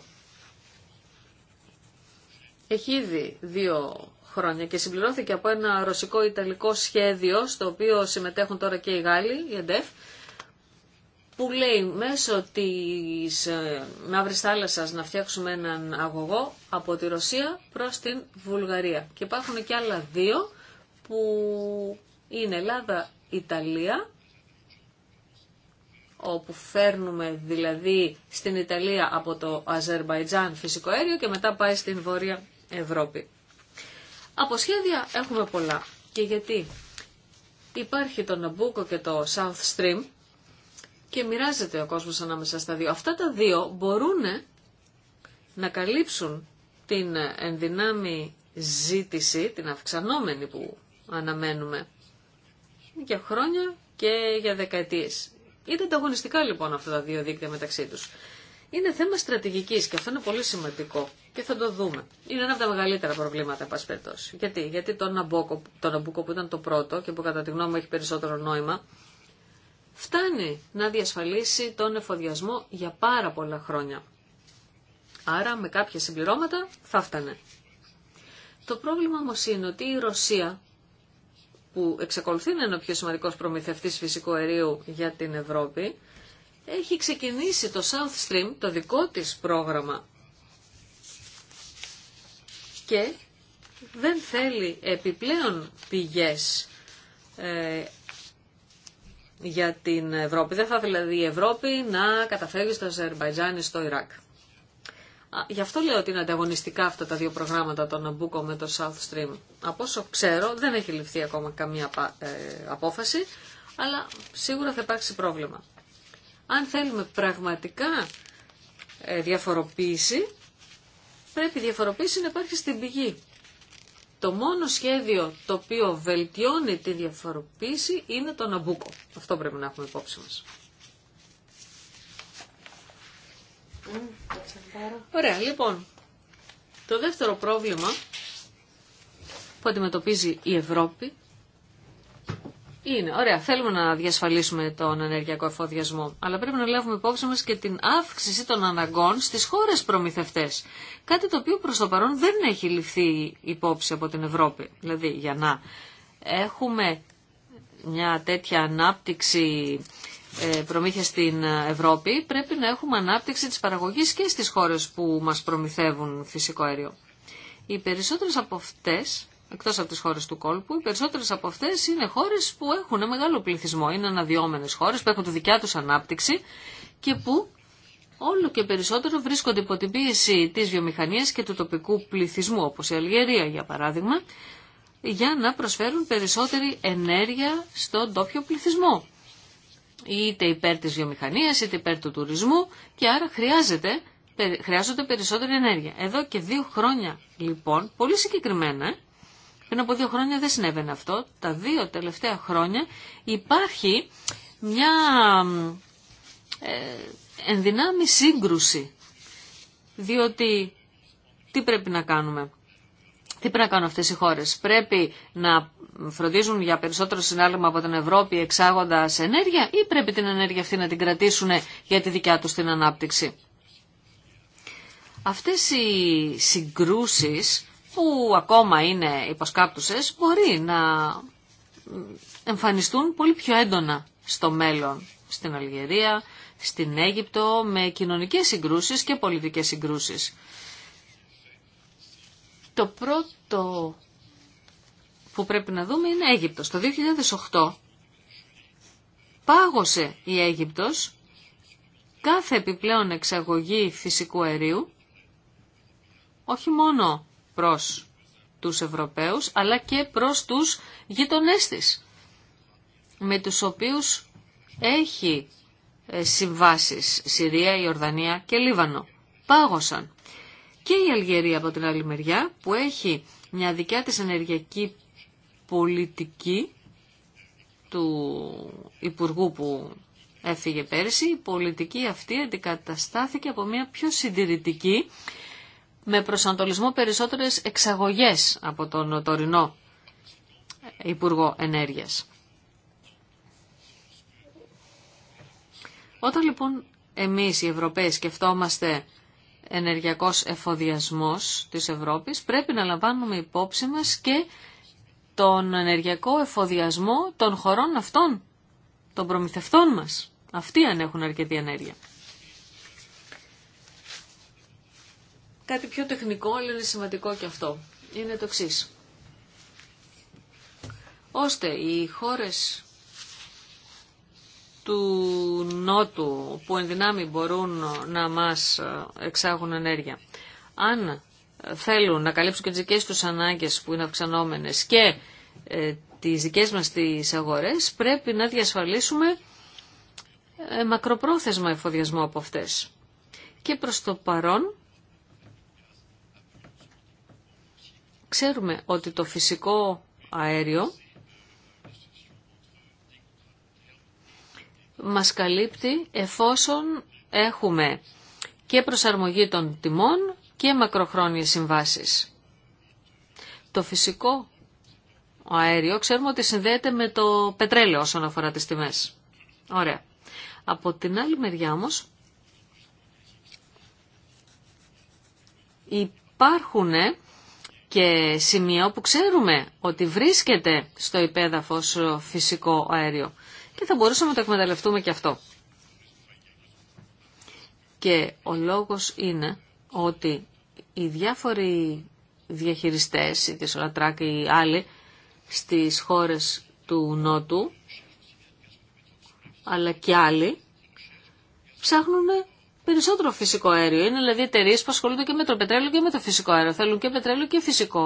Έχει ήδη δύο χρόνια και συμπληρώθηκε από ένα ρωσικό-ιταλικό σχέδιο στο οποίο συμμετέχουν τώρα και οι Γάλλοι, η ΕΝΤΕΦ, που λέει μέσω της ε, Μαύρης Θάλασσας να φτιάξουμε έναν αγωγό από τη Ρωσία προς την Βουλγαρία. Και υπάρχουν και άλλα δύο που είναι Ελλάδα-Ιταλία όπου φέρνουμε δηλαδή στην Ιταλία από το Αζερβαϊτζάν φυσικό αέριο και μετά πάει στην Βόρεια Ευρώπη. Από σχέδια έχουμε πολλά. Και γιατί υπάρχει το Ναμπούκο και το South Stream και μοιράζεται ο κόσμος ανάμεσα στα δύο. Αυτά τα δύο μπορούν να καλύψουν την ενδυνάμει ζήτηση, την αυξανόμενη που αναμένουμε για χρόνια και για δεκαετίες. Είναι ανταγωνιστικά λοιπόν αυτά τα δύο δίκτυα μεταξύ του. Είναι θέμα στρατηγική και αυτό είναι πολύ σημαντικό και θα το δούμε. Είναι ένα από τα μεγαλύτερα προβλήματα, εν Γιατί, Γιατί τον, Ναμπούκο, τον Ναμπούκο που ήταν το πρώτο και που κατά τη γνώμη μου έχει περισσότερο νόημα, φτάνει να διασφαλίσει τον εφοδιασμό για πάρα πολλά χρόνια. Άρα με κάποια συμπληρώματα θα φτάνε. Το πρόβλημα όμω είναι ότι η Ρωσία που εξακολουθεί να είναι ο πιο σημαντικός προμηθευτής φυσικού αερίου για την Ευρώπη, έχει ξεκινήσει το South Stream, το δικό της πρόγραμμα. Και δεν θέλει επιπλέον πηγές ε, για την Ευρώπη. Δεν θα δηλαδή η Ευρώπη να καταφεύγει στο Αζερμπαϊτζάν ή στο Ιράκ. Γι' αυτό λέω ότι είναι ανταγωνιστικά αυτά τα δύο προγράμματα, το Ναμπούκο με το South Stream. Από όσο ξέρω δεν έχει ληφθεί ακόμα καμία ε, απόφαση, αλλά σίγουρα θα υπάρξει πρόβλημα. Αν θέλουμε πραγματικά ε, διαφοροποίηση, πρέπει η διαφοροποίηση να υπάρχει στην πηγή. Το μόνο σχέδιο το οποίο βελτιώνει τη διαφοροποίηση είναι το Ναμπούκο. Αυτό πρέπει να έχουμε υπόψη μας. Ωραία, λοιπόν. Το δεύτερο πρόβλημα που αντιμετωπίζει η Ευρώπη είναι, ωραία, θέλουμε να διασφαλίσουμε τον ενεργειακό εφοδιασμό, αλλά πρέπει να λάβουμε υπόψη μας και την αύξηση των αναγκών στις χώρες προμηθευτές. Κάτι το οποίο προς το παρόν δεν έχει ληφθεί υπόψη από την Ευρώπη. Δηλαδή, για να έχουμε μια τέτοια ανάπτυξη ε, προμήθεια στην ε, Ευρώπη, πρέπει να έχουμε ανάπτυξη της παραγωγής και στις χώρες που μας προμηθεύουν φυσικό αέριο. Οι περισσότερες από αυτές, εκτός από τις χώρες του κόλπου, οι περισσότερες από αυτές είναι χώρες που έχουν μεγάλο πληθυσμό. Είναι αναδυόμενες χώρες που έχουν τη δικιά τους ανάπτυξη και που όλο και περισσότερο βρίσκονται υπό την πίεση της βιομηχανίας και του τοπικού πληθυσμού, όπως η Αλγερία για παράδειγμα, για να προσφέρουν περισσότερη ενέργεια στον τόπιο πληθυσμό είτε υπέρ της βιομηχανίας, είτε υπέρ του τουρισμού και άρα χρειάζεται, χρειάζονται περισσότερη ενέργεια. Εδώ και δύο χρόνια λοιπόν, πολύ συγκεκριμένα, ε, πριν από δύο χρόνια δεν συνέβαινε αυτό, τα δύο τελευταία χρόνια υπάρχει μια ε, ενδυνάμει σύγκρουση, διότι τι πρέπει να κάνουμε. Τι πρέπει να κάνουν αυτές οι χώρες. Πρέπει να φροντίζουν για περισσότερο συνάλλημα από την Ευρώπη εξάγοντας ενέργεια ή πρέπει την ενέργεια αυτή να την κρατήσουν για τη δικιά τους την ανάπτυξη. Αυτές οι συγκρούσεις που ακόμα είναι υποσκάπτουσες μπορεί να εμφανιστούν πολύ πιο έντονα στο μέλλον στην Αλγερία, στην Αίγυπτο με κοινωνικές συγκρούσεις και πολιτικές συγκρούσεις. Το πρώτο που πρέπει να δούμε είναι Αίγυπτος. Το 2008 πάγωσε η Αίγυπτος κάθε επιπλέον εξαγωγή φυσικού αερίου, όχι μόνο προς τους Ευρωπαίους, αλλά και προς τους γειτονές της, με τους οποίους έχει ε, συμβάσεις Συρία, Ιορδανία και Λίβανο. Πάγωσαν και η Αλγερία από την άλλη μεριά που έχει μια δικιά της ενεργειακή πολιτική του Υπουργού που έφυγε πέρσι, η πολιτική αυτή αντικαταστάθηκε από μια πιο συντηρητική με προσανατολισμό περισσότερες εξαγωγές από τον τωρινό Υπουργό Ενέργειας. Όταν λοιπόν εμείς οι Ευρωπαίοι σκεφτόμαστε ενεργειακός εφοδιασμός της Ευρώπης, πρέπει να λαμβάνουμε υπόψη μας και τον ενεργειακό εφοδιασμό των χωρών αυτών, των προμηθευτών μας. Αυτοί αν έχουν αρκετή ενέργεια. Κάτι πιο τεχνικό, αλλά είναι σημαντικό και αυτό. Είναι το εξή. Ώστε οι χώρες του Νότου που ενδυνάμει μπορούν να μας εξάγουν ενέργεια. Αν θέλουν να καλύψουν και τις δικές τους ανάγκες που είναι αυξανόμενες και ε, τις δικές μας τις αγορές, πρέπει να διασφαλίσουμε ε, μακροπρόθεσμα εφοδιασμό από αυτές. Και προς το παρόν, ξέρουμε ότι το φυσικό αέριο μας καλύπτει εφόσον έχουμε και προσαρμογή των τιμών και μακροχρόνιες συμβάσεις. Το φυσικό αέριο ξέρουμε ότι συνδέεται με το πετρέλαιο όσον αφορά τις τιμές. Ωραία. Από την άλλη μεριά όμως υπάρχουν και σημεία όπου ξέρουμε ότι βρίσκεται στο υπέδαφος φυσικό αέριο και θα μπορούσαμε να το εκμεταλλευτούμε και αυτό. Και ο λόγος είναι ότι οι διάφοροι διαχειριστές, είτε Σολατράκ ή άλλοι, στις χώρες του Νότου, αλλά και άλλοι, ψάχνουν περισσότερο φυσικό αέριο. Είναι δηλαδή εταιρείε που ασχολούνται και με το πετρέλαιο και με το φυσικό αέριο. Θέλουν και πετρέλαιο και φυσικό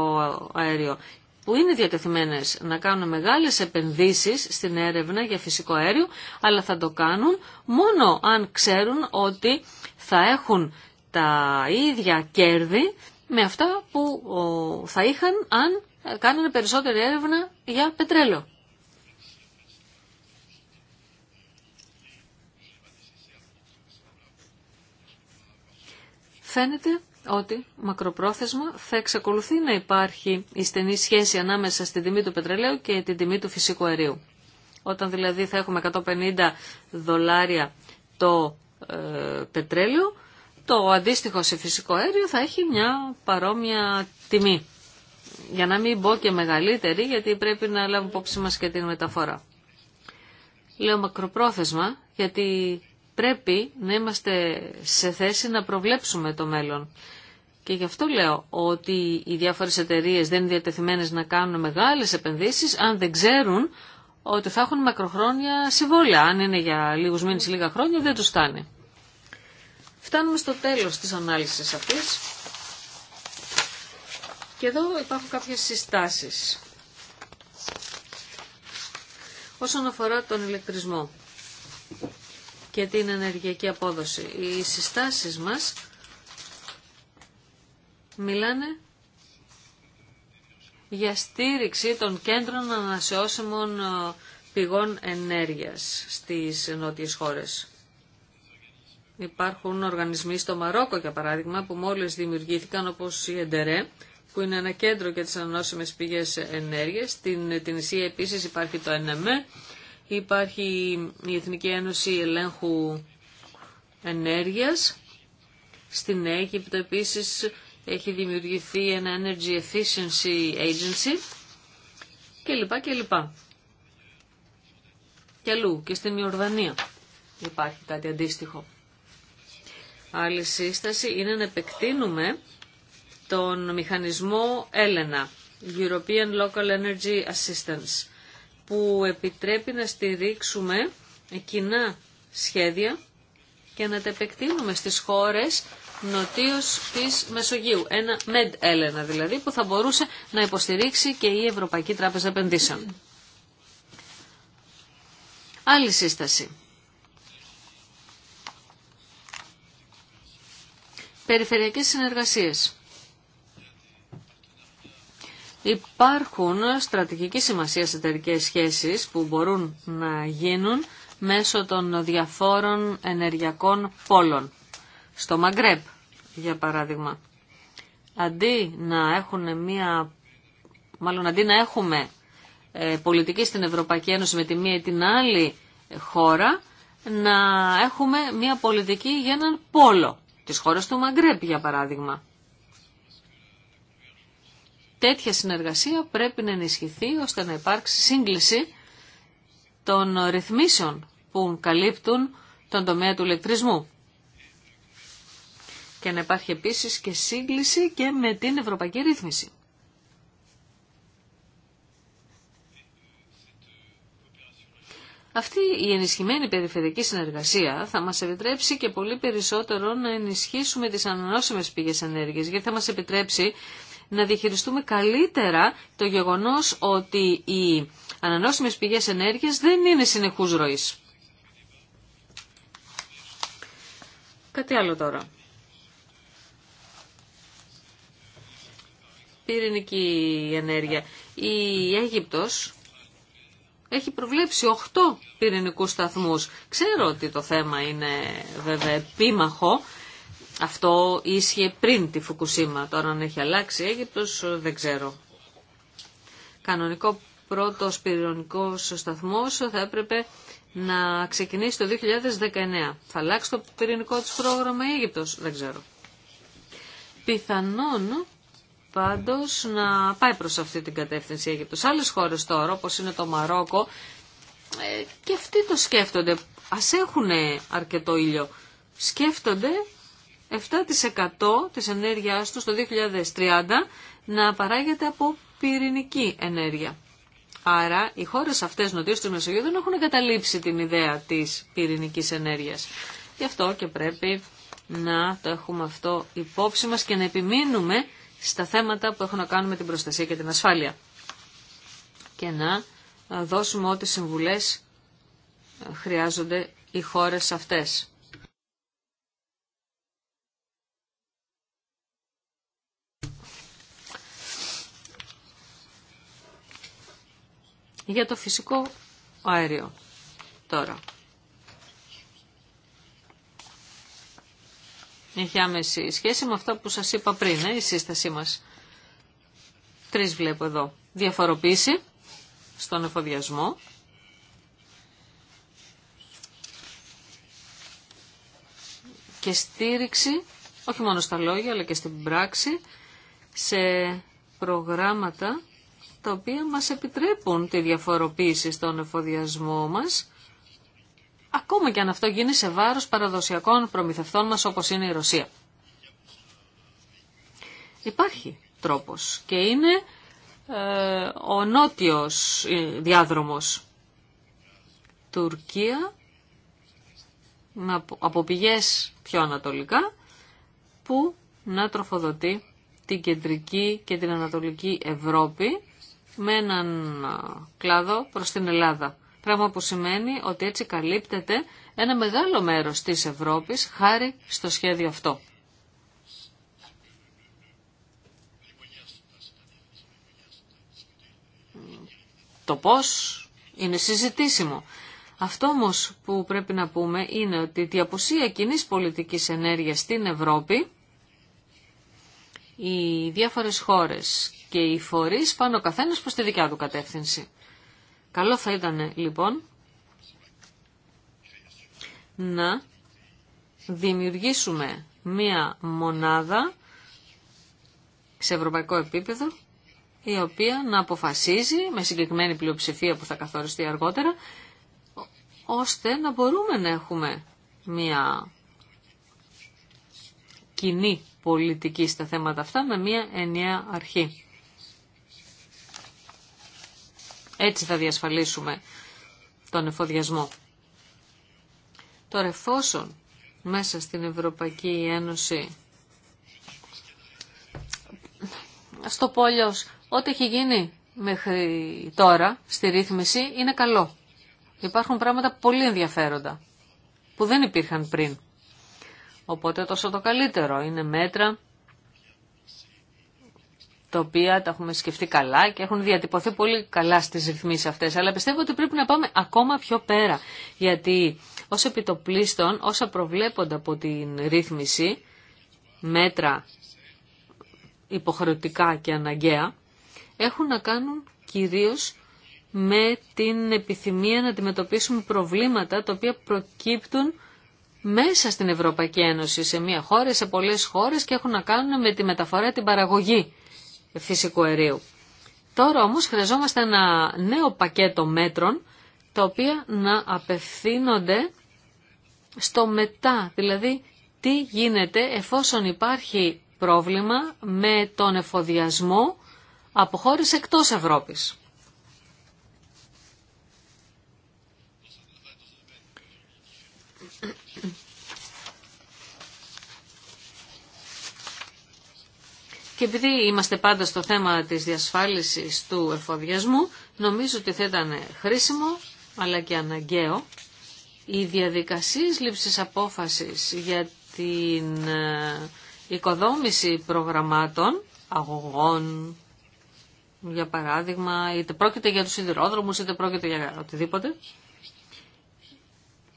αέριο που είναι διατεθειμένες να κάνουν μεγάλες επενδύσεις στην έρευνα για φυσικό αέριο, αλλά θα το κάνουν μόνο αν ξέρουν ότι θα έχουν τα ίδια κέρδη με αυτά που θα είχαν αν κάνανε περισσότερη έρευνα για πετρέλαιο. Φαίνεται ότι μακροπρόθεσμα θα εξακολουθεί να υπάρχει η στενή σχέση ανάμεσα στην τιμή του πετρελαίου και την τιμή του φυσικού αερίου. Όταν δηλαδή θα έχουμε 150 δολάρια το ε, πετρέλαιο, το αντίστοιχο σε φυσικό αέριο θα έχει μια παρόμοια τιμή. Για να μην μπω και μεγαλύτερη, γιατί πρέπει να λάβουμε υπόψη μας και την μεταφορά. Λέω μακροπρόθεσμα, γιατί πρέπει να είμαστε σε θέση να προβλέψουμε το μέλλον. Και γι' αυτό λέω ότι οι διάφορες εταιρείες δεν είναι διατεθειμένες να κάνουν μεγάλες επενδύσεις αν δεν ξέρουν ότι θα έχουν μακροχρόνια συμβόλαια. Αν είναι για λίγους μήνες ή λίγα χρόνια δεν τους φτάνει. Φτάνουμε στο τέλος της ανάλυσης αυτής. Και εδώ υπάρχουν κάποιες συστάσεις. Όσον αφορά τον ηλεκτρισμό και την ενεργειακή απόδοση. Οι συστάσεις μας μιλάνε για στήριξη των κέντρων ανασεώσιμων ε, πηγών ενέργειας στις νότιες χώρες. Υπάρχουν οργανισμοί στο Μαρόκο, για παράδειγμα, που μόλις δημιουργήθηκαν, όπως η Εντερέ, που είναι ένα κέντρο για τις ανασεώσιμες πηγές ενέργειας. Στην Τινησία επίσης υπάρχει το ΕΝΕΜΕ Υπάρχει η Εθνική Ένωση Ελέγχου Ενέργειας. Στην Αίγυπτο επίσης έχει δημιουργηθεί ένα Energy Efficiency Agency και λοιπά και λοιπά. Και αλλού και στην Ιορδανία υπάρχει κάτι αντίστοιχο. Άλλη σύσταση είναι να επεκτείνουμε τον μηχανισμό Έλενα, European Local Energy Assistance που επιτρέπει να στηρίξουμε κοινά σχέδια και να τα επεκτείνουμε στις χώρες νοτίως της Μεσογείου. Ένα Med Έλενα δηλαδή που θα μπορούσε να υποστηρίξει και η Ευρωπαϊκή Τράπεζα Επενδύσεων. Άλλη σύσταση. Περιφερειακές συνεργασίες. Υπάρχουν στρατηγική σημασία εταιρικέ σχέσεις που μπορούν να γίνουν μέσω των διαφόρων ενεργειακών πόλων. Στο Μαγκρέπ, για παράδειγμα, αντί να έχουν μία, μάλλον αντί να έχουμε ε, πολιτική στην Ευρωπαϊκή Ένωση με τη μία ή την άλλη χώρα, να έχουμε μία πολιτική για έναν πόλο, τις χώρες του Μαγκρέπ, για παράδειγμα τέτοια συνεργασία πρέπει να ενισχυθεί ώστε να υπάρξει σύγκληση των ρυθμίσεων που καλύπτουν τον τομέα του ηλεκτρισμού. Και να υπάρχει επίσης και σύγκληση και με την ευρωπαϊκή ρύθμιση. Αυτή η ενισχυμένη περιφερειακή συνεργασία θα μας επιτρέψει και πολύ περισσότερο να ενισχύσουμε τις ανανόσιμες πηγές ενέργειας, γιατί θα μας επιτρέψει να διαχειριστούμε καλύτερα το γεγονός ότι οι ανανόσιμες πηγές ενέργειας δεν είναι συνεχούς ροής. Κάτι άλλο τώρα. Πυρηνική ενέργεια. Η Αίγυπτος έχει προβλέψει 8 πυρηνικούς σταθμούς. Ξέρω ότι το θέμα είναι βέβαια επίμαχο, αυτό ίσχυε πριν τη Φουκουσίμα. Τώρα αν έχει αλλάξει η Αίγυπτος δεν ξέρω. Κανονικό πρώτο πυρηνικό σταθμό θα έπρεπε να ξεκινήσει το 2019. Θα αλλάξει το πυρηνικό της πρόγραμμα η Αίγυπτος. Δεν ξέρω. Πιθανόν πάντως να πάει προς αυτή την κατεύθυνση η Αίγυπτος. Άλλες χώρες τώρα όπως είναι το Μαρόκο ε, και αυτοί το σκέφτονται. Ας έχουν αρκετό ήλιο. Σκέφτονται 7% της ενέργειάς του το 2030 να παράγεται από πυρηνική ενέργεια. Άρα οι χώρες αυτές νοτίως της Μεσογείου δεν έχουν καταλήψει την ιδέα της πυρηνικής ενέργειας. Γι' αυτό και πρέπει να το έχουμε αυτό υπόψη μας και να επιμείνουμε στα θέματα που έχουν να κάνουν με την προστασία και την ασφάλεια. Και να ε, δώσουμε ό,τι συμβουλές ε, χρειάζονται οι χώρες αυτές. Για το φυσικό αέριο τώρα. Έχει άμεση σχέση με αυτά που σας είπα πριν, ε, η σύστασή μας. Τρεις βλέπω εδώ. Διαφοροποίηση στον εφοδιασμό. Και στήριξη, όχι μόνο στα λόγια, αλλά και στην πράξη, σε προγράμματα τα οποία μας επιτρέπουν τη διαφοροποίηση στον εφοδιασμό μας, ακόμα και αν αυτό γίνει σε βάρος παραδοσιακών προμηθευτών μας όπως είναι η Ρωσία. Υπάρχει τρόπος και είναι ε, ο νότιος ε, διάδρομος Τουρκία από πηγές πιο ανατολικά που να τροφοδοτεί την κεντρική και την ανατολική Ευρώπη με έναν κλάδο προς την Ελλάδα. Πράγμα που σημαίνει ότι έτσι καλύπτεται ένα μεγάλο μέρος της Ευρώπης χάρη στο σχέδιο αυτό. Το πώς είναι συζητήσιμο. Αυτό όμω που πρέπει να πούμε είναι ότι η απουσία κοινή πολιτικής ενέργειας στην Ευρώπη οι διάφορες χώρες και οι φορείς πάνω ο καθένας προς τη δικιά του κατεύθυνση. Καλό θα ήταν λοιπόν να δημιουργήσουμε μία μονάδα σε ευρωπαϊκό επίπεδο η οποία να αποφασίζει με συγκεκριμένη πλειοψηφία που θα καθοριστεί αργότερα ώστε να μπορούμε να έχουμε μία κοινή πολιτική στα θέματα αυτά με μια ενιαία αρχή. Έτσι θα διασφαλίσουμε τον εφοδιασμό. Τώρα εφόσον μέσα στην Ευρωπαϊκή Ένωση στο πόλιος ό,τι έχει γίνει μέχρι τώρα στη ρύθμιση είναι καλό. Υπάρχουν πράγματα πολύ ενδιαφέροντα που δεν υπήρχαν πριν. Οπότε τόσο το καλύτερο. Είναι μέτρα τα οποία τα έχουμε σκεφτεί καλά και έχουν διατυπωθεί πολύ καλά στις ρυθμίσεις αυτές. Αλλά πιστεύω ότι πρέπει να πάμε ακόμα πιο πέρα. Γιατί ως επιτοπλίστων, όσα προβλέπονται από την ρύθμιση, μέτρα υποχρεωτικά και αναγκαία, έχουν να κάνουν κυρίως με την επιθυμία να αντιμετωπίσουμε προβλήματα τα οποία προκύπτουν μέσα στην Ευρωπαϊκή Ένωση, σε μια χώρα, σε πολλές χώρες και έχουν να κάνουν με τη μεταφορά την παραγωγή φυσικού αερίου. Τώρα όμως χρειαζόμαστε ένα νέο πακέτο μέτρων τα οποία να απευθύνονται στο μετά, δηλαδή τι γίνεται εφόσον υπάρχει πρόβλημα με τον εφοδιασμό από χώρες εκτός Ευρώπης. Και επειδή είμαστε πάντα στο θέμα της διασφάλισης του εφοδιασμού, νομίζω ότι θα ήταν χρήσιμο αλλά και αναγκαίο οι διαδικασίες λήψης απόφασης για την ε, οικοδόμηση προγραμμάτων, αγωγών, για παράδειγμα, είτε πρόκειται για τους σιδηρόδρομους, είτε πρόκειται για οτιδήποτε.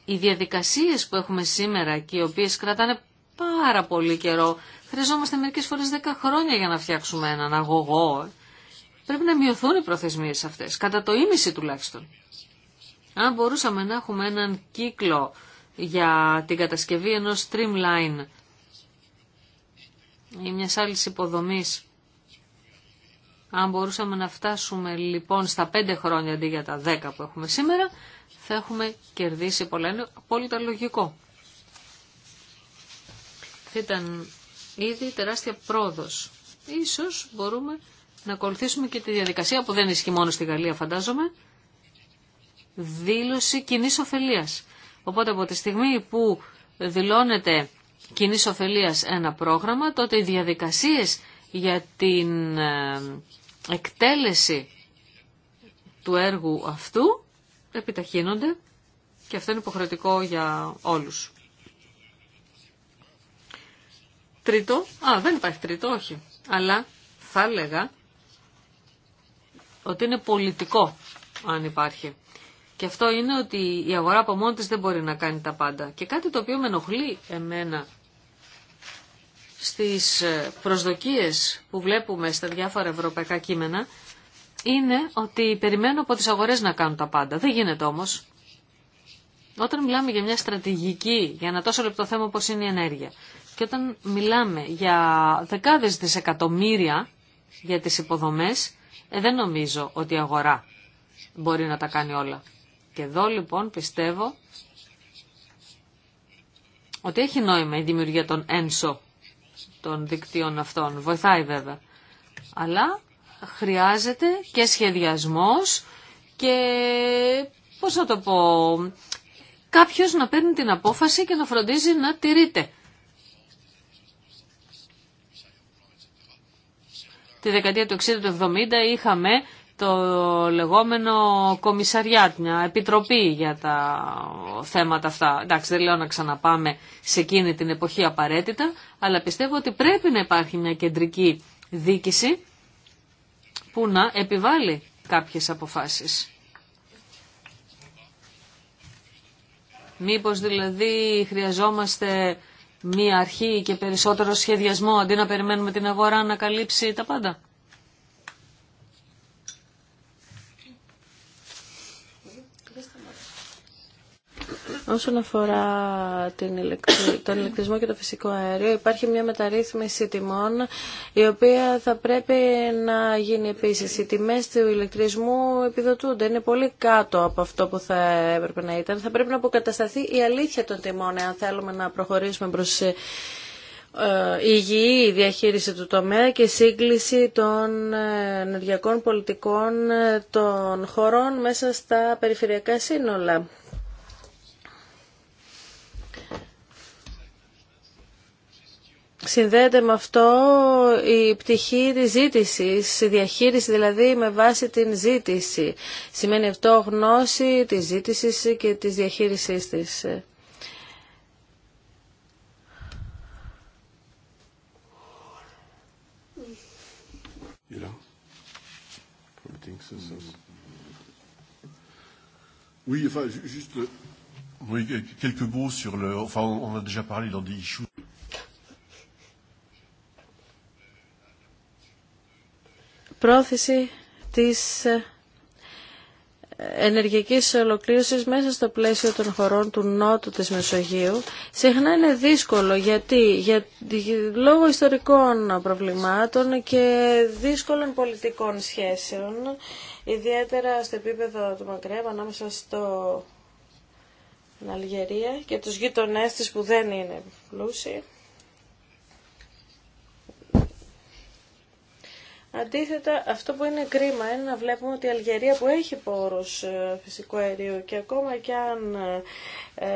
Οι διαδικασίες που έχουμε σήμερα και οι οποίες κρατάνε πάρα πολύ καιρό Χρειαζόμαστε μερικέ φορέ 10 χρόνια για να φτιάξουμε έναν αγωγό. Πρέπει να μειωθούν οι προθεσμίε αυτέ, κατά το ίμιση τουλάχιστον. Αν μπορούσαμε να έχουμε έναν κύκλο για την κατασκευή ενό streamline ή μια άλλη υποδομή. αν μπορούσαμε να φτάσουμε λοιπόν στα 5 χρόνια αντί για τα 10 που έχουμε σήμερα, θα έχουμε κερδίσει πολλά. Είναι απόλυτα λογικό. ήταν ήδη τεράστια πρόοδος. Ίσως μπορούμε να ακολουθήσουμε και τη διαδικασία που δεν ισχύει μόνο στη Γαλλία φαντάζομαι, δήλωση κοινή ωφελία. Οπότε από τη στιγμή που δηλώνεται κοινή ωφελία ένα πρόγραμμα, τότε οι διαδικασίες για την ε, εκτέλεση του έργου αυτού επιταχύνονται και αυτό είναι υποχρεωτικό για όλους. Τρίτο, α δεν υπάρχει τρίτο, όχι. Αλλά θα έλεγα ότι είναι πολιτικό αν υπάρχει. Και αυτό είναι ότι η αγορά από μόνη της δεν μπορεί να κάνει τα πάντα. Και κάτι το οποίο με ενοχλεί εμένα στις ε, προσδοκίες που βλέπουμε στα διάφορα ευρωπαϊκά κείμενα είναι ότι περιμένω από τις αγορές να κάνουν τα πάντα. Δεν γίνεται όμως. Όταν μιλάμε για μια στρατηγική, για ένα τόσο λεπτό θέμα όπως είναι η ενέργεια, και όταν μιλάμε για δεκάδες δισεκατομμύρια για τις υποδομές, ε, δεν νομίζω ότι η αγορά μπορεί να τα κάνει όλα. Και εδώ λοιπόν πιστεύω ότι έχει νόημα η δημιουργία των ένσω των δικτύων αυτών. Βοηθάει βέβαια. Αλλά χρειάζεται και σχεδιασμός και πώς να το πω, κάποιος να παίρνει την απόφαση και να φροντίζει να τηρείται. Τη δεκαετία του 60 του 70 είχαμε το λεγόμενο κομισαριάτ, μια επιτροπή για τα θέματα αυτά. Εντάξει, δεν λέω να ξαναπάμε σε εκείνη την εποχή απαραίτητα, αλλά πιστεύω ότι πρέπει να υπάρχει μια κεντρική δίκηση που να επιβάλλει κάποιες αποφάσεις. Μήπως δηλαδή χρειαζόμαστε μία αρχή και περισσότερο σχεδιασμό αντί να περιμένουμε την αγορά να καλύψει τα πάντα. Όσον αφορά τον ηλεκτρισμό και το φυσικό αέριο, υπάρχει μια μεταρρύθμιση τιμών, η οποία θα πρέπει να γίνει επίση, Οι τιμέ του ηλεκτρισμού επιδοτούνται, είναι πολύ κάτω από αυτό που θα έπρεπε να ήταν. Θα πρέπει να αποκατασταθεί η αλήθεια των τιμών, αν θέλουμε να προχωρήσουμε προς ε, υγιή διαχείριση του τομέα και σύγκληση των ε, ενεργειακών πολιτικών ε, των χωρών μέσα στα περιφερειακά σύνολα. συνδέεται με αυτό η πτυχή της ζήτησης, η διαχείριση δηλαδή με βάση την ζήτηση. Σημαίνει αυτό γνώση της ζήτησης και της διαχείρισής της. Oui, enfin, juste, oui, quelques mots sur le, enfin, on a déjà parlé dans des issues. πρόθεση της ε, ενεργειακής ολοκλήρωσης μέσα στο πλαίσιο των χωρών του Νότου της Μεσογείου συχνά είναι δύσκολο γιατί για, λόγω ιστορικών προβλημάτων και δύσκολων πολιτικών σχέσεων ιδιαίτερα στο επίπεδο του Μακρέβα ανάμεσα στο Αλγερία και τους γείτονές της που δεν είναι πλούσιοι Αντίθετα, αυτό που είναι κρίμα είναι να βλέπουμε ότι η Αλγερία που έχει πόρους ε, φυσικού αερίου και ακόμα και αν ε,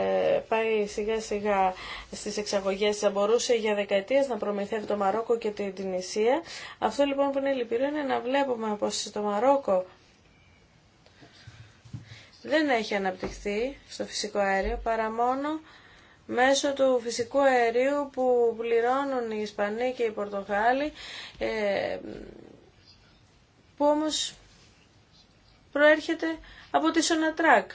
πάει σιγά σιγά στις εξαγωγές θα μπορούσε για δεκαετίες να προμηθεύει το Μαρόκο και την Τινησία. Αυτό λοιπόν που είναι λυπηρό είναι να βλέπουμε πως το Μαρόκο δεν έχει αναπτυχθεί στο φυσικό αέριο παρά μόνο μέσω του φυσικού αερίου που πληρώνουν οι Ισπανοί και οι Πορτογάλοι ε, που όμως προέρχεται από τη Σονατράκ.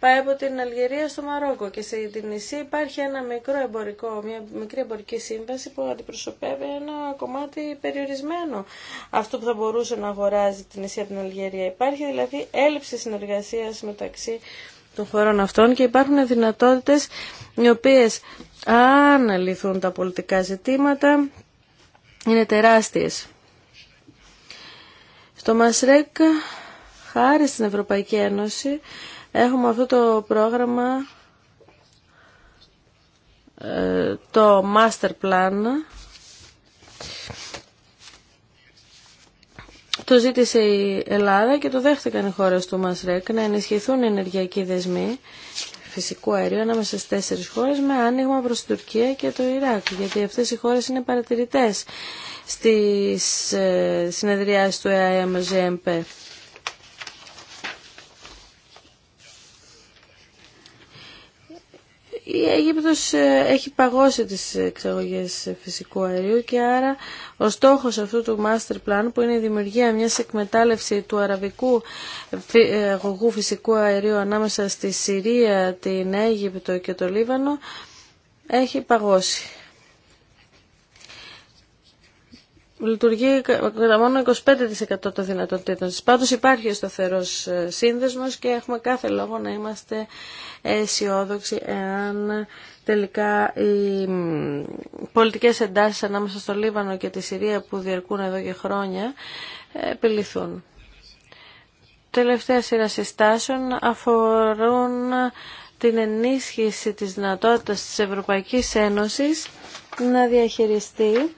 Πάει από την Αλγερία στο Μαρόκο και την νησί υπάρχει ένα μικρό εμπορικό, μια μικρή εμπορική σύμβαση που αντιπροσωπεύει ένα κομμάτι περιορισμένο αυτό που θα μπορούσε να αγοράζει την νησί από την Αλγερία. Υπάρχει δηλαδή έλλειψη συνεργασίας μεταξύ των χωρών αυτών και υπάρχουν δυνατότητες οι οποίες αν λυθούν τα πολιτικά ζητήματα είναι τεράστιες. Στο ΜΑΣΡΕΚ, χάρη στην Ευρωπαϊκή Ένωση, έχουμε αυτό το πρόγραμμα, ε, το Master Plan, Το ζήτησε η Ελλάδα και το δέχτηκαν οι χώρες του Μασρέκ να ενισχυθούν οι ενεργειακοί δεσμοί φυσικού αερίου ανάμεσα στι τέσσερι χώρε με άνοιγμα προ την Τουρκία και το Ιράκ. Γιατί αυτέ οι χώρε είναι παρατηρητέ στι ε, συνεδριάσει του εαεμ Η Αίγυπτος ε, έχει παγώσει τις εξαγωγές φυσικού αερίου και άρα ο στόχος αυτού του master plan που είναι η δημιουργία μιας εκμετάλλευση του αραβικού ε, ε, αγωγού φυσικού αερίου ανάμεσα στη Συρία, την Αίγυπτο και το Λίβανο έχει παγώσει. λειτουργεί κατά μόνο 25% των δυνατοτήτων της. Πάντως υπάρχει ο σταθερός ε, σύνδεσμος και έχουμε κάθε λόγο να είμαστε αισιόδοξοι εάν τελικά οι πολιτικές εντάσεις ανάμεσα στο Λίβανο και τη Συρία που διαρκούν εδώ και χρόνια ε, επιληθούν. Τελευταία σειρά συστάσεων αφορούν την ενίσχυση της δυνατότητας της Ευρωπαϊκής Ένωσης να διαχειριστεί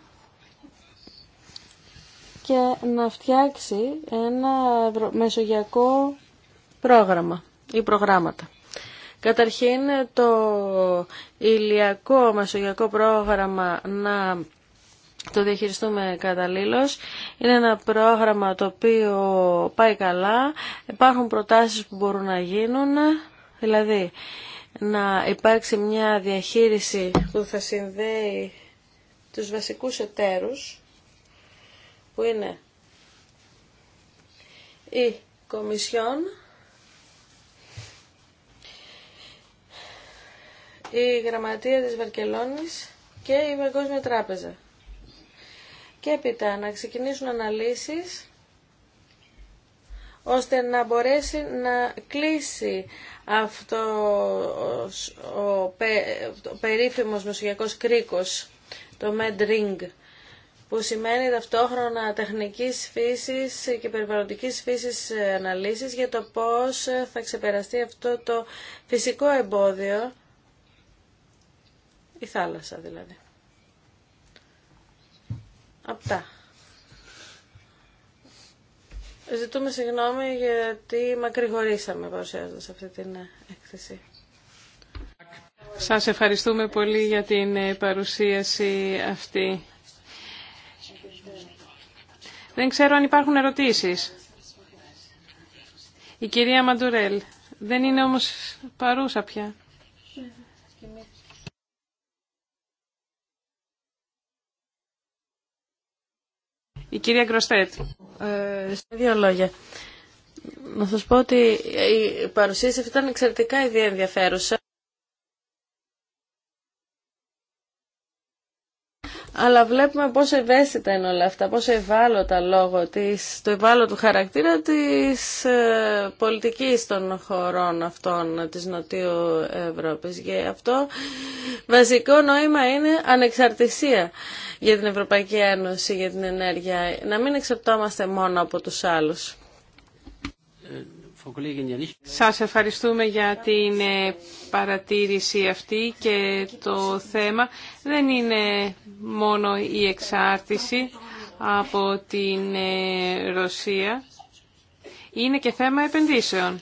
και να φτιάξει ένα μεσογειακό πρόγραμμα ή προγράμματα. Καταρχήν το ηλιακό μεσογειακό πρόγραμμα να το διαχειριστούμε καταλήλως. Είναι ένα πρόγραμμα το οποίο πάει καλά. Υπάρχουν προτάσεις που μπορούν να γίνουν. Δηλαδή να υπάρξει μια διαχείριση που θα συνδέει τους βασικούς εταίρους που είναι η Κομισιόν, η Γραμματεία της Βαρκελόνης και η Παγκόσμια Τράπεζα. Και έπειτα να ξεκινήσουν αναλύσεις ώστε να μπορέσει να κλείσει αυτό ο, πε, ο περίφημος κρίκος, το MedRing που σημαίνει ταυτόχρονα τεχνικής φύσης και περιβαλλοντικής φύσης αναλύσεις για το πώς θα ξεπεραστεί αυτό το φυσικό εμπόδιο, η θάλασσα δηλαδή. Αυτά. Ζητούμε συγγνώμη γιατί μακρηγορήσαμε παρουσιάζοντας αυτή την έκθεση. Σας ευχαριστούμε πολύ για την παρουσίαση αυτή. Δεν ξέρω αν υπάρχουν ερωτήσεις. Η κυρία Μαντουρέλ. Δεν είναι όμως παρούσα πια. Η κυρία Γκροστέτ. Ε, σε δύο λόγια. Να σας πω ότι η παρουσίαση αυτή ήταν εξαιρετικά ήδη ενδιαφέρουσα. αλλά βλέπουμε πόσο ευαίσθητα είναι όλα αυτά, πόσο ευάλωτα λόγω της, του χαρακτήρα της ε, πολιτικής των χωρών αυτών της Νοτιού Ευρώπης. Και αυτό βασικό νόημα είναι ανεξαρτησία για την Ευρωπαϊκή Ένωση, για την ενέργεια. Να μην εξαρτώμαστε μόνο από τους άλλους. Ε, σας ευχαριστούμε για την ε, παρατήρηση αυτή και το θέμα δεν είναι μόνο η εξάρτηση από την ε, Ρωσία, είναι και θέμα επενδύσεων.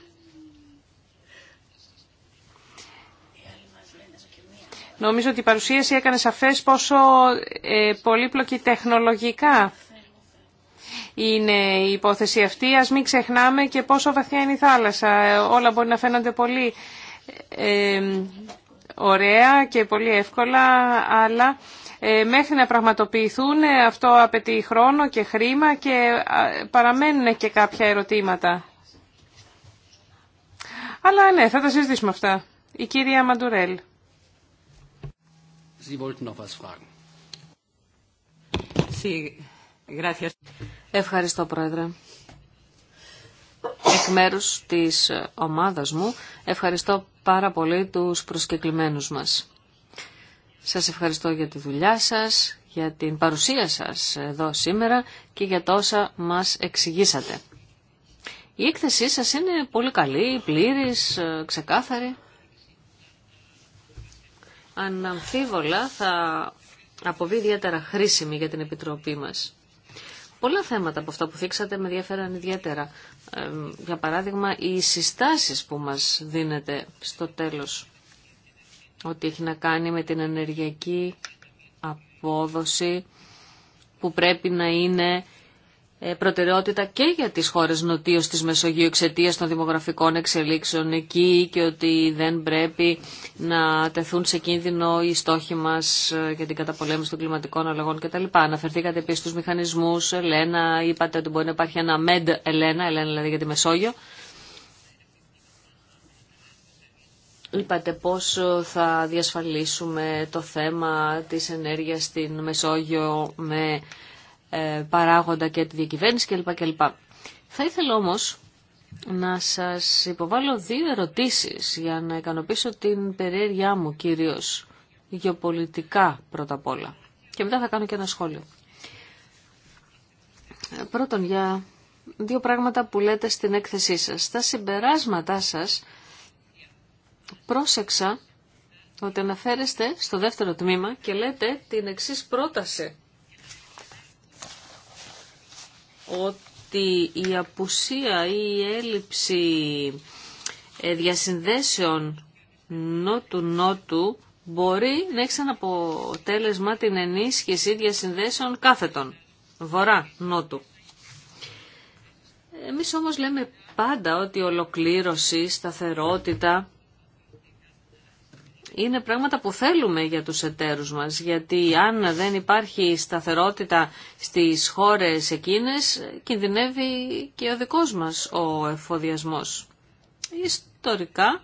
Νομίζω ότι η παρουσίαση έκανε σαφές πόσο ε, πολύπλοκη τεχνολογικά είναι η υπόθεση αυτή. Ας μην ξεχνάμε και πόσο βαθιά είναι η θάλασσα. Όλα μπορεί να φαίνονται πολύ ε, ωραία και πολύ εύκολα, αλλά ε, μέχρι να πραγματοποιηθούν ε, αυτό απαιτεί χρόνο και χρήμα και παραμένουν και κάποια ερωτήματα. Αλλά ναι, θα τα συζητήσουμε αυτά. Η κυρία Μαντουρέλ. Ευχαριστώ, Πρόεδρε. Εκ μέρους της ομάδας μου, ευχαριστώ πάρα πολύ τους προσκεκλημένους μας. Σας ευχαριστώ για τη δουλειά σας, για την παρουσία σας εδώ σήμερα και για τόσα μας εξηγήσατε. Η έκθεσή σας είναι πολύ καλή, πλήρης, ξεκάθαρη. Αναμφίβολα θα αποβεί ιδιαίτερα χρήσιμη για την Επιτροπή μας. Πολλά θέματα από αυτά που θίξατε με ενδιαφέραν ιδιαίτερα. για παράδειγμα, οι συστάσεις που μας δίνεται στο τέλος, ότι έχει να κάνει με την ενεργειακή απόδοση που πρέπει να είναι ε, προτεραιότητα και για τις χώρες νοτίως της Μεσογείου εξαιτία των δημογραφικών εξελίξεων εκεί και ότι δεν πρέπει να τεθούν σε κίνδυνο οι στόχοι μας ε, για την καταπολέμηση των κλιματικών αλλαγών κτλ. Αναφερθήκατε επίσης στους μηχανισμούς, Ελένα, είπατε ότι μπορεί να υπάρχει ένα MED Ελένα, Ελένα δηλαδή για τη Μεσόγειο. Είπατε πώς ε, θα διασφαλίσουμε το θέμα της ενέργειας στην Μεσόγειο με ε, παράγοντα και τη διακυβέρνηση κλπ. Θα ήθελα όμως να σας υποβάλω δύο ερωτήσεις για να ικανοποιήσω την περιέργειά μου κυρίως γεωπολιτικά πρώτα απ' όλα. Και μετά θα κάνω και ένα σχόλιο. Πρώτον, για δύο πράγματα που λέτε στην έκθεσή σας. Στα συμπεράσματά σας πρόσεξα ότι αναφέρεστε στο δεύτερο τμήμα και λέτε την εξής πρόταση ότι η απουσία ή η έλλειψη ε, διασυνδέσεων νότου-νότου μπορεί να έχει σαν αποτέλεσμα την ενίσχυση διασυνδέσεων κάθετων, βορρά-νότου. Εμείς όμως λέμε πάντα ότι η ολοκλήρωση, ολοκληρωση σταθεροτητα είναι πράγματα που θέλουμε για τους εταίρους μας, γιατί αν δεν υπάρχει σταθερότητα στις χώρες εκείνες, κινδυνεύει και ο δικός μας ο εφοδιασμός. Ιστορικά,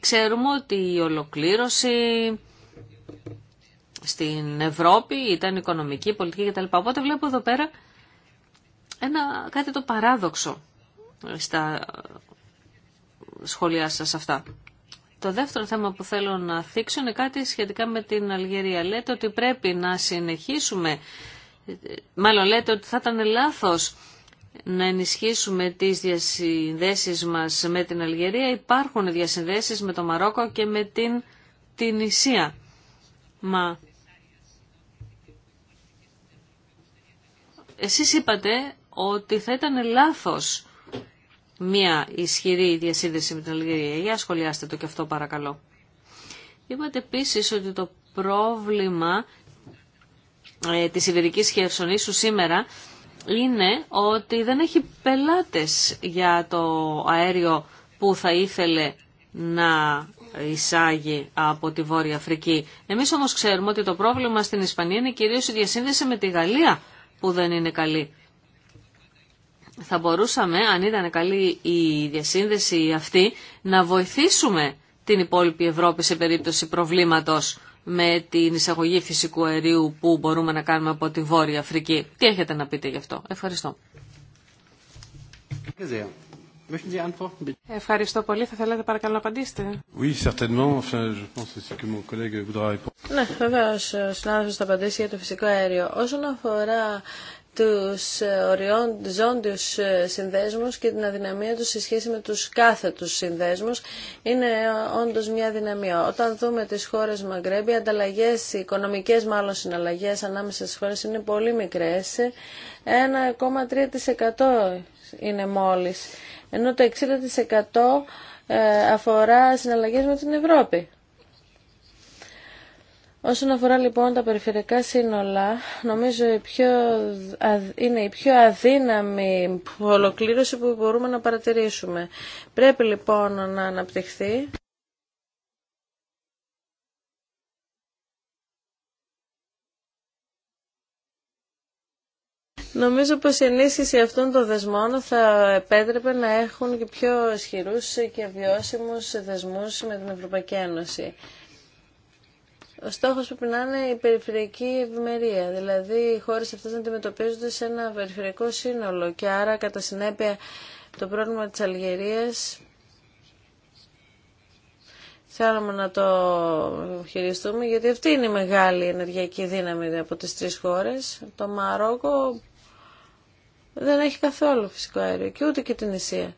ξέρουμε ότι η ολοκλήρωση στην Ευρώπη ήταν οικονομική, πολιτική κτλ. Οπότε βλέπω εδώ πέρα ένα, κάτι το παράδοξο στα σχόλιά σας αυτά. Το δεύτερο θέμα που θέλω να θίξω είναι κάτι σχετικά με την Αλγερία. Λέτε ότι πρέπει να συνεχίσουμε, μάλλον λέτε ότι θα ήταν λάθος να ενισχύσουμε τις διασυνδέσεις μας με την Αλγερία. Υπάρχουν διασυνδέσεις με το Μαρόκο και με την Τινησία. Μα εσείς είπατε ότι θα ήταν λάθος μια ισχυρή διασύνδεση με την Αλγερία. Για σχολιάστε το και αυτό παρακαλώ. Είπατε επίση ότι το πρόβλημα ε, της Ιβηρικής Χερσονήσου σήμερα είναι ότι δεν έχει πελάτες για το αέριο που θα ήθελε να εισάγει από τη Βόρεια Αφρική. Εμείς όμως ξέρουμε ότι το πρόβλημα στην Ισπανία είναι κυρίως η διασύνδεση με τη Γαλλία που δεν είναι καλή θα μπορούσαμε, αν ήταν καλή η διασύνδεση αυτή, να βοηθήσουμε την υπόλοιπη Ευρώπη σε περίπτωση προβλήματος με την εισαγωγή φυσικού αερίου που μπορούμε να κάνουμε από τη Βόρεια Αφρική. Τι έχετε να πείτε γι' αυτό. Ευχαριστώ. Ευχαριστώ πολύ. Θα θέλατε παρακαλώ να απαντήσετε. Oui, Enfin, collègue Ναι, βεβαίω ο συνάδελφο θα απαντήσει για το φυσικό αέριο. Όσον αφορά τους ε, οριόντιους ε, συνδέσμους και την αδυναμία τους σε σχέση με τους κάθετους συνδέσμους είναι ε, όντως μια δυναμία. Όταν δούμε τις χώρες Μαγκρέμπη, οι ανταλλαγές, οι οικονομικές μάλλον συναλλαγές ανάμεσα στις χώρες είναι πολύ μικρές. 1,3% είναι μόλις, ενώ το 60% αφορά συναλλαγές με την Ευρώπη. Όσον αφορά λοιπόν τα περιφερειακά σύνολα, νομίζω είναι η πιο αδύναμη ολοκλήρωση που μπορούμε να παρατηρήσουμε. Πρέπει λοιπόν να αναπτυχθεί. Νομίζω πως η ενίσχυση αυτών των δεσμών θα επέτρεπε να έχουν και πιο ισχυρούς και βιώσιμους δεσμούς με την Ευρωπαϊκή Ένωση. Ο στόχο πρέπει να είναι η περιφερειακή ευημερία, δηλαδή οι χώρε αυτές να αντιμετωπίζονται σε ένα περιφερειακό σύνολο και άρα κατά συνέπεια το πρόβλημα της Αλγερίας θέλουμε να το χειριστούμε γιατί αυτή είναι η μεγάλη ενεργειακή δύναμη από τι τρει χώρε. Το Μαρόκο δεν έχει καθόλου φυσικό αέριο και ούτε και την Ισία.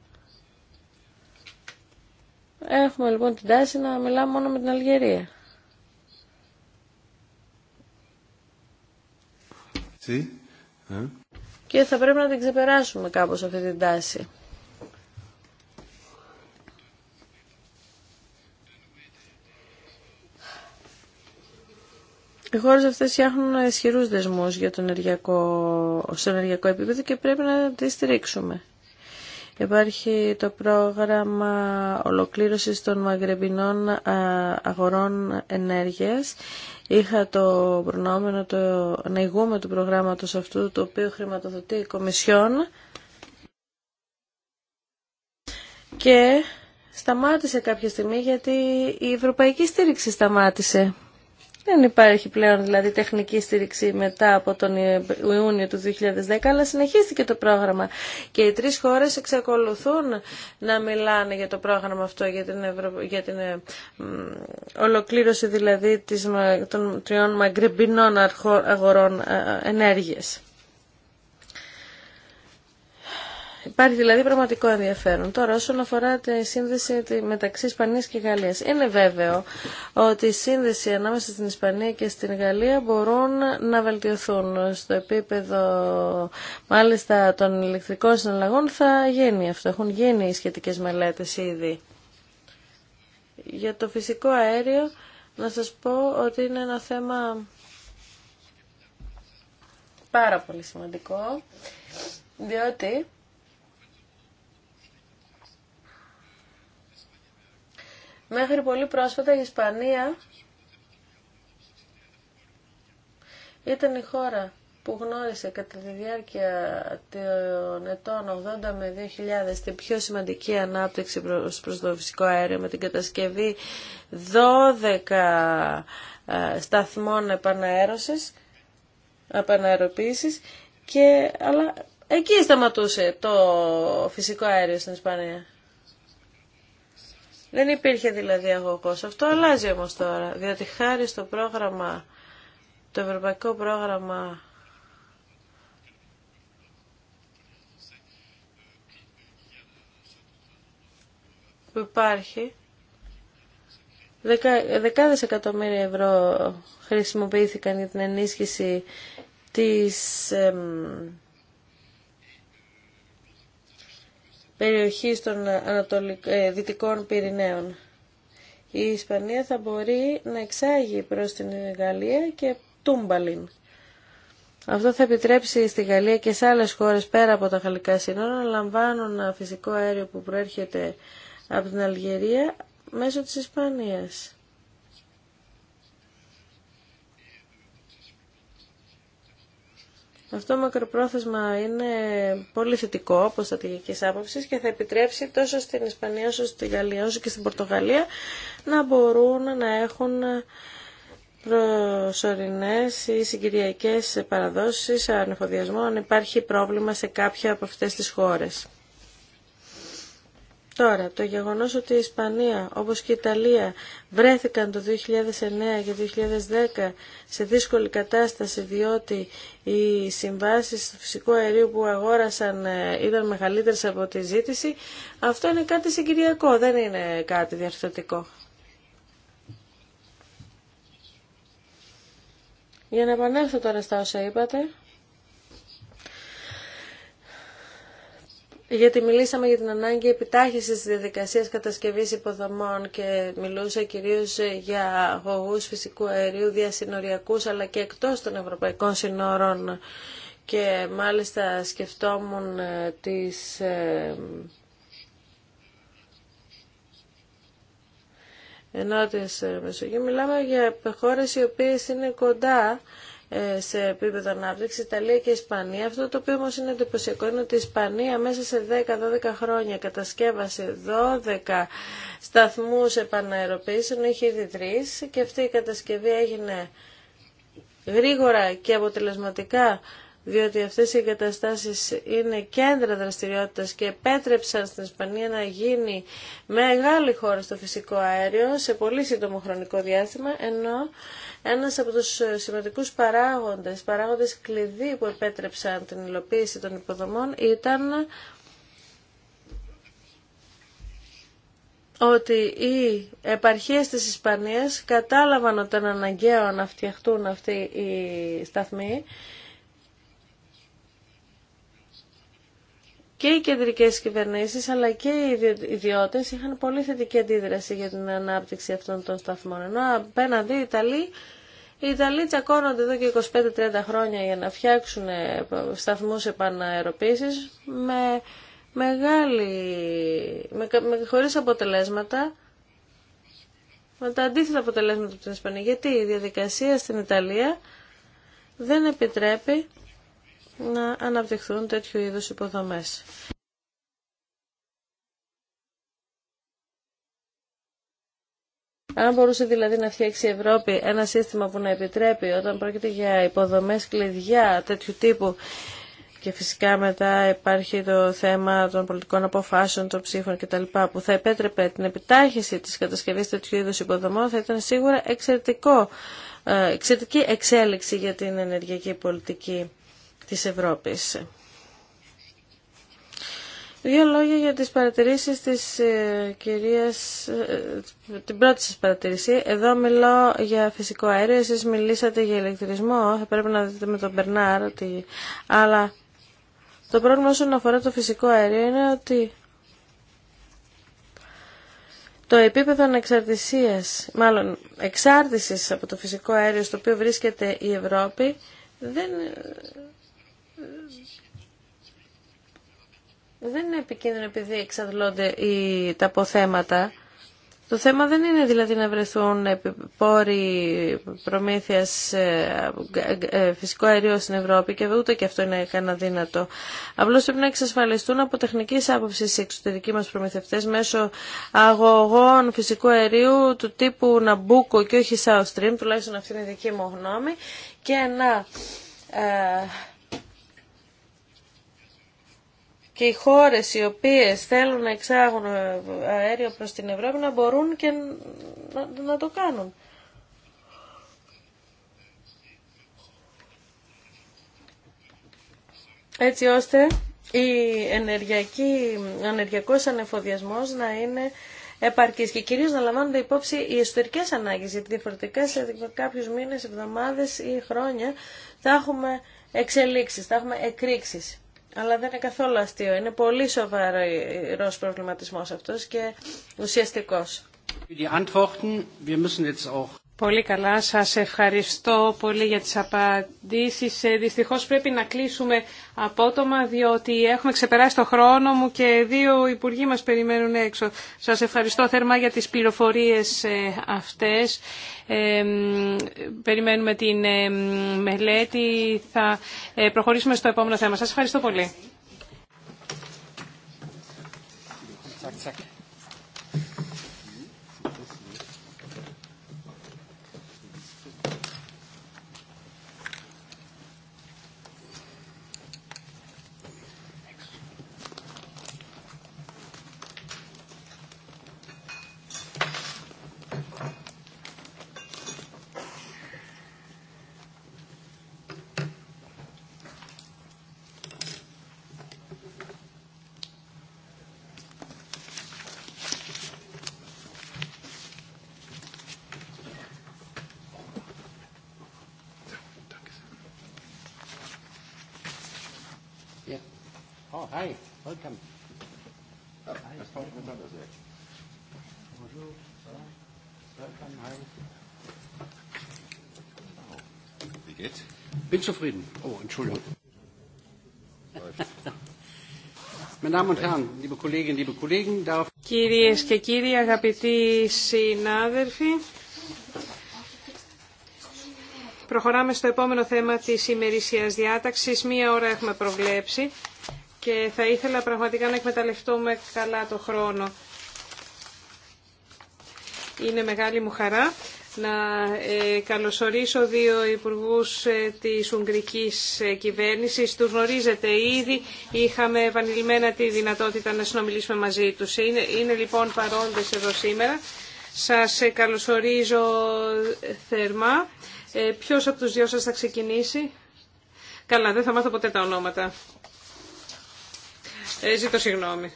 Έχουμε λοιπόν την τάση να μιλάμε μόνο με την Αλγερία. Ε. Και θα πρέπει να την ξεπεράσουμε κάπως αυτή την τάση. Οι χώρες αυτές φτιάχνουν ισχυρού δεσμούς για το ενεργειακό, στο ενεργειακό επίπεδο και πρέπει να τις στηρίξουμε. Υπάρχει το πρόγραμμα ολοκλήρωσης των μαγρεμπινών ε, αγορών ενέργειας Είχα το προνόμενο το, να ηγούμε του προγράμματος αυτού το οποίο χρηματοδοτεί η Κομισιόν και σταμάτησε κάποια στιγμή γιατί η ευρωπαϊκή στήριξη σταμάτησε. Δεν υπάρχει πλέον δηλαδή τεχνική στήριξη μετά από τον Ιούνιο του 2010, αλλά συνεχίστηκε το πρόγραμμα. Και οι τρεις χώρες εξακολουθούν να μιλάνε για το πρόγραμμα αυτό, για την, για την ε, ολοκλήρωση δηλαδή των τριών μαγκρεμπινών αγορών ε, ε, ενέργειας. Υπάρχει δηλαδή πραγματικό ενδιαφέρον. Τώρα όσον αφορά τη σύνδεση μεταξύ Ισπανίας και Γαλλίας. Είναι βέβαιο ότι η σύνδεση ανάμεσα στην Ισπανία και στην Γαλλία μπορούν να βελτιωθούν. Στο επίπεδο μάλιστα των ηλεκτρικών συναλλαγών θα γίνει αυτό. Έχουν γίνει οι σχετικές μελέτες ήδη. Για το φυσικό αέριο να σας πω ότι είναι ένα θέμα πάρα πολύ σημαντικό διότι Μέχρι πολύ πρόσφατα η Ισπανία ήταν η χώρα που γνώρισε κατά τη διάρκεια των ετών 80 με 2000 την πιο σημαντική ανάπτυξη προς το φυσικό αέριο με την κατασκευή 12 ε, σταθμών επαναέρωσης, επαναεροποίησης και αλλά εκεί σταματούσε το φυσικό αέριο στην Ισπανία. Δεν υπήρχε δηλαδή αγωγό. Αυτό αλλάζει όμω τώρα, διότι χάρη στο πρόγραμμα, το ευρωπαϊκό πρόγραμμα που υπάρχει, δεκα, δεκάδες εκατομμύρια ευρώ χρησιμοποιήθηκαν για την ενίσχυση της... περιοχής των Ανατολικ... Ε, Δυτικών Πυρηναίων. Η Ισπανία θα μπορεί να εξάγει προς την Γαλλία και τούμπαλιν. Αυτό θα επιτρέψει στη Γαλλία και σε άλλες χώρες πέρα από τα γαλλικά σύνορα να λαμβάνουν φυσικό αέριο που προέρχεται από την Αλγερία μέσω της Ισπανίας. Αυτό μακροπρόθεσμα είναι πολύ θετικό από στρατηγική άποψη και θα επιτρέψει τόσο στην Ισπανία όσο στην Γαλλία όσο και στην Πορτογαλία να μπορούν να έχουν προσωρινέ ή συγκυριακέ παραδόσεις ανεφοδιασμού αν υπάρχει πρόβλημα σε κάποια από αυτές τις χώρες. Τώρα, το γεγονός ότι η Ισπανία, όπως και η Ιταλία, βρέθηκαν το 2009 και 2010 σε δύσκολη κατάσταση διότι οι συμβάσεις φυσικού αερίου που αγόρασαν ε, ήταν μεγαλύτερες από τη ζήτηση, αυτό είναι κάτι συγκυριακό, δεν είναι κάτι διαρθρωτικό. Για να επανέλθω τώρα στα όσα είπατε, γιατί μιλήσαμε για την ανάγκη επιτάχυσης της διαδικασίας κατασκευής υποδομών και μιλούσα κυρίως για αγωγούς φυσικού αερίου διασυνοριακούς αλλά και εκτός των ευρωπαϊκών συνόρων και μάλιστα σκεφτόμουν ε, τις ε, ενότητες ε, Μεσογείου. Μιλάμε για χώρες οι οποίες είναι κοντά ε, σε επίπεδο ανάπτυξη, Ιταλία και Ισπανία. Αυτό το οποίο όμω είναι εντυπωσιακό είναι ότι η Ισπανία μέσα σε 10-12 χρόνια κατασκεύασε 12 σταθμού επαναεροποίηση, ενώ είχε ήδη τρει και αυτή η κατασκευή έγινε γρήγορα και αποτελεσματικά διότι αυτές οι εγκαταστάσεις είναι κέντρα δραστηριότητας και επέτρεψαν στην Ισπανία να γίνει μεγάλη χώρα στο φυσικό αέριο σε πολύ σύντομο χρονικό διάστημα, ενώ ένας από τους σημαντικούς παράγοντες, παράγοντες κλειδί που επέτρεψαν την υλοποίηση των υποδομών ήταν ότι οι επαρχίες της Ισπανίας κατάλαβαν ότι ήταν αναγκαίο να φτιαχτούν αυτοί οι σταθμοί και οι κεντρικές κυβερνήσεις αλλά και οι ιδιώτες είχαν πολύ θετική αντίδραση για την ανάπτυξη αυτών των σταθμών. Ενώ απέναντι οι Ιταλοί, οι Ιταλοί τσακώνονται εδώ και 25-30 χρόνια για να φτιάξουν ε, σταθμούς επαναεροποίησης με μεγάλη, με, χωρίς αποτελέσματα, με τα αντίθετα αποτελέσματα από την Ισπανία. Γιατί η διαδικασία στην Ιταλία δεν επιτρέπει να αναπτυχθούν τέτοιου είδους υποδομές. Αν μπορούσε δηλαδή να φτιάξει η Ευρώπη ένα σύστημα που να επιτρέπει όταν πρόκειται για υποδομές κλειδιά τέτοιου τύπου και φυσικά μετά υπάρχει το θέμα των πολιτικών αποφάσεων, των ψήφων κτλ. που θα επέτρεπε την επιτάχυση της κατασκευής τέτοιου είδους υποδομών θα ήταν σίγουρα εξαιρετικό, ε, εξαιρετική εξέλιξη για την ενεργειακή πολιτική της Ευρώπης. Δύο λόγια για τις παρατηρήσεις της ε, κυρίας, ε, την πρώτη σας παρατηρήση. Εδώ μιλώ για φυσικό αέριο, εσείς μιλήσατε για ηλεκτρισμό, θα πρέπει να δείτε με τον Μπερνάρ, ότι... αλλά το πρόβλημα όσον αφορά το φυσικό αέριο είναι ότι το επίπεδο ανεξαρτησίας, μάλλον εξάρτησης από το φυσικό αέριο στο οποίο βρίσκεται η Ευρώπη, δεν δεν είναι επικίνδυνο επειδή εξαντλώνται τα αποθέματα. Το θέμα δεν είναι δηλαδή να βρεθούν πόροι προμήθειας ε, ε, ε, φυσικού αερίου στην Ευρώπη και ούτε και αυτό είναι κανένα δύνατο. Απλώς πρέπει να εξασφαλιστούν από τεχνικής άποψη οι εξωτερικοί μας προμηθευτές μέσω αγωγών φυσικού αερίου του τύπου Ναμπούκο και όχι South Stream, τουλάχιστον αυτή είναι η δική μου γνώμη, και να και οι χώρες οι οποίες θέλουν να εξάγουν αέριο προς την Ευρώπη να μπορούν και να το κάνουν. Έτσι ώστε η ενεργειακή, ο ενεργειακός ανεφοδιασμός να είναι επαρκής και κυρίως να λαμβάνονται υπόψη οι εσωτερικές ανάγκες γιατί διαφορετικά σε κάποιους μήνες, εβδομάδες ή χρόνια θα έχουμε εξελίξεις, θα έχουμε εκρήξεις αλλά δεν είναι καθόλου αστείο. Είναι πολύ σοβαρός προβληματισμός αυτός και ουσιαστικός. Πολύ καλά. Σας ευχαριστώ πολύ για τις απαντήσεις. Ε, δυστυχώς πρέπει να κλείσουμε απότομα, διότι έχουμε ξεπεράσει το χρόνο μου και δύο υπουργοί μας περιμένουν έξω. Σας ευχαριστώ θερμά για τις πληροφορίες ε, αυτές. Ε, περιμένουμε την μελέτη. Θα προχωρήσουμε στο επόμενο θέμα. Σας ευχαριστώ πολύ. zufrieden. Κυρίες και κύριοι, αγαπητοί συνάδελφοι, προχωράμε στο επόμενο θέμα της ημερησίας διάταξης. Μία ώρα έχουμε προβλέψει και θα ήθελα πραγματικά να εκμεταλλευτούμε καλά το χρόνο. Είναι μεγάλη μου χαρά να ε, καλωσορίσω δύο υπουργούς ε, της Ουγγρικής ε, κυβέρνησης. του γνωρίζετε ήδη, είχαμε επανειλημμένα τη δυνατότητα να συνομιλήσουμε μαζί τους. Είναι, είναι λοιπόν παρόντες εδώ σήμερα. Σας καλωσορίζω θερμά. Ε, ποιος από τους δυο σας θα ξεκινήσει. Καλά, δεν θα μάθω ποτέ τα ονόματα. ζητώ συγγνώμη.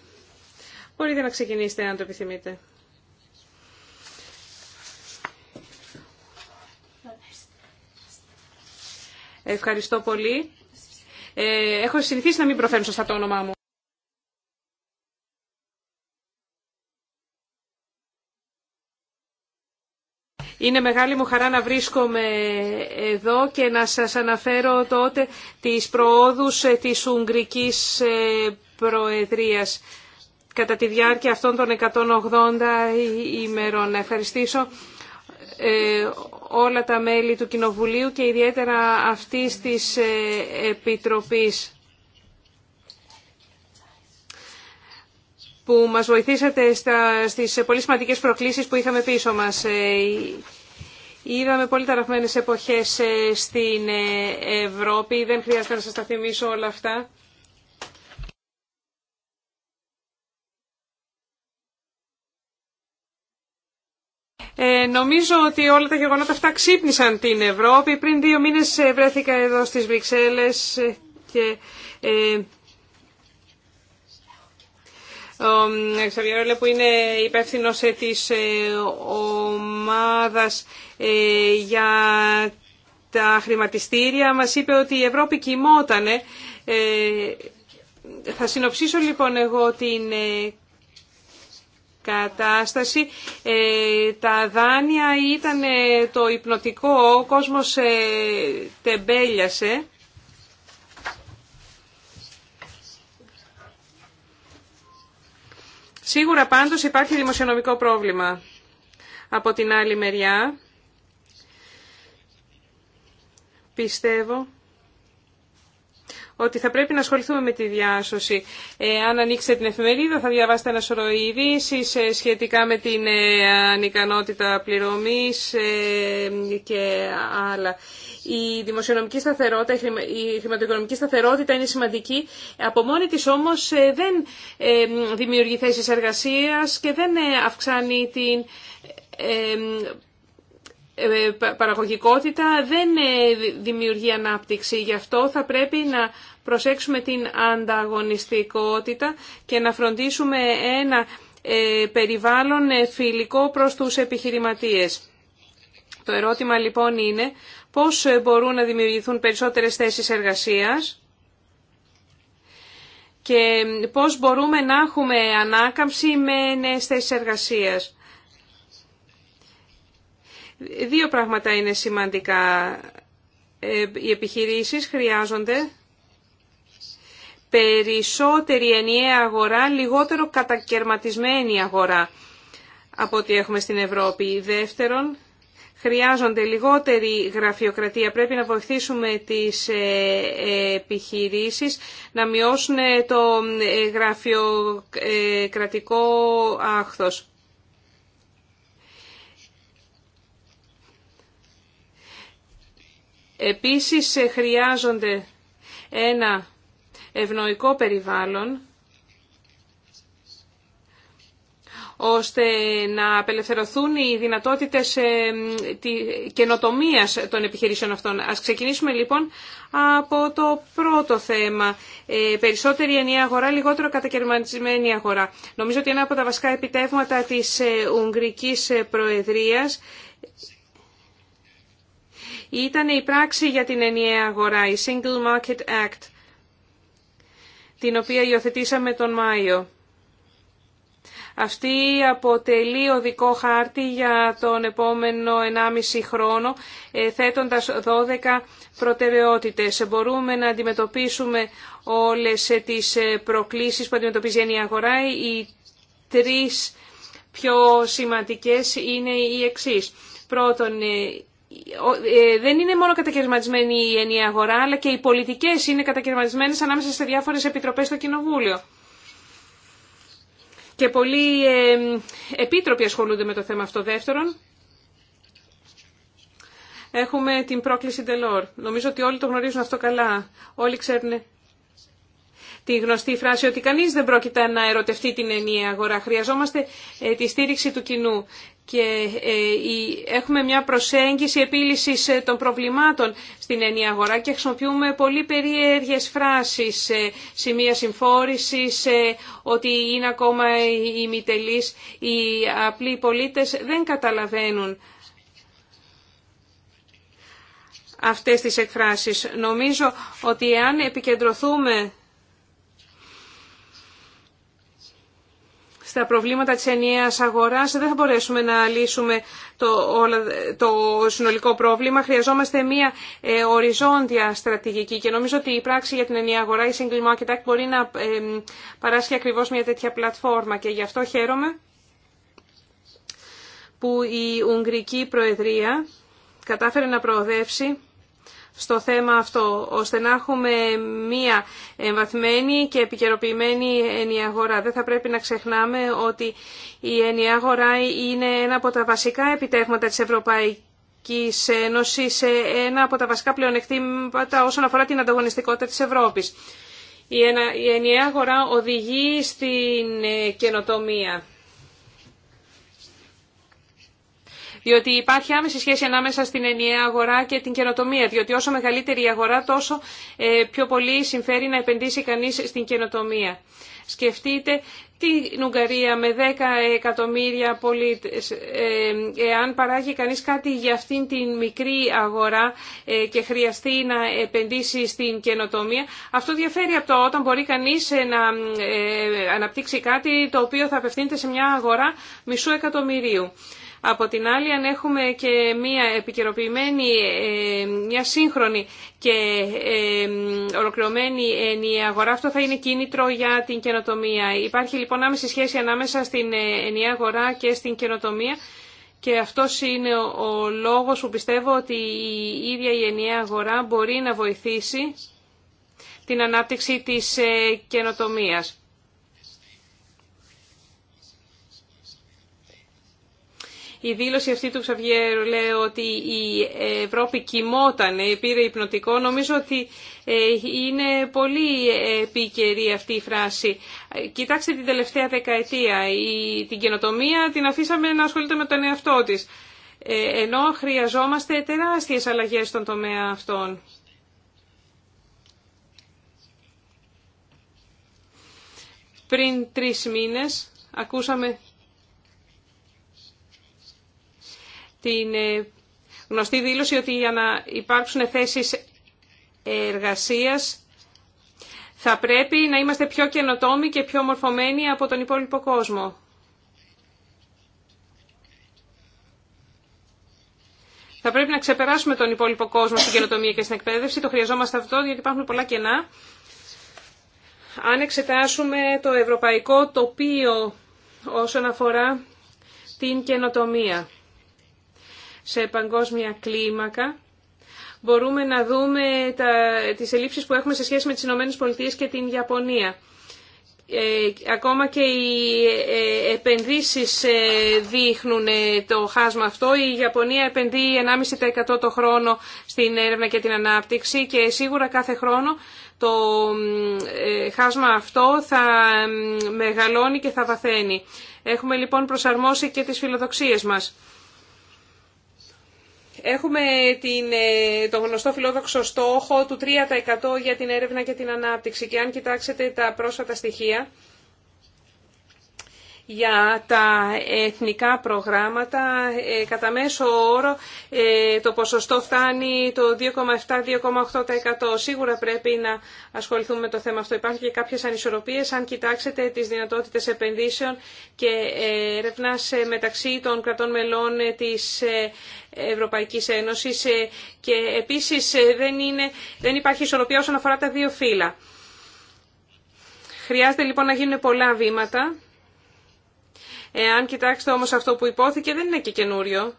Μπορείτε να ξεκινήσετε αν το επιθυμείτε. Ευχαριστώ πολύ. Ε, έχω συνηθίσει να μην προφέρω σωστά το όνομά μου. Είναι μεγάλη μου χαρά να βρίσκομαι εδώ και να σας αναφέρω τότε τις προόδους ε, της Ουγγρικής ε, Προεδρίας κατά τη διάρκεια αυτών των 180 ημερών. ευχαριστήσω ε, όλα τα μέλη του Κοινοβουλίου και ιδιαίτερα αυτής της ε, Επιτροπής που μας βοηθήσατε στα, στις πολύ σημαντικές προκλήσεις που είχαμε πίσω μας. Ε, είδαμε πολύ ταραχμένες εποχές στην Ευρώπη, δεν χρειάζεται να σας τα θυμίσω όλα αυτά. νομίζω ότι όλα τα γεγονότα αυτά ξύπνησαν την Ευρώπη. Πριν δύο μήνες ε, βρέθηκα εδώ στις Βρυξέλλες ε, και ε, ο Ξαβιαρόλε που είναι υπεύθυνο της ομάδας για τα χρηματιστήρια μας είπε ότι η Ευρώπη κοιμότανε. Θα συνοψίσω λοιπόν εγώ την κατάσταση. Ε, τα δάνεια ήταν το υπνοτικό, ο κόσμος ε, τεμπέλιασε. Σίγουρα πάντως υπάρχει δημοσιονομικό πρόβλημα. Από την άλλη μεριά, πιστεύω ότι θα πρέπει να ασχοληθούμε με τη διάσωση. Ε, αν ανοίξετε την εφημερίδα θα διαβάσετε ένα σωρό ειδήσει ε, σχετικά με την ε, ανικανότητα πληρωμής και άλλα. Η δημοσιονομική σταθερότητα, η χρηματοοικονομική σταθερότητα είναι σημαντική. Από μόνη της όμως δεν δημιουργεί θέσεις εργασίας και δεν αυξάνει την ε, παραγωγικότητα δεν ε, δημιουργεί ανάπτυξη. Γι' αυτό θα πρέπει να προσέξουμε την ανταγωνιστικότητα και να φροντίσουμε ένα ε, περιβάλλον φιλικό προς τους επιχειρηματίες. Το ερώτημα λοιπόν είναι πώς μπορούν να δημιουργηθούν περισσότερες θέσεις εργασίας και πώς μπορούμε να έχουμε ανάκαμψη με νέες θέσεις εργασίας. Δύο πράγματα είναι σημαντικά. Ε, οι επιχειρήσεις χρειάζονται περισσότερη ενιαία αγορά, λιγότερο κατακαιρματισμένη αγορά από ό,τι έχουμε στην Ευρώπη. Δεύτερον, χρειάζονται λιγότερη γραφειοκρατία. Πρέπει να βοηθήσουμε τις ε, επιχειρήσεις να μειώσουν το ε, γραφειοκρατικό άχθος. Επίσης ε, χρειάζονται ένα ευνοϊκό περιβάλλον ώστε να απελευθερωθούν οι δυνατότητες ε, καινοτομίας των επιχειρήσεων αυτών. Ας ξεκινήσουμε λοιπόν από το πρώτο θέμα. Ε, περισσότερη ενιαία αγορά, λιγότερο κατακαιρματισμένη αγορά. Νομίζω ότι ένα από τα βασικά επιτεύγματα της Ουγγρικής Προεδρίας ήταν η πράξη για την ενιαία αγορά, η Single Market Act, την οποία υιοθετήσαμε τον Μάιο. Αυτή αποτελεί οδικό χάρτη για τον επόμενο 1,5 χρόνο, ε, θέτοντας 12 προτεραιότητες. Μπορούμε να αντιμετωπίσουμε όλες ε, τις ε, προκλήσεις που αντιμετωπίζει η αγορά. Οι τρεις πιο σημαντικές είναι οι εξής. Πρώτον, ε, δεν είναι μόνο κατακαιρματισμένη η ενιαία αγορά, αλλά και οι πολιτικές είναι κατακαιρματισμένες ανάμεσα σε διάφορες επιτροπές στο Κοινοβούλιο. Και πολλοί ε, επίτροποι ασχολούνται με το θέμα αυτό. Δεύτερον, έχουμε την πρόκληση Delors. Νομίζω ότι όλοι το γνωρίζουν αυτό καλά. Όλοι ξέρουν τη γνωστή φράση ότι κανείς δεν πρόκειται να ερωτευτεί την ενιαία αγορά. Χρειαζόμαστε ε, τη στήριξη του κοινού και ε, έχουμε μια προσέγγιση επίλυσης ε, των προβλημάτων στην ενή αγορά και χρησιμοποιούμε πολύ περίεργες φράσεις, ε, σημεία συμφόρησης, ότι είναι ακόμα μητελής Οι απλοί πολίτες δεν καταλαβαίνουν αυτές τις εκφράσεις. Νομίζω ότι αν επικεντρωθούμε στα προβλήματα της ενιαίας αγοράς δεν θα μπορέσουμε να λύσουμε το, το συνολικό πρόβλημα. Χρειαζόμαστε μια ε, οριζόντια στρατηγική και νομίζω ότι η πράξη για την ενιαία αγορά, η Single Market Act, μπορεί να ε, παράσχει ακριβώς μια τέτοια πλατφόρμα και γι' αυτό χαίρομαι που η Ουγγρική Προεδρία κατάφερε να προοδεύσει στο θέμα αυτό, ώστε να έχουμε μία εμβαθμένη και επικαιροποιημένη ενιαγόρα. Δεν θα πρέπει να ξεχνάμε ότι η ενιαγόρα είναι ένα από τα είναι ένα από τα βασικά επιτεύγματα της Ευρωπαϊκής Ένωσης, ένα από τα βασικά πλεονεκτήματα όσον αφορά την ανταγωνιστικότητα της Ευρώπης. Η ενιαία αγορά οδηγεί στην ε, καινοτομία. διότι υπάρχει άμεση σχέση ανάμεσα στην ενιαία αγορά και την καινοτομία, διότι όσο μεγαλύτερη η αγορά τόσο ε, πιο πολύ συμφέρει να επενδύσει κανείς στην καινοτομία. Σκεφτείτε την Ουγγαρία με 10 εκατομμύρια πολίτες, ε, εάν παράγει κανείς κάτι για αυτήν την μικρή αγορά ε, και χρειαστεί να επενδύσει στην καινοτομία, αυτό διαφέρει από το όταν μπορεί κανείς να αναπτύξει κάτι το οποίο θα απευθύνεται σε μια αγορά μισού εκατομμυρίου. Από την άλλη, αν έχουμε και μια επικαιροποιημένη, ε, μια σύγχρονη και ε, ολοκληρωμένη ενιαία αγορά, αυτό θα είναι κίνητρο για την καινοτομία. Υπάρχει λοιπόν άμεση σχέση ανάμεσα στην ε, ενιαία αγορά και στην καινοτομία. Και αυτό είναι ο λόγος που πιστεύω ότι η ίδια η ενιαία αγορά μπορεί να βοηθήσει την ανάπτυξη της καινοτομίας. Η δήλωση αυτή του Ξαβιέρου λέει ότι η Ευρώπη κοιμόταν, πήρε υπνοτικό. Νομίζω ότι ε, είναι πολύ επίκαιρη αυτή η φράση. Κοιτάξτε την τελευταία δεκαετία. Η, την καινοτομία την αφήσαμε να ασχολείται με τον εαυτό της. Ε, ενώ χρειαζόμαστε τεράστιες αλλαγές στον τομέα αυτών. Πριν τρεις μήνες ακούσαμε την ε, γνωστή δήλωση ότι για να υπάρξουν θέσεις εργασίας θα πρέπει να είμαστε πιο καινοτόμοι και πιο μορφωμένοι από τον υπόλοιπο κόσμο. Θα πρέπει να ξεπεράσουμε τον υπόλοιπο κόσμο στην καινοτομία και στην εκπαίδευση. Το χρειαζόμαστε αυτό διότι υπάρχουν πολλά κενά. Αν εξετάσουμε το ευρωπαϊκό τοπίο όσον αφορά την καινοτομία σε παγκόσμια κλίμακα, μπορούμε να δούμε τα, τις ελλείψεις που έχουμε σε σχέση με τις Ηνωμένες Πολιτείες και την Ιαπωνία. Ε, ακόμα και οι ε, επενδύσεις ε, δείχνουν το χάσμα αυτό. Η Ιαπωνία επενδύει 1,5% το χρόνο στην έρευνα και την ανάπτυξη και σίγουρα κάθε χρόνο το χάσμα αυτό θα μεγαλώνει και θα βαθαίνει. Έχουμε λοιπόν προσαρμόσει και τις φιλοδοξίες μας. Έχουμε την, ε, το γνωστό φιλόδοξο στόχο του 3% για την έρευνα και την ανάπτυξη και αν κοιτάξετε τα πρόσφατα στοιχεία για τα εθνικά προγράμματα. Ε, κατά μέσο όρο ε, το ποσοστό φτάνει το 2,7-2,8%. Σίγουρα πρέπει να ασχοληθούμε με το θέμα αυτό. Υπάρχουν και κάποιες ανισορροπίες αν κοιτάξετε τις δυνατότητες επενδύσεων και ε, έρευνα μεταξύ των κρατών μελών της Ευρωπαϊκής Ένωσης και επίσης δεν, είναι, δεν υπάρχει ισορροπία όσον αφορά τα δύο φύλλα. Χρειάζεται λοιπόν να γίνουν πολλά βήματα Εάν κοιτάξετε όμως αυτό που υπόθηκε δεν είναι και καινούριο.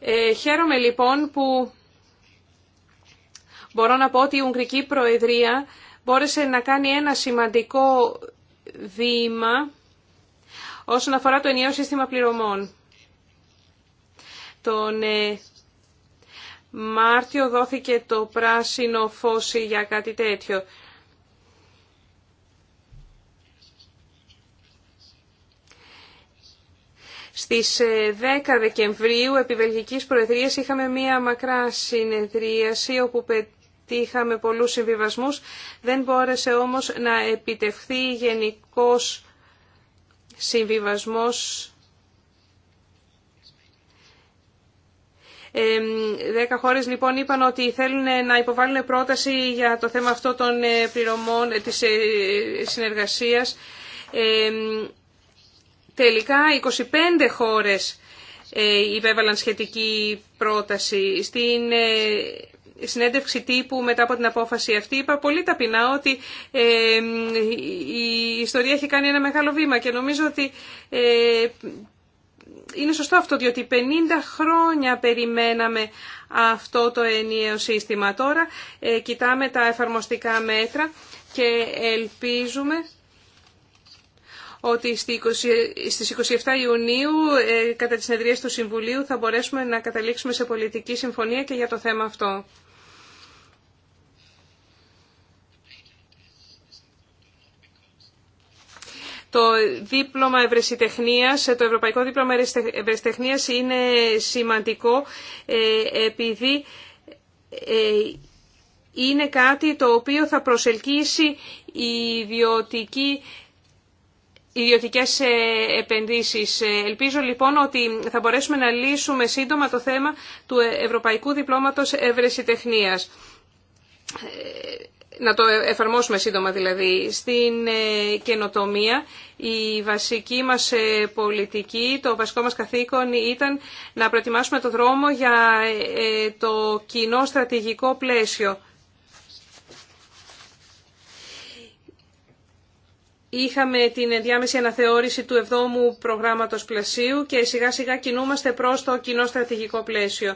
Ε, χαίρομαι λοιπόν που μπορώ να πω ότι η Ουγγρική Προεδρία μπόρεσε να κάνει ένα σημαντικό βήμα όσον αφορά το ενιαίο σύστημα πληρωμών. Τον ε, Μάρτιο δόθηκε το πράσινο φως για κάτι τέτοιο. Στις 10 ε, Δεκεμβρίου επί Βελγικής Προεδρίας είχαμε μία μακρά συνεδρίαση όπου πετύχαμε πολλούς συμβιβασμούς. Δεν μπόρεσε όμως να επιτευχθεί γενικός συμβιβασμός 10 χώρες λοιπόν είπαν ότι θέλουν να υποβάλουν πρόταση για το θέμα αυτό των ε, πληρωμών ε, της ε, συνεργασίας. Τελικά 25 χώρες υπέβαλαν σχετική πρόταση. Στην συνέντευξη τύπου μετά από την απόφαση αυτή είπα πολύ ταπεινά ότι η ιστορία έχει κάνει ένα μεγάλο βήμα και νομίζω ότι είναι σωστό αυτό, διότι 50 χρόνια περιμέναμε αυτό το ενιαίο σύστημα. Τώρα ε, κοιτάμε τα εφαρμοστικά μέτρα και ελπίζουμε ότι στις 27 Ιουνίου ε, κατά τις συνεδρίες του Συμβουλίου θα μπορέσουμε να καταλήξουμε σε πολιτική συμφωνία και για το θέμα αυτό. Το δίπλωμα το ευρωπαϊκό δίπλωμα ευρεσιτεχνίας είναι σημαντικό ε, επειδή ε, είναι κάτι το οποίο θα προσελκύσει ιδιωτική ιδιωτικές ε, επενδύσεις. Ελπίζω λοιπόν ότι θα μπορέσουμε να λύσουμε σύντομα το θέμα του Ευρωπαϊκού Διπλώματος Ευρεσιτεχνίας να το εφαρμόσουμε σύντομα δηλαδή. Στην ε, καινοτομία η βασική μας ε, πολιτική, το βασικό μας καθήκον ήταν να προετοιμάσουμε το δρόμο για ε, το κοινό στρατηγικό πλαίσιο. Είχαμε την ενδιάμεση αναθεώρηση του εβδόμου προγράμματος πλασίου και σιγά σιγά κινούμαστε προς το κοινό στρατηγικό πλαίσιο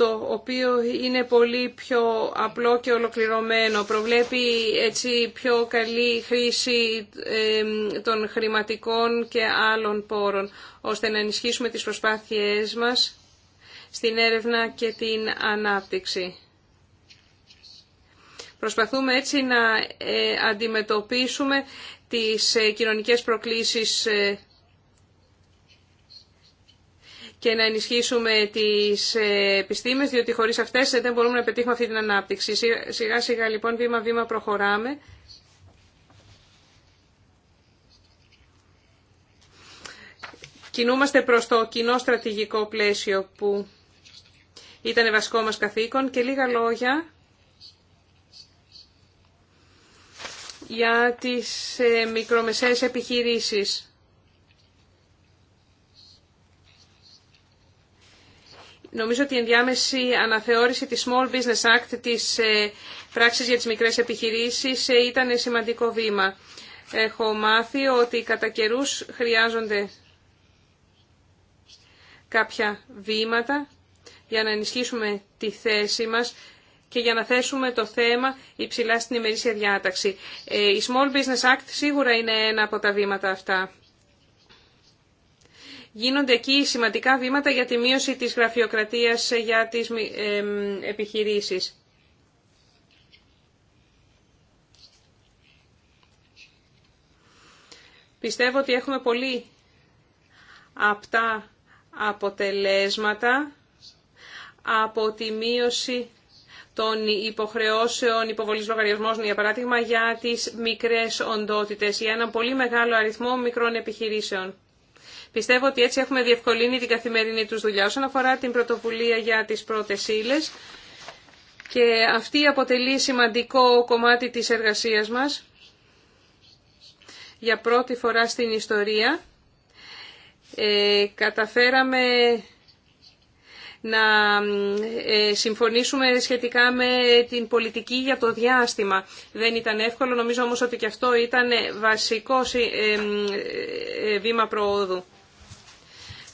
το οποίο είναι πολύ πιο απλό και ολοκληρωμένο. Προβλέπει έτσι πιο καλή χρήση των χρηματικών και άλλων πόρων, ώστε να ενισχύσουμε τις προσπάθειές μας στην έρευνα και την ανάπτυξη. Προσπαθούμε έτσι να ε, αντιμετωπίσουμε τις ε, κοινωνικές προκλήσεις ε, και να ενισχύσουμε τις ε, επιστήμες, διότι χωρίς αυτές ε, δεν μπορούμε να πετύχουμε αυτή την ανάπτυξη. Σιγά σιγά λοιπόν βήμα-βήμα προχωράμε. Κινούμαστε προς το κοινό στρατηγικό πλαίσιο που ήταν βασικό μας καθήκον και λίγα λόγια για τις ε, μικρομεσαίες επιχειρήσεις. Νομίζω ότι η ενδιάμεση αναθεώρηση της Small Business Act της ε, πράξης για τις μικρές επιχειρήσεις ε, ήταν σημαντικό βήμα. Έχω μάθει ότι κατά καιρού χρειάζονται κάποια βήματα για να ενισχύσουμε τη θέση μας και για να θέσουμε το θέμα υψηλά στην ημερήσια διάταξη. Ε, η Small Business Act σίγουρα είναι ένα από τα βήματα αυτά. Γίνονται εκεί σημαντικά βήματα για τη μείωση της γραφειοκρατίας για τις επιχειρήσεις. Πιστεύω ότι έχουμε πολύ απτά αποτελέσματα από τη μείωση των υποχρεώσεων υποβολής λογαριασμών, για παράδειγμα, για τις μικρές οντότητες, για έναν πολύ μεγάλο αριθμό μικρών επιχειρήσεων. Πιστεύω ότι έτσι έχουμε διευκολύνει την καθημερινή τους δουλειά. Όσον αφορά την πρωτοβουλία για τις πρώτες ύλε. και αυτή αποτελεί σημαντικό κομμάτι της εργασίας μας για πρώτη φορά στην ιστορία. Ε, καταφέραμε να ε, συμφωνήσουμε σχετικά με την πολιτική για το διάστημα. Δεν ήταν εύκολο, νομίζω όμως ότι και αυτό ήταν βασικό ε, ε, βήμα προόδου.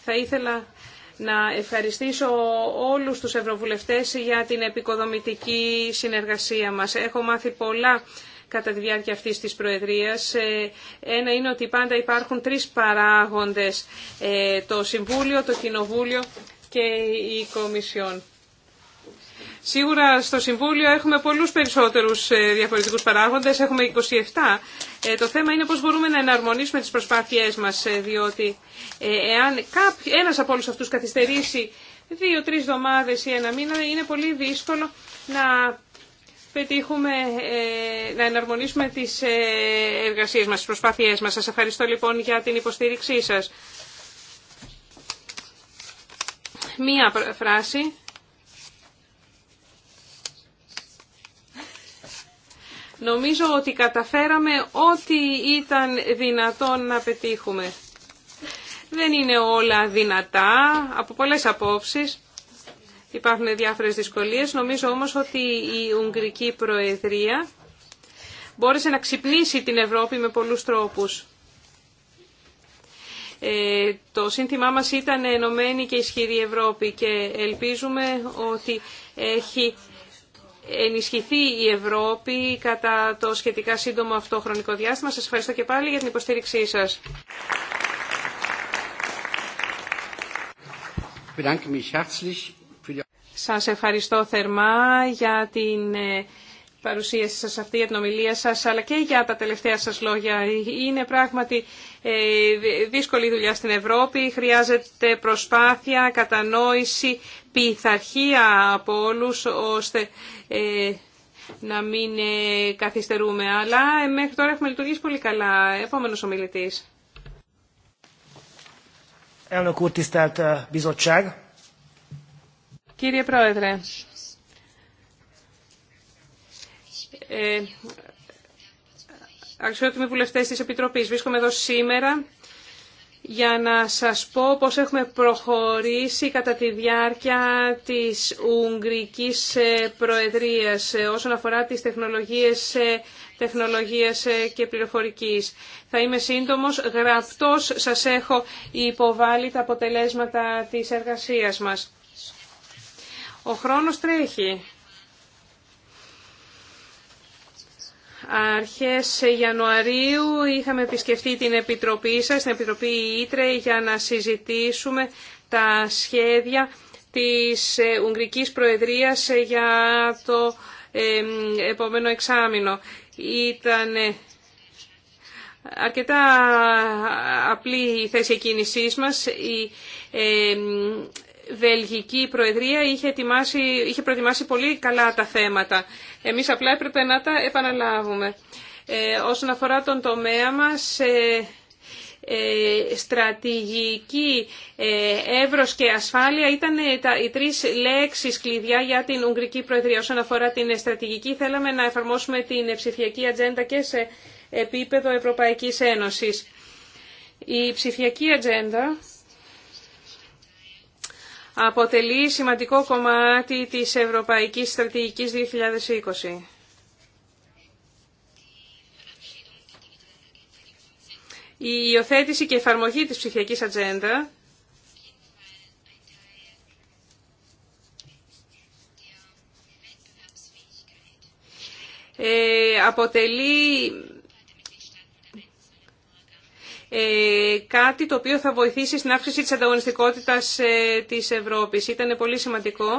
Θα ήθελα να ευχαριστήσω όλους τους ευρωβουλευτές για την επικοδομητική συνεργασία μας. Έχω μάθει πολλά κατά τη διάρκεια αυτής της Προεδρίας. Ε, ένα είναι ότι πάντα υπάρχουν τρεις παράγοντες, ε, το Συμβούλιο, το Κοινοβούλιο και η Κομισιόν. Σίγουρα στο Συμβούλιο έχουμε πολλούς περισσότερους ε, διαφορετικούς παράγοντες, έχουμε 27. Ε, το θέμα είναι πώς μπορούμε να εναρμονίσουμε τις προσπάθειές μας, ε, διότι εάν ένας από όλους αυτούς καθυστερήσει δύο-τρεις εβδομάδες ή ένα μήνα, είναι πολύ δύσκολο να πετύχουμε να εναρμονίσουμε τις εργασίες μας, τις προσπάθειές μας. Σας ευχαριστώ λοιπόν για την υποστήριξή σας. Μία φράση Νομίζω ότι καταφέραμε ό,τι ήταν δυνατόν να πετύχουμε. Δεν είναι όλα δυνατά, από πολλές απόψεις. Υπάρχουν διάφορες δυσκολίες. Νομίζω όμως ότι η Ουγγρική Προεδρία μπόρεσε να ξυπνήσει την Ευρώπη με πολλούς τρόπους. Ε, το σύνθημά μας ήταν «Ενωμένη και ισχυρή Ευρώπη» και ελπίζουμε ότι έχει ενισχυθεί η Ευρώπη κατά το σχετικά σύντομο αυτό χρονικό διάστημα. Σας ευχαριστώ και πάλι για την υποστήριξή σας. Σας ευχαριστώ θερμά για την ε, παρουσίαση σας αυτή, για την ομιλία σας, αλλά και για τα τελευταία σας λόγια. Είναι πράγματι ε, δύσκολη δουλειά στην Ευρώπη, χρειάζεται προσπάθεια, κατανόηση, πειθαρχία από όλους ώστε ε, να μην ε, καθυστερούμε. Αλλά ε, μέχρι τώρα έχουμε λειτουργήσει πολύ καλά. Επόμενος ο μιλητής. Ε, Κύριε Πρόεδρε, αξιότιμοι βουλευτές της Επιτροπής, βρίσκομαι εδώ σήμερα για να σας πω πώς έχουμε προχωρήσει κατά τη διάρκεια της Ουγγρικής ε, Προεδρίας ε, όσον αφορά τις τεχνολογίες, ε, τεχνολογίες και πληροφορικής. Θα είμαι σύντομος, γραπτός σας έχω υποβάλει τα αποτελέσματα της εργασίας μας. Ο χρόνος τρέχει. Αρχές Ιανουαρίου είχαμε επισκεφτεί την Επιτροπή σας, την Επιτροπή Ήτρε, για να συζητήσουμε τα σχέδια της ε, Ουγγρικής Προεδρίας για το ε, επόμενο εξάμεινο. Ήταν αρκετά απλή η θέση μας. Ε, Βελγική Προεδρία είχε, ετοιμάσει, είχε προετοιμάσει πολύ καλά τα θέματα. Εμείς απλά έπρεπε να τα επαναλάβουμε. Ε, όσον αφορά τον τομέα μας, ε, ε, στρατηγική, ε, εύρος και ασφάλεια ήταν ε, τα, οι τρεις λέξεις κλειδιά για την Ουγγρική Προεδρία. Όσον αφορά την στρατηγική, θέλαμε να εφαρμόσουμε την ψηφιακή ατζέντα και σε επίπεδο Ευρωπαϊκής Ένωσης. Η ψηφιακή ατζέντα αποτελεί σημαντικό κομμάτι της Ευρωπαϊκής Στρατηγικής 2020. Η υιοθέτηση και εφαρμογή της ψηφιακής ατζέντα ε, αποτελεί ε, κάτι το οποίο θα βοηθήσει στην αύξηση της ανταγωνιστικότητας ε, της Ευρώπης. Ήταν πολύ σημαντικό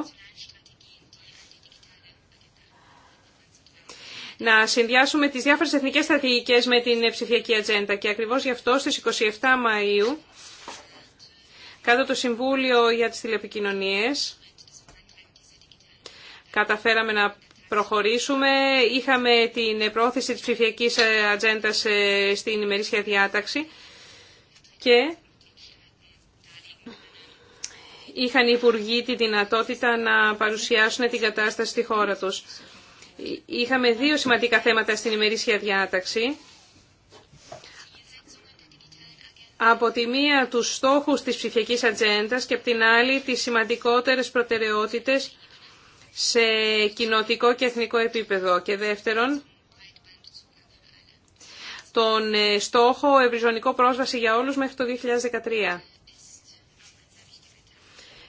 να συνδυάσουμε τις διάφορες εθνικές στρατηγικές με την ψηφιακή ατζέντα και ακριβώς γι' αυτό στις 27 Μαΐου κάτω το Συμβούλιο για τις Τηλεπικοινωνίες καταφέραμε να προχωρήσουμε. Είχαμε την πρόθεση της ψηφιακής ατζέντα ε, στην ημερήσια διάταξη και είχαν οι υπουργοί τη δυνατότητα να παρουσιάσουν την κατάσταση στη χώρα τους. Είχαμε δύο σημαντικά θέματα στην ημερήσια διάταξη. Από τη μία τους στόχους της ψηφιακής ατζέντας και από την άλλη τις σημαντικότερες προτεραιότητες σε κοινοτικό και εθνικό επίπεδο. Και δεύτερον, τον ε, στόχο ευρυζωνικό πρόσβαση για όλους μέχρι το 2013.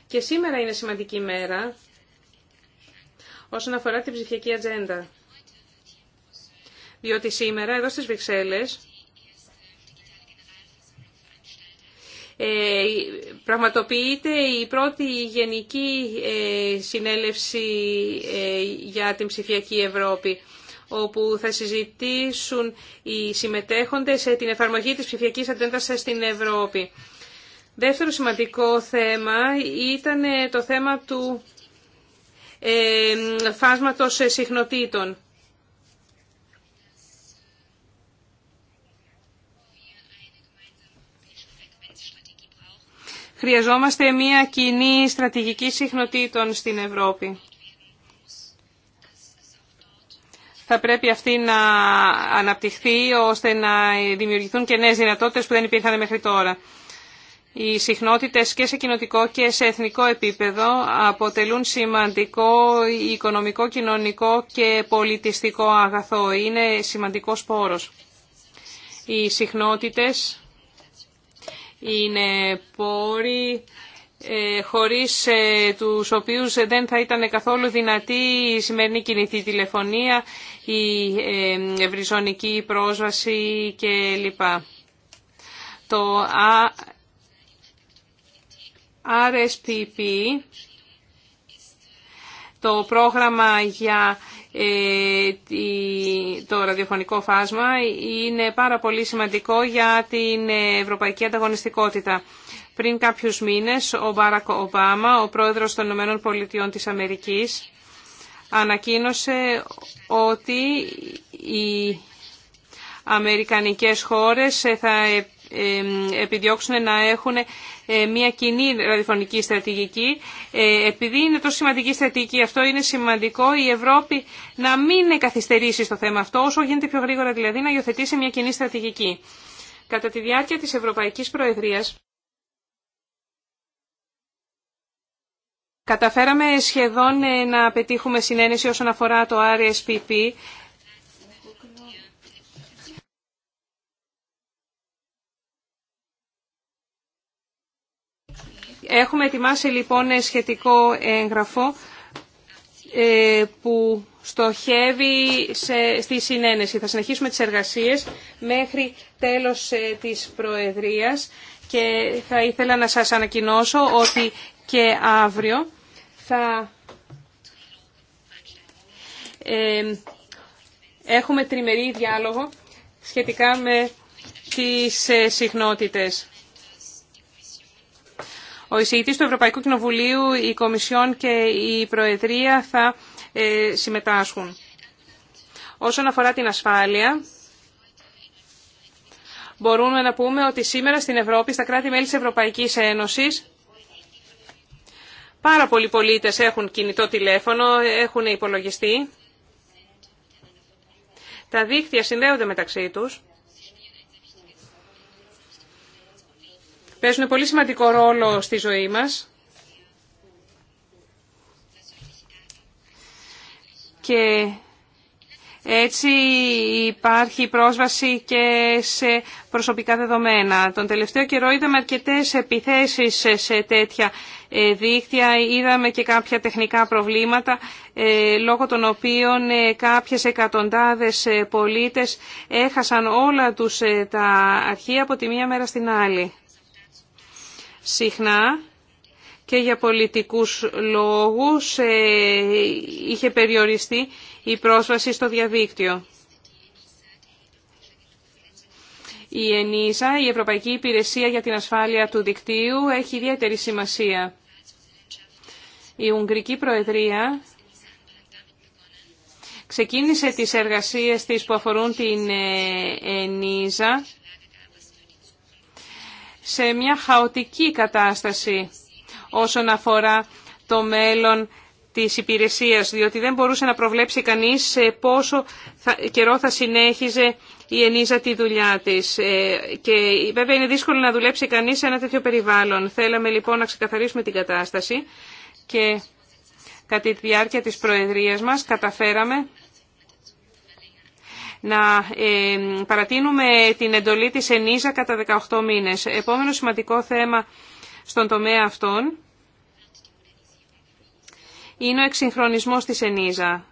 Και σήμερα είναι σημαντική ημέρα όσον αφορά την ψηφιακή ατζέντα. Διότι σήμερα εδώ στις Βρυξέλλες ε, πραγματοποιείται η πρώτη γενική ε, συνέλευση για την ψηφιακή Ευρώπη όπου θα συζητήσουν οι συμμετέχοντες σε την εφαρμογή της ψηφιακής ατζέντας στην Ευρώπη. Δεύτερο σημαντικό θέμα ήταν ε, το θέμα του ε, φάσματος συχνοτήτων. Χρειαζόμαστε μια κοινή στρατηγική συχνοτήτων στην Ευρώπη. θα πρέπει αυτή να αναπτυχθεί ώστε να δημιουργηθούν και νέες δυνατότητες που δεν υπήρχαν μέχρι τώρα. Οι συχνότητες και σε κοινοτικό και σε εθνικό επίπεδο αποτελούν σημαντικό οικονομικό, κοινωνικό και πολιτιστικό αγαθό. Είναι σημαντικός πόρος. Οι συχνότητες είναι πόροι ε, χωρίς ε, τους οποίους δεν θα ήταν καθόλου δυνατή η σημερινή κινητή τηλεφωνία, η ευρυζωνική πρόσβαση λοιπά. Το RSPP, το πρόγραμμα για ε, το ραδιοφωνικό φάσμα είναι πάρα πολύ σημαντικό για την ευρωπαϊκή ανταγωνιστικότητα. Πριν κάποιους μήνες, ο Μπάρακ Ομπάμα, ο πρόεδρος των ΗΠΑ της Αμερικής, ανακοίνωσε ότι οι αμερικανικές χώρες θα ε, ε, επιδιώξουν να έχουν ε, μια κοινή ραδιοφωνική στρατηγική. Επειδή είναι τόσο σημαντική στρατηγική αυτό, είναι σημαντικό η Ευρώπη να μην καθυστερήσει στο θέμα αυτό, όσο γίνεται πιο γρήγορα δηλαδή να υιοθετήσει μια κοινή στρατηγική. Κατά τη διάρκεια της Ευρωπαϊκής Προεδρίας, Καταφέραμε σχεδόν ε, να πετύχουμε συνένεση όσον αφορά το RSPP. Έχουμε ετοιμάσει λοιπόν ε, σχετικό έγγραφο ε, που στοχεύει σε, στη συνένεση. Θα συνεχίσουμε τις εργασίες μέχρι τέλος της Προεδρίας και θα ήθελα να σας ανακοινώσω ότι και αύριο θα έχουμε τριμερή διάλογο σχετικά με τις ε, συχνότητες. Ο εισηγητής του Ευρωπαϊκού Κοινοβουλίου, η Κομισιόν και η Προεδρία θα ε, συμμετάσχουν. Όσον αφορά την ασφάλεια, μπορούμε να πούμε ότι σήμερα στην Ευρώπη, στα κράτη-μέλη της Ευρωπαϊκής Ένωσης, Πάρα πολλοί πολίτες έχουν κινητό τηλέφωνο, έχουν υπολογιστή. Τα δίκτυα συνδέονται μεταξύ τους. Παίζουν πολύ σημαντικό ρόλο στη ζωή μας. Και έτσι υπάρχει πρόσβαση και σε προσωπικά δεδομένα. Τον τελευταίο καιρό είδαμε αρκετές επιθέσεις σε τέτοια ε, δίκτυα. Είδαμε και κάποια τεχνικά προβλήματα, ε, λόγω των οποίων ε, κάποιες εκατοντάδες πολίτες έχασαν όλα τους τα αρχεία από τη μία μέρα στην άλλη. Συχνά και για πολιτικούς λόγους ε, είχε περιοριστεί η πρόσβαση στο διαδίκτυο. Η ΕΝΙΖΑ, η Ευρωπαϊκή Υπηρεσία για την Ασφάλεια του Δικτύου, έχει ιδιαίτερη σημασία. Η Ουγγρική Προεδρία ξεκίνησε τις εργασίες της που αφορούν την ε, ΕΝΙΖΑ σε μια χαοτική κατάσταση όσον αφορά το μέλλον της υπηρεσίας, διότι δεν μπορούσε να προβλέψει κανείς πόσο καιρό θα συνέχιζε η Ενίζα τη δουλειά της. Ε, και βέβαια είναι δύσκολο να δουλέψει κανείς σε ένα τέτοιο περιβάλλον. Θέλαμε λοιπόν να ξεκαθαρίσουμε την κατάσταση και κατά τη διάρκεια της Προεδρίας μας καταφέραμε να ε, παρατείνουμε την εντολή της Ενίζα κατά 18 μήνες. Επόμενο σημαντικό θέμα στον τομέα αυτόν είναι ο εξυγχρονισμός της ΕΝΙΖΑ.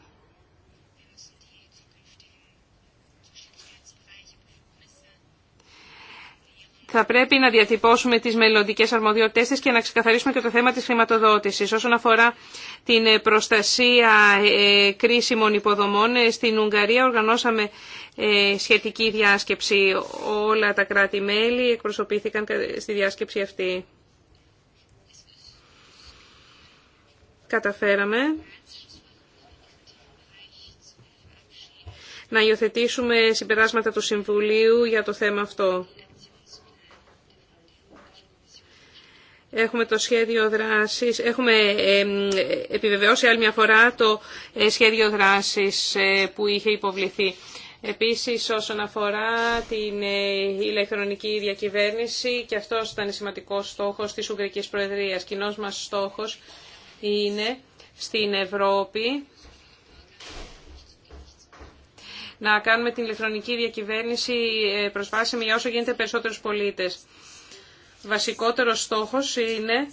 θα πρέπει να διατυπώσουμε τις μελλοντικέ αρμοδιότητες και να ξεκαθαρίσουμε και το θέμα της χρηματοδότησης. Όσον αφορά την προστασία ε, κρίσιμων υποδομών, ε, στην Ουγγαρία οργανώσαμε ε, σχετική διάσκεψη. Όλα τα κράτη-μέλη εκπροσωπήθηκαν στη διάσκεψη αυτή. καταφέραμε να υιοθετήσουμε συμπεράσματα του Συμβουλίου για το θέμα αυτό. Έχουμε το σχέδιο δράσης, έχουμε επιβεβαιώσει άλλη μια φορά το ε, σχέδιο δράσης ε, που είχε υποβληθεί. Επίσης όσον αφορά την ε, ηλεκτρονική διακυβέρνηση και αυτός ήταν σημαντικός στόχος της Ουγγρικής Προεδρίας. Κοινός μας στόχος είναι στην Ευρώπη να κάνουμε την ηλεκτρονική διακυβέρνηση ε, προσβάσιμη για όσο γίνεται περισσότερους πολίτες. Βασικότερος στόχος είναι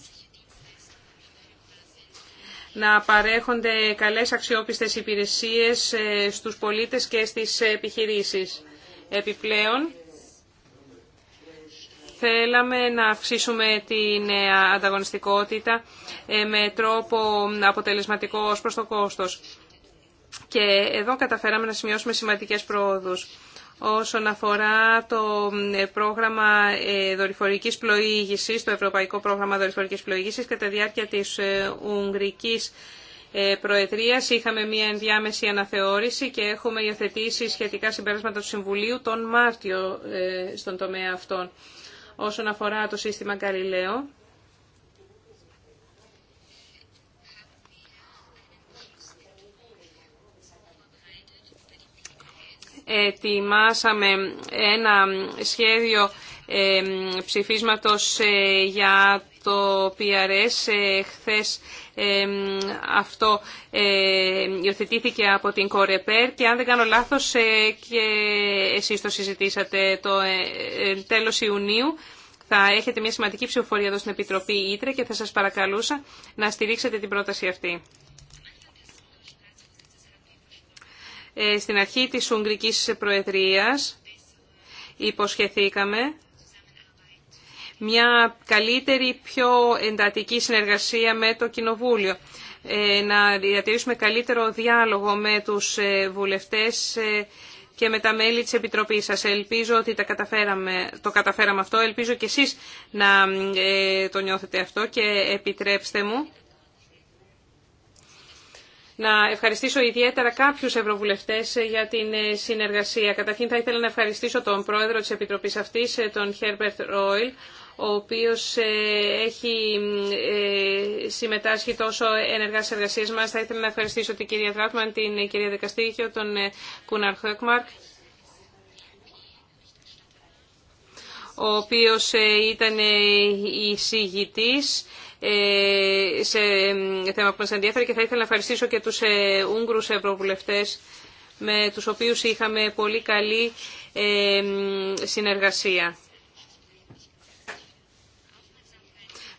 να παρέχονται καλές αξιόπιστες υπηρεσίες ε, στους πολίτες και στις επιχειρήσεις. Επιπλέον, Θέλαμε να αυξήσουμε την ε, ανταγωνιστικότητα ε, με τρόπο αποτελεσματικό ως προς το κόστος. Και εδώ καταφέραμε να σημειώσουμε σημαντικές πρόοδους. Όσον αφορά το ε, πρόγραμμα δορυφορικής πλοήγησης, το Ευρωπαϊκό Πρόγραμμα Δορυφορικής Πλοήγησης, κατά διάρκεια της Ουγγρικής Προεδρίας είχαμε μια ενδιάμεση αναθεώρηση και έχουμε υιοθετήσει σχετικά συμπέρασματα του Συμβουλίου τον Μάρτιο στον τομέα αυτόν όσον αφορά το σύστημα Galileo. Ετοιμάσαμε ένα σχέδιο ψηφίσματος ε, για το PRS ε, χθες αυτό ε, υιοθετήθηκε από την Κορεπέρ και αν δεν κάνω λάθος ε, και εσείς το συζητήσατε το ε, τέλος Ιουνίου θα έχετε μια σημαντική ψηφοφορία εδώ στην Επιτροπή Ήτρε και θα σας παρακαλούσα να στηρίξετε την πρόταση αυτή. στην αρχή της Ουγγρικής Προεδρίας υποσχεθήκαμε μια καλύτερη, πιο εντατική συνεργασία με το Κοινοβούλιο, ε, να διατηρήσουμε καλύτερο διάλογο με τους ε, βουλευτές ε, και με τα μέλη της Επιτροπής σας. Ελπίζω ότι τα καταφέραμε, το καταφέραμε αυτό. Ελπίζω και εσείς να το νιώθετε αυτό και επιτρέψτε μου να ευχαριστήσω ιδιαίτερα κάποιους Ευρωβουλευτές για την συνεργασία. Καταρχήν, θα ήθελα να ευχαριστήσω τον πρόεδρο της Επιτροπής αυτής, τον Χέρμπερτ Ρόιλ, ο οποίος ε, έχει ε, συμμετάσχει τόσο ενεργά στις εργασίες μας. Θα ήθελα να ευχαριστήσω την κυρία Τράουτμαν, την κυρία Δεκαστήγιο, τον ε, Κούναρ Χόκμαρκ, ο οποίος ήταν η εισηγητής σε θέμα που μας ενδιαφέρει και θα ήθελα να ευχαριστήσω και τους Ούγγρους Ευρωβουλευτές με τους οποίους είχαμε πολύ καλή συνεργασία.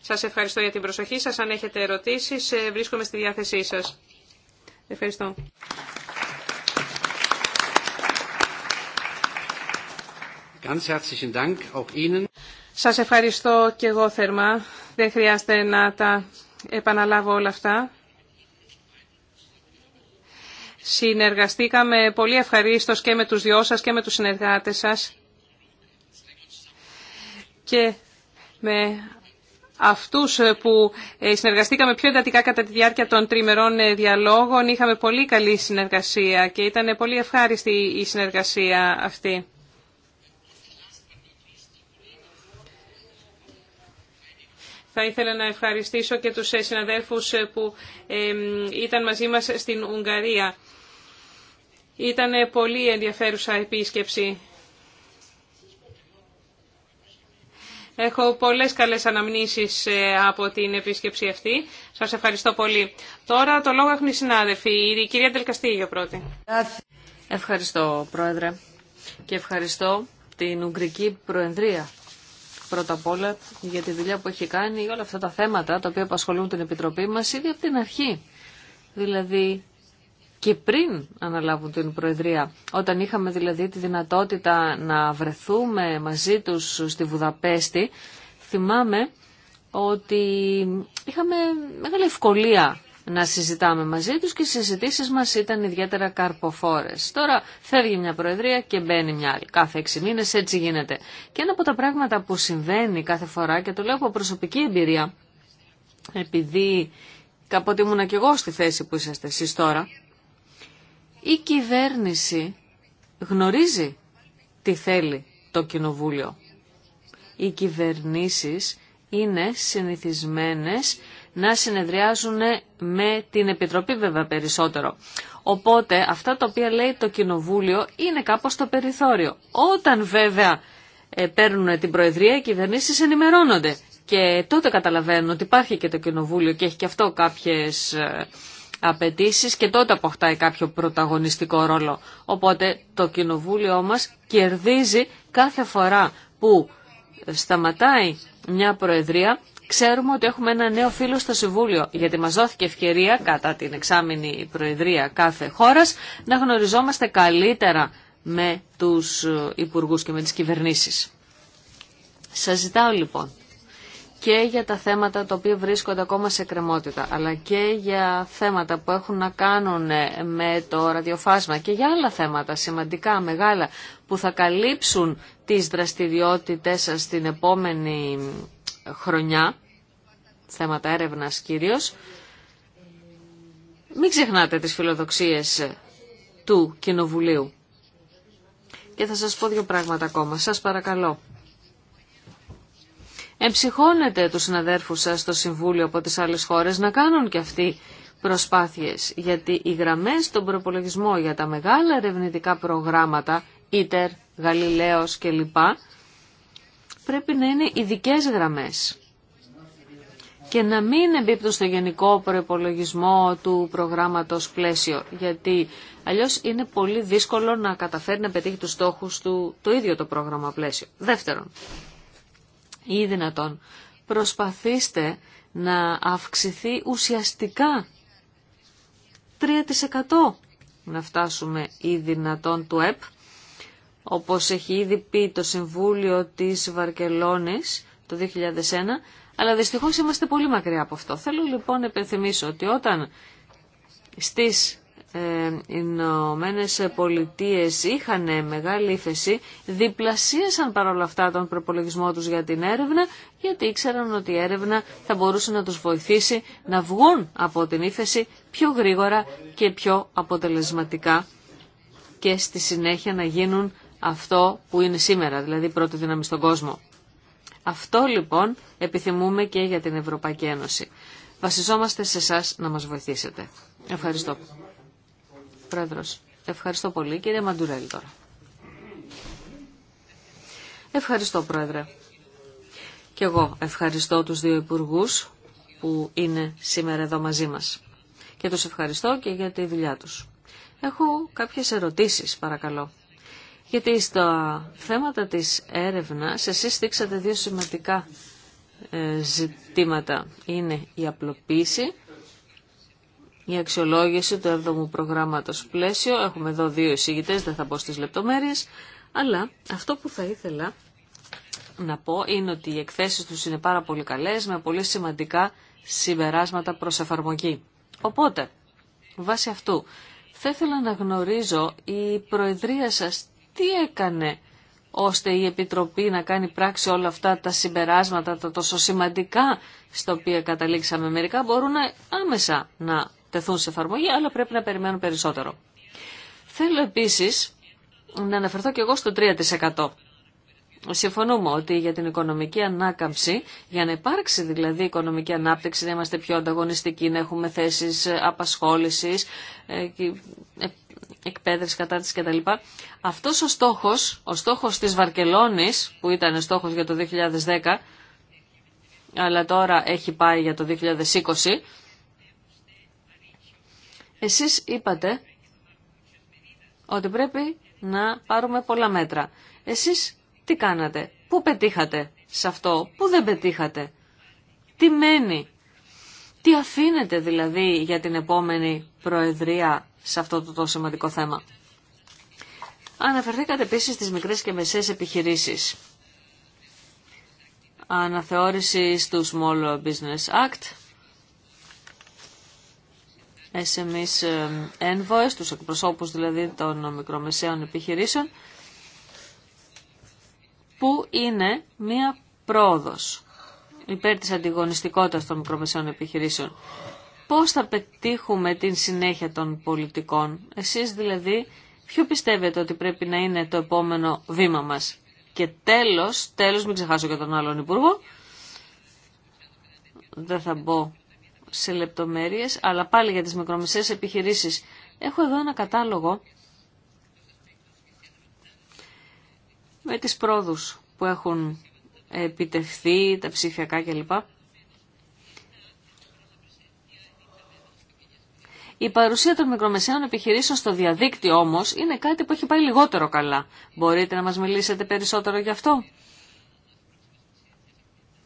Σας ευχαριστώ για την προσοχή σας. Αν έχετε ερωτήσεις, ε, βρίσκομαι στη διάθεσή σας. Ευχαριστώ. Σας ευχαριστώ και εγώ θερμά. Δεν χρειάζεται να τα επαναλάβω όλα αυτά. Συνεργαστήκαμε πολύ ευχαρίστως και με τους δυο σας και με τους συνεργάτες σας. Και με αυτούς ε, που ε, συνεργαστήκαμε πιο εντατικά κατά τη διάρκεια των τριμερών ε, διαλόγων. Είχαμε πολύ καλή συνεργασία και ήταν πολύ ευχάριστη η συνεργασία αυτή. Θα ήθελα να ευχαριστήσω και τους συναδέλφους που ήταν μαζί μας στην Ουγγαρία. Ήταν πολύ ενδιαφέρουσα επίσκεψη. Έχω πολλές καλές αναμνήσεις ε, από την επίσκεψη αυτή. Σας ευχαριστώ πολύ. Τώρα το λόγο έχουν οι συνάδελφοι. Η κυρία Τελκαστήγιο πρώτη. Ευχαριστώ Πρόεδρε και ευχαριστώ την Ουγγρική Προεδρία πρώτα απ' όλα για τη δουλειά που έχει κάνει όλα αυτά τα θέματα τα οποία απασχολούν την Επιτροπή μας ήδη από την αρχή. Δηλαδή και πριν αναλάβουν την Προεδρία. Όταν είχαμε δηλαδή τη δυνατότητα να βρεθούμε μαζί τους στη Βουδαπέστη, θυμάμαι ότι είχαμε μεγάλη ευκολία να συζητάμε μαζί τους και οι συζητήσεις μας ήταν ιδιαίτερα καρποφόρες. Τώρα φεύγει μια προεδρία και μπαίνει μια άλλη. Κάθε έξι μήνες έτσι γίνεται. Και ένα από τα πράγματα που συμβαίνει κάθε φορά και το λέω από προσωπική εμπειρία, επειδή κάποτε και εγώ στη θέση που είσαστε εσείς τώρα, η κυβέρνηση γνωρίζει τι θέλει το κοινοβούλιο. Οι κυβερνήσεις είναι συνηθισμένες να συνεδριάζουν με την Επιτροπή βέβαια περισσότερο. Οπότε αυτά τα οποία λέει το Κοινοβούλιο είναι κάπως το περιθώριο. Όταν βέβαια ε, παίρνουν την Προεδρία οι κυβερνήσεις ενημερώνονται και τότε καταλαβαίνουν ότι υπάρχει και το Κοινοβούλιο και έχει και αυτό κάποιες ε, απαιτήσει και τότε αποκτάει κάποιο πρωταγωνιστικό ρόλο. Οπότε το κοινοβούλιο μας κερδίζει κάθε φορά που σταματάει μια προεδρία ξέρουμε ότι έχουμε ένα νέο φίλο στο Συμβούλιο, γιατί μας δόθηκε ευκαιρία κατά την εξάμεινη προεδρία κάθε χώρας να γνωριζόμαστε καλύτερα με τους υπουργούς και με τις κυβερνήσεις. Σας ζητάω λοιπόν και για τα θέματα τα οποία βρίσκονται ακόμα σε κρεμότητα, αλλά και για θέματα που έχουν να κάνουν ε, με το ραδιοφάσμα και για άλλα θέματα σημαντικά, μεγάλα, που θα καλύψουν τις δραστηριότητες σας την επόμενη χρονιά, θέματα έρευνας κυρίως, μην ξεχνάτε τις φιλοδοξίες του Κοινοβουλίου. Και θα σας πω δύο πράγματα ακόμα. Σας παρακαλώ. Εμψυχώνετε τους συναδέρφους σας στο Συμβούλιο από τις άλλες χώρες να κάνουν και αυτοί προσπάθειες, γιατί οι γραμμές στον προπολογισμό για τα μεγάλα ερευνητικά προγράμματα, ίτερ, Γαλιλαίος κλπ, πρέπει να είναι ειδικέ γραμμές και να μην εμπίπτουν στο γενικό προπολογισμό του προγράμματος πλαίσιο, γιατί αλλιώς είναι πολύ δύσκολο να καταφέρει να πετύχει τους στόχους του το ίδιο το πρόγραμμα πλαίσιο. Δεύτερον, ή δυνατόν προσπαθήστε να αυξηθεί ουσιαστικά 3% να φτάσουμε ή δυνατόν του ΕΠ, όπως έχει ήδη πει το Συμβούλιο της Βαρκελόνης το 2001, αλλά δυστυχώς είμαστε πολύ μακριά από αυτό. Θέλω λοιπόν να υπενθυμίσω ότι όταν στις ε, Ηνωμένε Πολιτείε είχαν μεγάλη ύφεση, διπλασίασαν παρόλα αυτά τον προπολογισμό τους για την έρευνα, γιατί ήξεραν ότι η έρευνα θα μπορούσε να τους βοηθήσει να βγουν από την ύφεση πιο γρήγορα και πιο αποτελεσματικά και στη συνέχεια να γίνουν αυτό που είναι σήμερα, δηλαδή πρώτη δύναμη στον κόσμο. Αυτό λοιπόν επιθυμούμε και για την Ευρωπαϊκή Ένωση. Βασιζόμαστε σε εσά να μας βοηθήσετε. Ευχαριστώ. Πρόεδρος. Ευχαριστώ πολύ. Κύριε Μαντουρέλη τώρα. Ευχαριστώ, Πρόεδρε. Και εγώ ευχαριστώ τους δύο υπουργούς που είναι σήμερα εδώ μαζί μας. Και τους ευχαριστώ και για τη δουλειά τους. Έχω κάποιες ερωτήσεις, παρακαλώ. Γιατί στα θέματα της έρευνας εσείς δείξατε δύο σημαντικά ε, ζητήματα. Είναι η απλοποίηση η αξιολόγηση του 7ου προγράμματος πλαίσιο. Έχουμε εδώ δύο εισηγητές, δεν θα πω στις λεπτομέρειες, αλλά αυτό που θα ήθελα να πω είναι ότι οι εκθέσεις τους είναι πάρα πολύ καλές, με πολύ σημαντικά συμπεράσματα προς εφαρμογή. Οπότε, βάσει αυτού, θα ήθελα να γνωρίζω η Προεδρία σας τι έκανε ώστε η Επιτροπή να κάνει πράξη όλα αυτά τα συμπεράσματα, τα τόσο σημαντικά στο οποία καταλήξαμε. Μερικά μπορούν άμεσα να τεθούν σε εφαρμογή, αλλά πρέπει να περιμένουν περισσότερο. Θέλω επίσης να αναφερθώ και εγώ στο 3%. Συμφωνούμε ότι για την οικονομική ανάκαμψη, για να υπάρξει δηλαδή οικονομική ανάπτυξη, να είμαστε πιο ανταγωνιστικοί, να έχουμε θέσεις απασχόλησης, ε, ε, εκπαίδευση κατά της κτλ. Αυτός ο στόχος, ο στόχος της Βαρκελόνης, που ήταν στόχος για το 2010, αλλά τώρα έχει πάει για το 2020, εσείς είπατε ότι πρέπει να πάρουμε πολλά μέτρα. Εσείς τι κάνατε, πού πετύχατε σε αυτό, πού δεν πετύχατε, τι μένει, τι αφήνετε δηλαδή για την επόμενη προεδρία σε αυτό το τόσο σημαντικό θέμα. Αναφερθήκατε επίσης στις μικρές και μεσαίες επιχειρήσεις. Αναθεώρηση του Small Business Act, SMEs ε, Envoys, τους εκπροσώπους δηλαδή των μικρομεσαίων επιχειρήσεων, που είναι μία πρόοδος υπέρ της αντιγωνιστικότητας των μικρομεσαίων επιχειρήσεων. Πώς θα πετύχουμε την συνέχεια των πολιτικών, εσείς δηλαδή ποιο πιστεύετε ότι πρέπει να είναι το επόμενο βήμα μας. Και τέλος, τέλος μην ξεχάσω και τον άλλον υπουργό, δεν θα μπω σε λεπτομέρειες, αλλά πάλι για τις μικρομεσαίες επιχειρήσεις. Έχω εδώ ένα κατάλογο με τις πρόδους που έχουν επιτευχθεί, τα ψηφιακά κλπ. Η παρουσία των μικρομεσαίων επιχειρήσεων στο διαδίκτυο όμως είναι κάτι που έχει πάει λιγότερο καλά. Μπορείτε να μας μιλήσετε περισσότερο γι' αυτό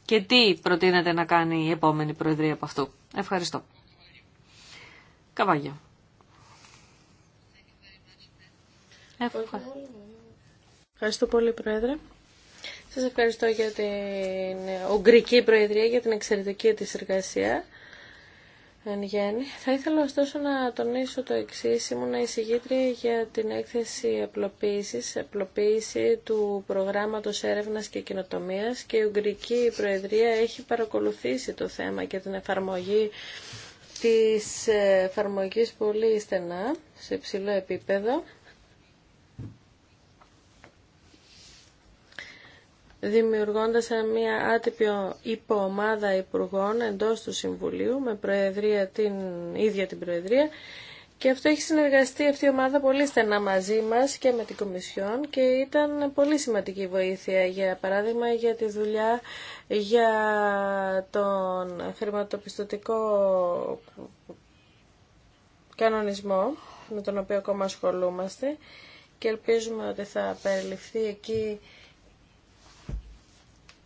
και τι προτείνεται να κάνει η επόμενη Προεδρία από αυτού. Ευχαριστώ. Καβάγιο. Ευχαριστώ πολύ, Πρόεδρε. Σας ευχαριστώ για την Ουγγρική Προεδρία, για την εξαιρετική της εργασία εν Θα ήθελα ωστόσο να τονίσω το εξή. Ήμουν εισηγήτρια για την έκθεση απλοποίηση, απλοποίηση του προγράμματο έρευνα και κοινοτομία και η Ουγγρική Προεδρία έχει παρακολουθήσει το θέμα και την εφαρμογή της εφαρμογή πολύ στενά, σε υψηλό επίπεδο. δημιουργώντας μια άτυπη υποομάδα υπουργών εντός του Συμβουλίου με προεδρία την ίδια την Προεδρία και αυτό έχει συνεργαστεί αυτή η ομάδα πολύ στενά μαζί μας και με την Κομισιόν και ήταν πολύ σημαντική βοήθεια για παράδειγμα για τη δουλειά για τον χρηματοπιστωτικό κανονισμό με τον οποίο ακόμα ασχολούμαστε και ελπίζουμε ότι θα περιληφθεί εκεί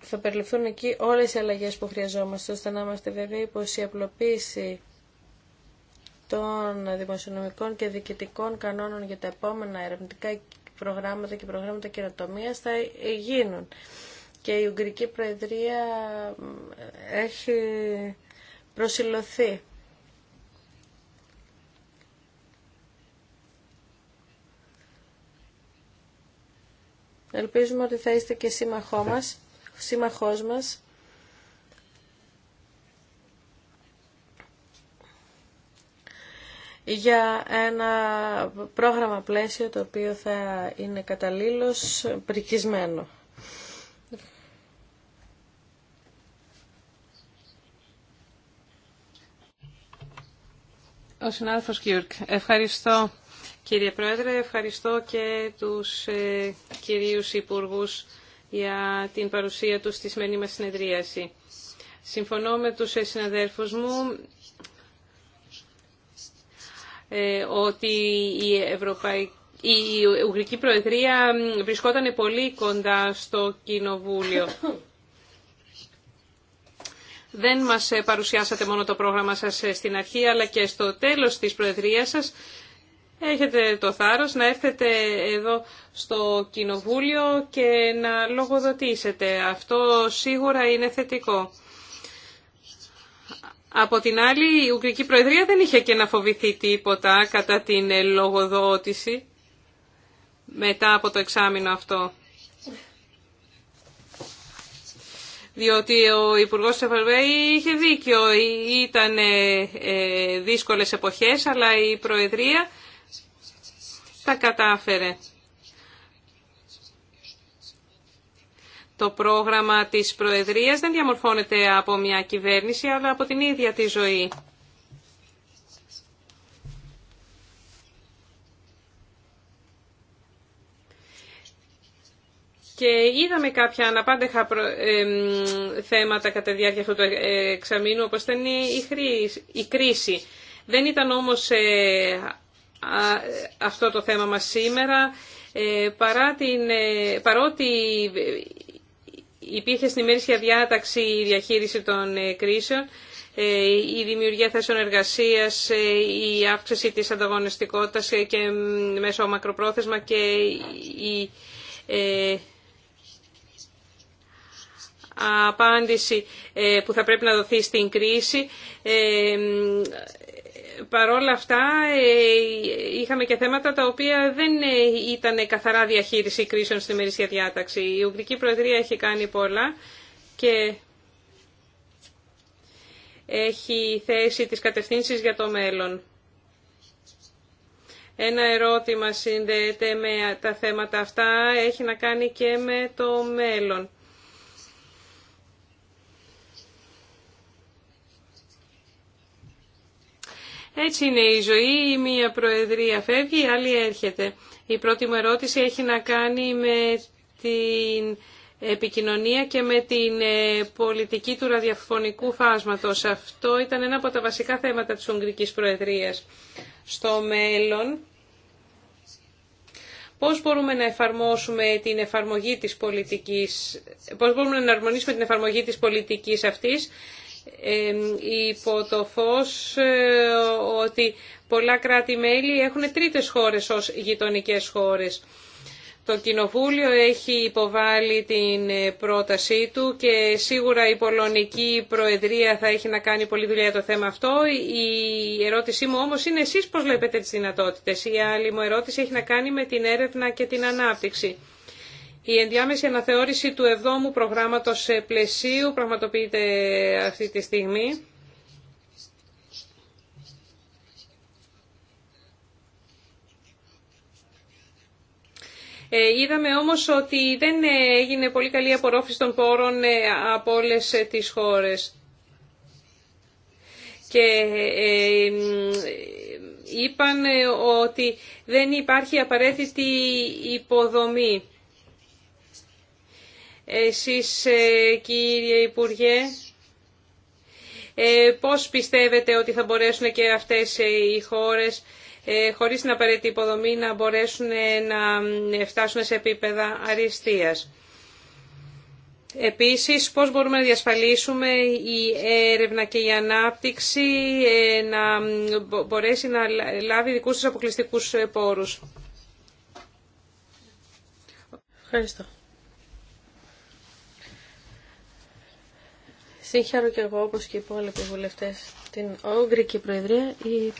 θα περιληφθούν εκεί όλες οι αλλαγές που χρειαζόμαστε, ώστε να είμαστε βέβαιοι πως η απλοποίηση των δημοσιονομικών και διοικητικών κανόνων για τα επόμενα ερευνητικά προγράμματα και προγράμματα καινοτομία θα γίνουν. Και η Ουγγρική Προεδρία έχει προσιλωθεί. Ελπίζουμε ότι θα είστε και σύμμαχό μας σύμμαχός μας για ένα πρόγραμμα πλαίσιο το οποίο θα είναι καταλήλως πρικισμένο. Ο συνάδελφος Κιούρκ. Ευχαριστώ κύριε Πρόεδρε, ευχαριστώ και τους ε, κυρίους Υπουργούς για την παρουσία του στη σημερινή μας συνεδρίαση. Συμφωνώ με τους συναδέρφους μου ε, ότι η, Ευρωπαϊ... η Ουγγρική Προεδρία βρισκόταν πολύ κοντά στο Κοινοβούλιο. Δεν μας παρουσιάσατε μόνο το πρόγραμμα σας στην αρχή, αλλά και στο τέλος της Προεδρίας σας έχετε το θάρρος να έρθετε εδώ στο Κοινοβούλιο και να λογοδοτήσετε. Αυτό σίγουρα είναι θετικό. Από την άλλη, η Ουγγρική Προεδρία δεν είχε και να φοβηθεί τίποτα κατά την λογοδότηση μετά από το εξάμεινο αυτό. Διότι ο Υπουργό Σεφαρβέη είχε δίκιο. Ήταν ε, δύσκολες εποχές, αλλά η Προεδρία τα κατάφερε. Το πρόγραμμα της Προεδρίας δεν διαμορφώνεται από μια κυβέρνηση, αλλά από την ίδια τη ζωή. Και είδαμε κάποια αναπάντεχα θέματα κατά τη διάρκεια αυτού του εξαμήνου, όπως ήταν η, η κρίση. Δεν ήταν όμως ε, αυτό το θέμα μας σήμερα. Ε, παρά την, ε, παρότι υπήρχε στην ημέρησια διάταξη η διαχείριση των ε, κρίσεων, η δημιουργία θέσεων εργασίας, η αύξηση της ανταγωνιστικότητας και μέσω μακροπρόθεσμα και η απάντηση που θα πρέπει να δοθεί στην κρίση παρόλα αυτά ε, είχαμε και θέματα τα οποία δεν ε, ήταν καθαρά διαχείριση κρίσεων στην ημερήσια διάταξη. Η Ουγγρική Προεδρία έχει κάνει πολλά και έχει θέσει τις κατευθύνσεις για το μέλλον. Ένα ερώτημα συνδέεται με τα θέματα αυτά, έχει να κάνει και με το μέλλον. Έτσι είναι η ζωή, η μία προεδρία φεύγει, η άλλη έρχεται. Η πρώτη μου ερώτηση έχει να κάνει με την επικοινωνία και με την ε, πολιτική του ραδιαφωνικού φάσματος. Αυτό ήταν ένα από τα βασικά θέματα της Ουγγρικής Προεδρίας. Στο μέλλον, πώς μπορούμε να εφαρμόσουμε την εφαρμογή της πολιτικής, πώς μπορούμε να εναρμονίσουμε την εφαρμογή της πολιτικής αυτής υπό το φως ε, ότι πολλά κράτη-μέλη έχουν τρίτες χώρες ως γειτονικές χώρες. Το Κοινοβούλιο έχει υποβάλει την ε, πρότασή του και σίγουρα η Πολωνική Προεδρία θα έχει να κάνει πολλή δουλειά το θέμα αυτό. Η ερώτησή μου όμως είναι εσείς πώς βλέπετε τις δυνατότητες. Η άλλη μου ερώτηση έχει να κάνει με την έρευνα και την ανάπτυξη. Η ενδιάμεση αναθεώρηση του εβδόμου προγράμματος πλαισίου πραγματοποιείται αυτή τη στιγμή. Ε, είδαμε όμως ότι δεν ε, έγινε πολύ καλή απορρόφηση των πόρων ε, από όλες τις χώρες. Και είπαν ότι δεν υπάρχει απαραίτητη υποδομή εσείς ε, κύριε Υπουργέ, ε, πώς πιστεύετε ότι θα μπορέσουν και αυτές ε, οι χώρες χωρίς την απαραίτητη υποδομή να μπορέσουν να φτάσουν σε επίπεδα αριστείας. Επίσης, πώς μπορούμε να διασφαλίσουμε η έρευνα και η ανάπτυξη να μπορέσει να λάβει δικούς τους αποκλειστικούς πόρους. Ευχαριστώ. συγχαρώ και εγώ όπως και οι υπόλοιποι βουλευτές την Ουγγρική Προεδρία. Η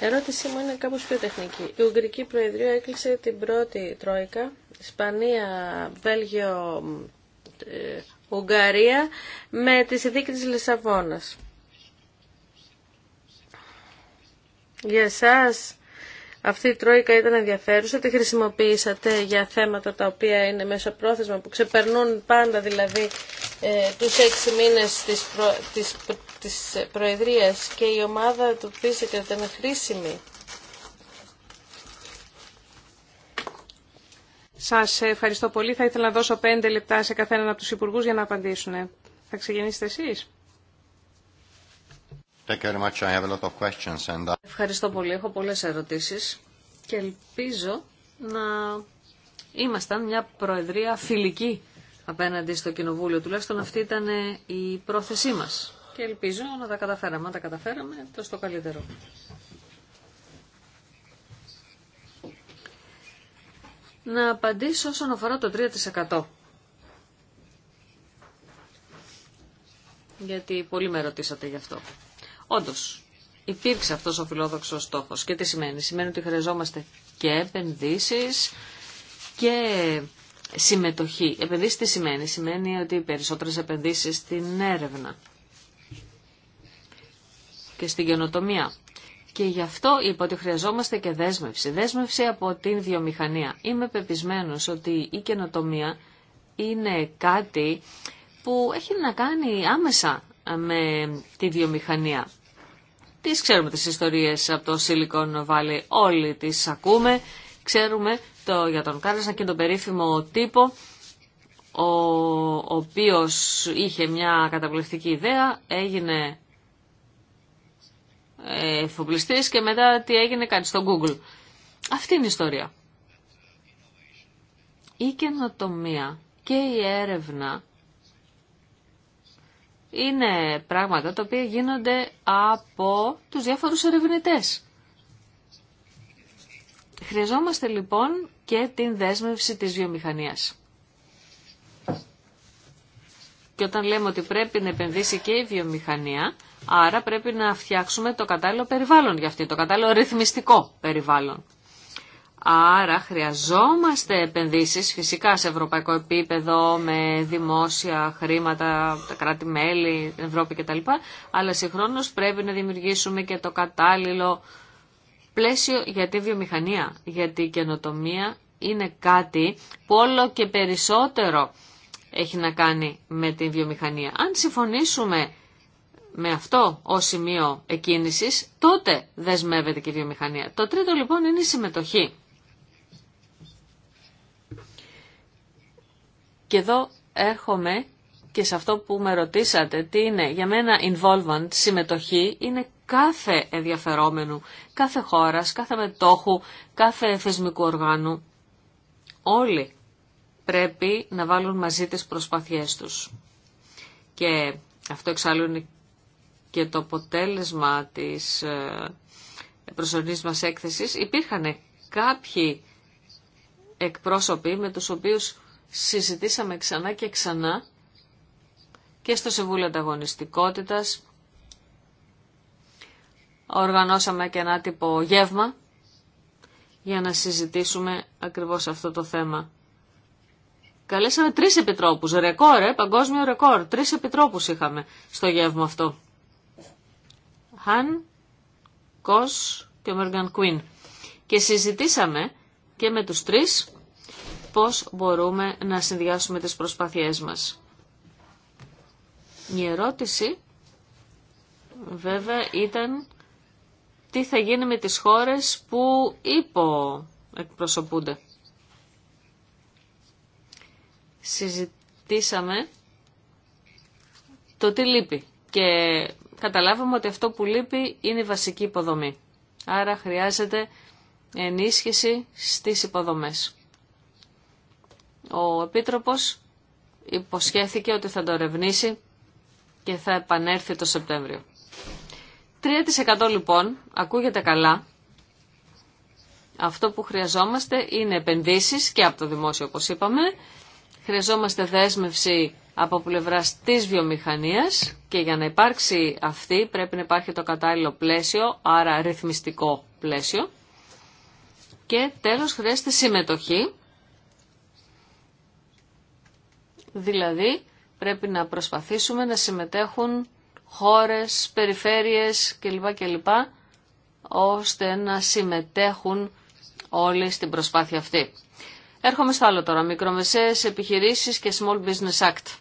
ερώτησή μου είναι κάπως πιο τεχνική. Η Ουγγρική Προεδρία έκλεισε την πρώτη Τρόικα, Ισπανία, Βέλγιο, ε, Ουγγαρία με τη συνθήκη της Λισαβόνας. Για εσάς... Αυτή η τρόικα ήταν ενδιαφέρουσα, τη χρησιμοποίησατε για θέματα τα οποία είναι μέσα πρόθεσμα, που ξεπερνούν πάντα δηλαδή ε, τους έξι μήνες της, προ, της, της Προεδρίας και η ομάδα του ότι ήταν χρήσιμη. Σας ευχαριστώ πολύ. Θα ήθελα να δώσω πέντε λεπτά σε καθέναν από τους υπουργούς για να απαντήσουν. Θα ξεκινήσετε εσείς. Ευχαριστώ πολύ. Έχω πολλές ερωτήσεις και ελπίζω να ήμασταν μια προεδρία φιλική απέναντι στο Κοινοβούλιο. Τουλάχιστον αυτή ήταν ε, η πρόθεσή μας. Και ελπίζω να τα καταφέραμε. Αν τα καταφέραμε, το στο καλύτερο. Να απαντήσω όσον αφορά το 3%. Γιατί πολύ με ρωτήσατε γι' αυτό. Όντω, υπήρξε αυτός ο φιλόδοξος στόχος. Και τι σημαίνει. Σημαίνει ότι χρειαζόμαστε και επενδύσεις και συμμετοχή. Επενδύσει τι σημαίνει. Σημαίνει ότι περισσότερε επενδύσεις στην έρευνα και στην καινοτομία. Και γι' αυτό είπα ότι χρειαζόμαστε και δέσμευση. Δέσμευση από την βιομηχανία. Είμαι πεπισμένο ότι η καινοτομία είναι κάτι που έχει να κάνει άμεσα με τη βιομηχανία. Τις ξέρουμε τις ιστορίες από το Silicon Valley, όλοι τις ακούμε. Ξέρουμε το, για τον κάρεσα και τον περίφημο τύπο, ο, ο οποίος είχε μια καταπληκτική ιδέα, έγινε ε, εφοπλιστής και μετά τι έγινε κάτι στο Google. Αυτή είναι η ιστορία. Η καινοτομία και η έρευνα είναι πράγματα τα οποία γίνονται από τους διάφορους ερευνητές. Χρειαζόμαστε λοιπόν και την δέσμευση της βιομηχανίας. Και όταν λέμε ότι πρέπει να επενδύσει και η βιομηχανία, άρα πρέπει να φτιάξουμε το κατάλληλο περιβάλλον για αυτή, το κατάλληλο ρυθμιστικό περιβάλλον. Άρα χρειαζόμαστε επενδύσεις φυσικά σε ευρωπαϊκό επίπεδο με δημόσια χρήματα, τα κράτη-μέλη, την Ευρώπη κτλ. Αλλά συγχρόνως πρέπει να δημιουργήσουμε και το κατάλληλο πλαίσιο για τη βιομηχανία. Γιατί η καινοτομία είναι κάτι που όλο και περισσότερο έχει να κάνει με τη βιομηχανία. Αν συμφωνήσουμε με αυτό ω σημείο εκκίνησης, τότε δεσμεύεται και η βιομηχανία. Το τρίτο λοιπόν είναι η συμμετοχή. Και εδώ έρχομαι και σε αυτό που με ρωτήσατε, τι είναι για μένα involvement, συμμετοχή, είναι κάθε ενδιαφερόμενου, κάθε χώρας, κάθε μετόχου, κάθε θεσμικού οργάνου. Όλοι πρέπει να βάλουν μαζί τις προσπάθειές τους. Και αυτό εξάλλου είναι και το αποτέλεσμα της ε, προσωρινής μας έκθεσης. Υπήρχαν κάποιοι εκπρόσωποι με τους οποίους συζητήσαμε ξανά και ξανά και στο Συμβούλιο Ανταγωνιστικότητας. Οργανώσαμε και ένα τύπο γεύμα για να συζητήσουμε ακριβώς αυτό το θέμα. Καλέσαμε τρεις επιτρόπους, ρεκόρ, ε, παγκόσμιο ρεκόρ, τρεις επιτρόπους είχαμε στο γεύμα αυτό. Χαν, Κος και Μεργαν Κουίν. Και συζητήσαμε και με τους τρεις πώς μπορούμε να συνδυάσουμε τις προσπάθειές μας. Η ερώτηση βέβαια ήταν τι θα γίνει με τις χώρες που υποεκπροσωπούνται. Συζητήσαμε το τι λείπει και καταλάβαμε ότι αυτό που λείπει είναι η βασική υποδομή. Άρα χρειάζεται ενίσχυση στις υποδομές. Ο Επίτροπος υποσχέθηκε ότι θα το ερευνήσει και θα επανέλθει το Σεπτέμβριο. 3% λοιπόν, ακούγεται καλά, αυτό που χρειαζόμαστε είναι επενδύσεις και από το δημόσιο όπως είπαμε, χρειαζόμαστε δέσμευση από πλευρά τη βιομηχανίας και για να υπάρξει αυτή πρέπει να υπάρχει το κατάλληλο πλαίσιο, άρα ρυθμιστικό πλαίσιο. Και τέλος χρειάζεται συμμετοχή Δηλαδή πρέπει να προσπαθήσουμε να συμμετέχουν χώρες, περιφέρειες κλπ. κλπ ώστε να συμμετέχουν όλοι στην προσπάθεια αυτή. Έρχομαι στο άλλο τώρα, μικρομεσαίες επιχειρήσεις και Small Business Act.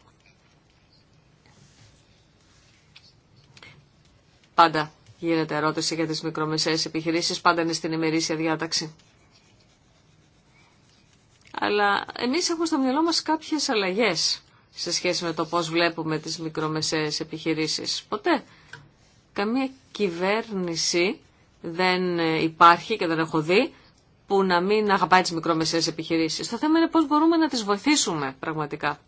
Πάντα γίνεται ερώτηση για τις μικρομεσαίες επιχειρήσεις, πάντα είναι στην ημερήσια διάταξη. Αλλά εμείς έχουμε στο μυαλό μας κάποιες αλλαγές σε σχέση με το πώς βλέπουμε τις μικρομεσαίες επιχειρήσεις. Ποτέ καμία κυβέρνηση δεν υπάρχει και δεν έχω δει που να μην αγαπάει τις μικρομεσαίες επιχειρήσεις. Το θέμα είναι πώς μπορούμε να τις βοηθήσουμε πραγματικά.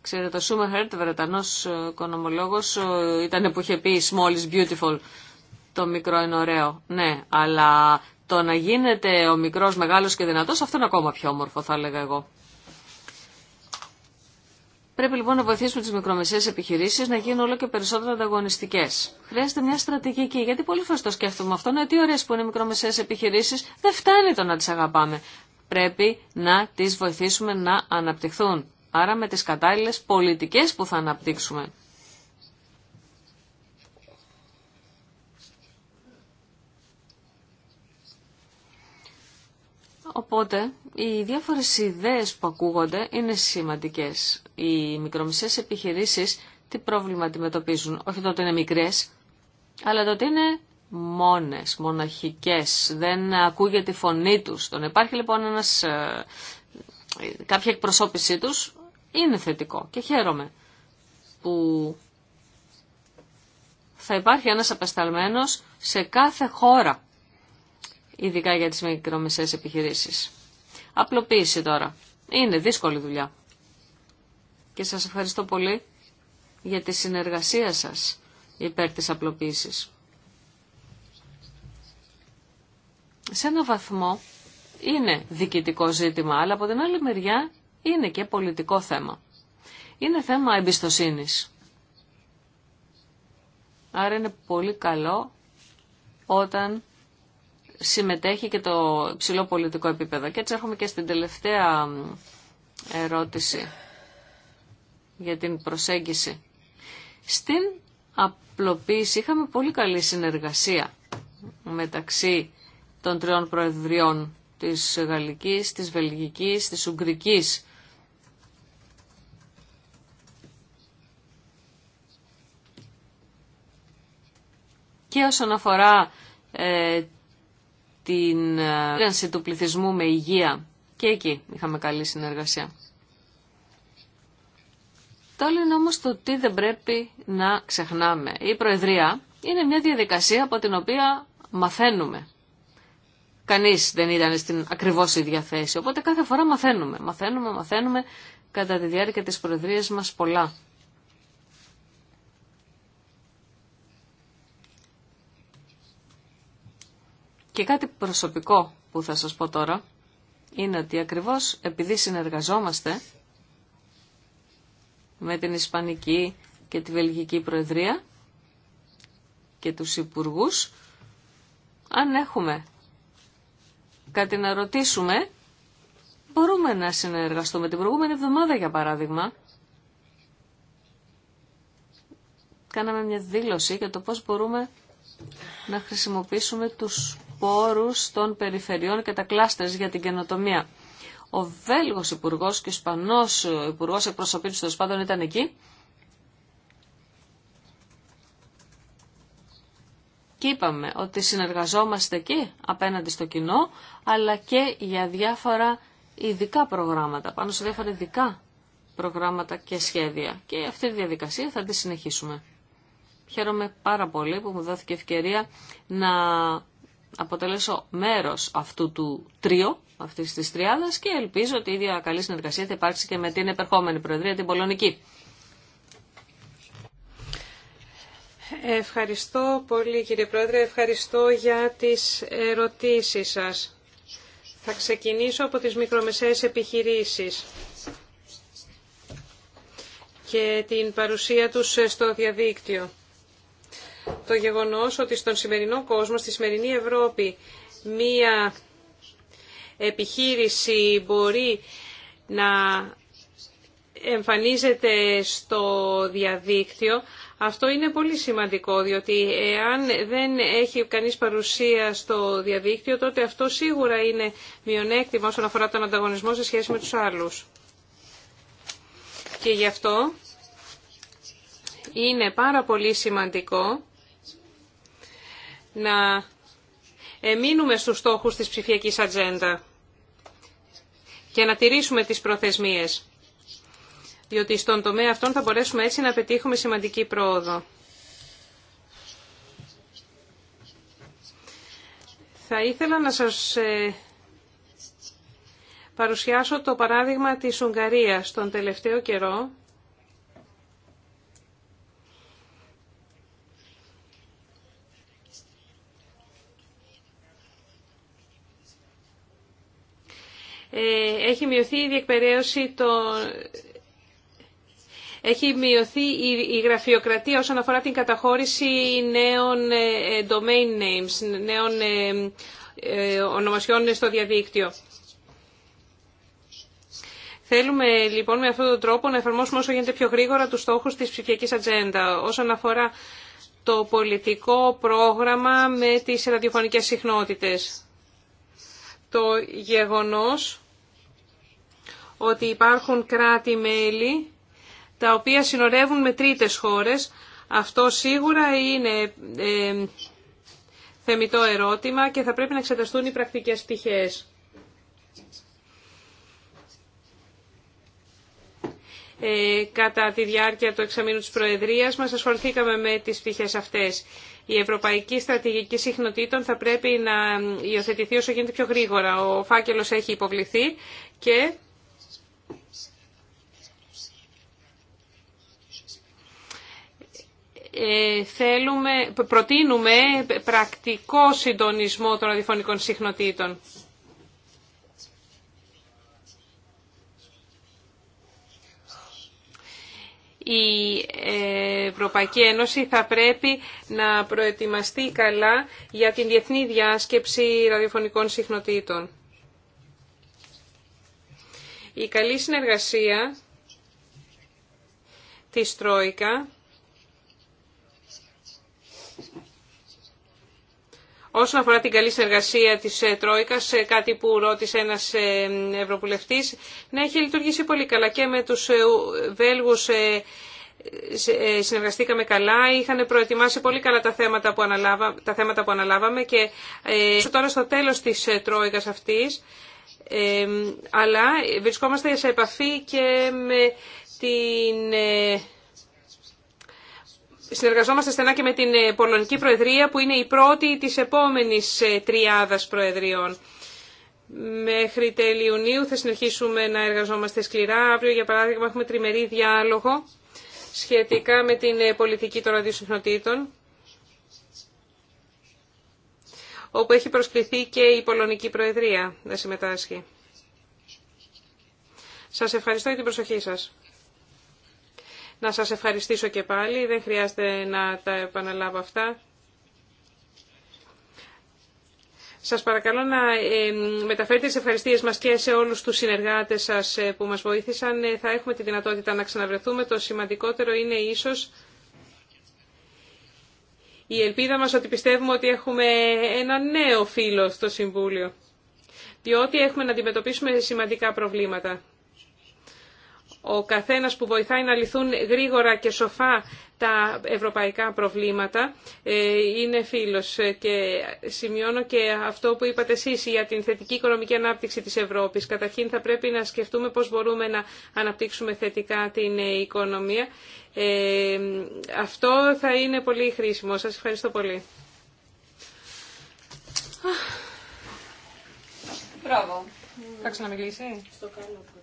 Ξέρετε, ο Σούμερ Χέρτ, Βρετανός ε, οικονομολόγος, ε, ήταν που είχε πει «Small is beautiful», το μικρό είναι ωραίο. Ναι, αλλά το να γίνεται ο μικρός μεγάλος και δυνατός, αυτό είναι ακόμα πιο όμορφο θα έλεγα εγώ. Πρέπει λοιπόν να βοηθήσουμε τις μικρομεσαίες επιχειρήσεις να γίνουν όλο και περισσότερο ανταγωνιστικές. Χρειάζεται μια στρατηγική, γιατί πολλοί φορές το σκέφτομαι αυτό, ναι τι ωραίες που είναι οι μικρομεσαίες επιχειρήσεις, δεν φτάνει το να τις αγαπάμε. Πρέπει να τις βοηθήσουμε να αναπτυχθούν. Άρα με τις κατάλληλες πολιτικές που θα αναπτύξουμε. Οπότε οι διάφορες ιδέες που ακούγονται είναι σημαντικές. Οι μικρομισές επιχειρήσεις τι πρόβλημα αντιμετωπίζουν. Όχι το ότι είναι μικρές, αλλά το ότι είναι μόνες, μοναχικές. Δεν ακούγεται η φωνή τους. Τον υπάρχει λοιπόν ένας, ε, κάποια εκπροσώπησή τους είναι θετικό και χαίρομαι που θα υπάρχει ένας απεσταλμένος σε κάθε χώρα ειδικά για τις μικρομεσαίες επιχειρήσεις. Απλοποίηση τώρα. Είναι δύσκολη δουλειά. Και σας ευχαριστώ πολύ για τη συνεργασία σας υπέρ της απλοποίησης. Σε ένα βαθμό είναι διοικητικό ζήτημα, αλλά από την άλλη μεριά είναι και πολιτικό θέμα. Είναι θέμα εμπιστοσύνης. Άρα είναι πολύ καλό όταν συμμετέχει και το ψηλό πολιτικό επίπεδο. Και έτσι έρχομαι και στην τελευταία ερώτηση για την προσέγγιση. Στην απλοποίηση είχαμε πολύ καλή συνεργασία μεταξύ των τριών προεδριών της Γαλλικής, της Βελγικής, της Ουγγρικής. Και όσον αφορά ε, την πλήρανση ε, του πληθυσμού με υγεία. Και εκεί είχαμε καλή συνεργασία. Τώρα είναι όμως το τι δεν πρέπει να ξεχνάμε. Η Προεδρία είναι μια διαδικασία από την οποία μαθαίνουμε. Κανείς δεν ήταν στην ακριβώς ίδια θέση, οπότε κάθε φορά μαθαίνουμε. Μαθαίνουμε, μαθαίνουμε κατά τη διάρκεια της Προεδρίας μας πολλά. Και κάτι προσωπικό που θα σας πω τώρα είναι ότι ακριβώς επειδή συνεργαζόμαστε με την Ισπανική και τη Βελγική Προεδρία και τους Υπουργούς, αν έχουμε κάτι να ρωτήσουμε, μπορούμε να συνεργαστούμε. Την προηγούμενη εβδομάδα, για παράδειγμα, κάναμε μια δήλωση για το πώς μπορούμε να χρησιμοποιήσουμε τους πόρους των περιφερειών και τα κλάστερς για την καινοτομία. Ο Βέλγος υπουργό και ο Ισπανός υπουργό εκπροσωπή του των ήταν εκεί. Και είπαμε ότι συνεργαζόμαστε εκεί απέναντι στο κοινό, αλλά και για διάφορα ειδικά προγράμματα, πάνω σε διάφορα ειδικά προγράμματα και σχέδια. Και αυτή τη διαδικασία θα τη συνεχίσουμε. Χαίρομαι πάρα πολύ που μου δόθηκε ευκαιρία να αποτελέσω μέρος αυτού του τρίου, αυτής της τριάδας και ελπίζω ότι η ίδια καλή συνεργασία θα υπάρξει και με την επερχόμενη Προεδρία, την Πολωνική. Ευχαριστώ πολύ κύριε Πρόεδρε, ευχαριστώ για τις ερωτήσεις σας. Θα ξεκινήσω από τις μικρομεσαίες επιχειρήσεις και την παρουσία τους στο διαδίκτυο το γεγονός ότι στον σημερινό κόσμο, στη σημερινή Ευρώπη, μία επιχείρηση μπορεί να εμφανίζεται στο διαδίκτυο, αυτό είναι πολύ σημαντικό, διότι εάν δεν έχει κανείς παρουσία στο διαδίκτυο, τότε αυτό σίγουρα είναι μειονέκτημα όσον αφορά τον ανταγωνισμό σε σχέση με τους άλλους. Και γι' αυτό είναι πάρα πολύ σημαντικό να εμείνουμε στους στόχους της ψηφιακής ατζέντα και να τηρήσουμε τις προθεσμίες, διότι στον τομέα αυτών θα μπορέσουμε έτσι να πετύχουμε σημαντική πρόοδο. Θα ήθελα να σας ε, παρουσιάσω το παράδειγμα της Ουγγαρίας τον τελευταίο καιρό. Ε, έχει μειωθεί η διεκπαιρέωση των... Έχει μειωθεί η γραφειοκρατία όσον αφορά την καταχώρηση νέων ε, domain names, νέων ε, ονομασιών στο διαδίκτυο. Θέλουμε λοιπόν με αυτόν τον τρόπο να εφαρμόσουμε όσο γίνεται πιο γρήγορα τους στόχους της ψηφιακής ατζέντα. Όσον αφορά το πολιτικό πρόγραμμα με τις ραδιοφωνικές συχνότητες. Το γεγονός ότι υπάρχουν κράτη-μέλη τα οποία συνορεύουν με τρίτες χώρες. Αυτό σίγουρα είναι ε, θεμητό ερώτημα και θα πρέπει να εξεταστούν οι πρακτικές πτυχές. Ε, κατά τη διάρκεια του εξαμήνου της Προεδρίας μας ασχοληθήκαμε με τις πτυχές αυτές. Η Ευρωπαϊκή Στρατηγική Συχνοτήτων θα πρέπει να υιοθετηθεί όσο γίνεται πιο γρήγορα. Ο φάκελος έχει υποβληθεί και Ε, θέλουμε, προτείνουμε πρακτικό συντονισμό των ραδιοφωνικών συχνοτήτων. η ε, Ευρωπαϊκή Ένωση θα πρέπει να προετοιμαστεί καλά για την διεθνή διάσκεψη ραδιοφωνικών συχνοτήτων. Η καλή συνεργασία της Τρόικα Όσον αφορά την καλή συνεργασία της ε, Τρόικας, ε, κάτι που ρώτησε ένας ε, Ευρωβουλευτή, να έχει λειτουργήσει πολύ καλά και με τους Βέλγους συνεργαστήκαμε καλά, είχαν προετοιμάσει πολύ καλά τα θέματα που, αναλάβα, τα θέματα που αναλάβαμε και τώρα στο τέλος της Τρόικας αυτής, αλλά βρισκόμαστε σε επαφή και με την συνεργαζόμαστε στενά και με την ε, Πολωνική Προεδρία που είναι η πρώτη της επόμενης ε, τριάδας προεδριών. Μέχρι τέλη Ιουνίου θα συνεχίσουμε να εργαζόμαστε σκληρά. Αύριο, για παράδειγμα, έχουμε τριμερή διάλογο σχετικά με την ε, πολιτική των ραδιοσυχνοτήτων όπου έχει προσκληθεί και η Πολωνική Προεδρία να συμμετάσχει. Σας ευχαριστώ για την προσοχή σας να σας ευχαριστήσω και πάλι. Δεν χρειάζεται να τα επαναλάβω αυτά. Σας παρακαλώ να ε, μεταφέρετε τις ευχαριστίες μας και σε όλους τους συνεργάτες σας ε, που μας βοήθησαν. Ε, θα έχουμε τη δυνατότητα να ξαναβρεθούμε. Το σημαντικότερο είναι ίσως η ελπίδα μας ότι πιστεύουμε ότι έχουμε ένα νέο φίλο στο Συμβούλιο. Διότι έχουμε να αντιμετωπίσουμε σημαντικά προβλήματα ο καθένας που βοηθάει να λυθούν γρήγορα και σοφά τα ευρωπαϊκά προβλήματα ε, είναι φίλος ε, και σημειώνω και αυτό που είπατε εσείς για την θετική οικονομική ανάπτυξη της Ευρώπης. Καταρχήν θα πρέπει να σκεφτούμε πώς μπορούμε να αναπτύξουμε θετικά την ε, οικονομία. αυτό θα είναι πολύ χρήσιμο. Σας ευχαριστώ πολύ. Στο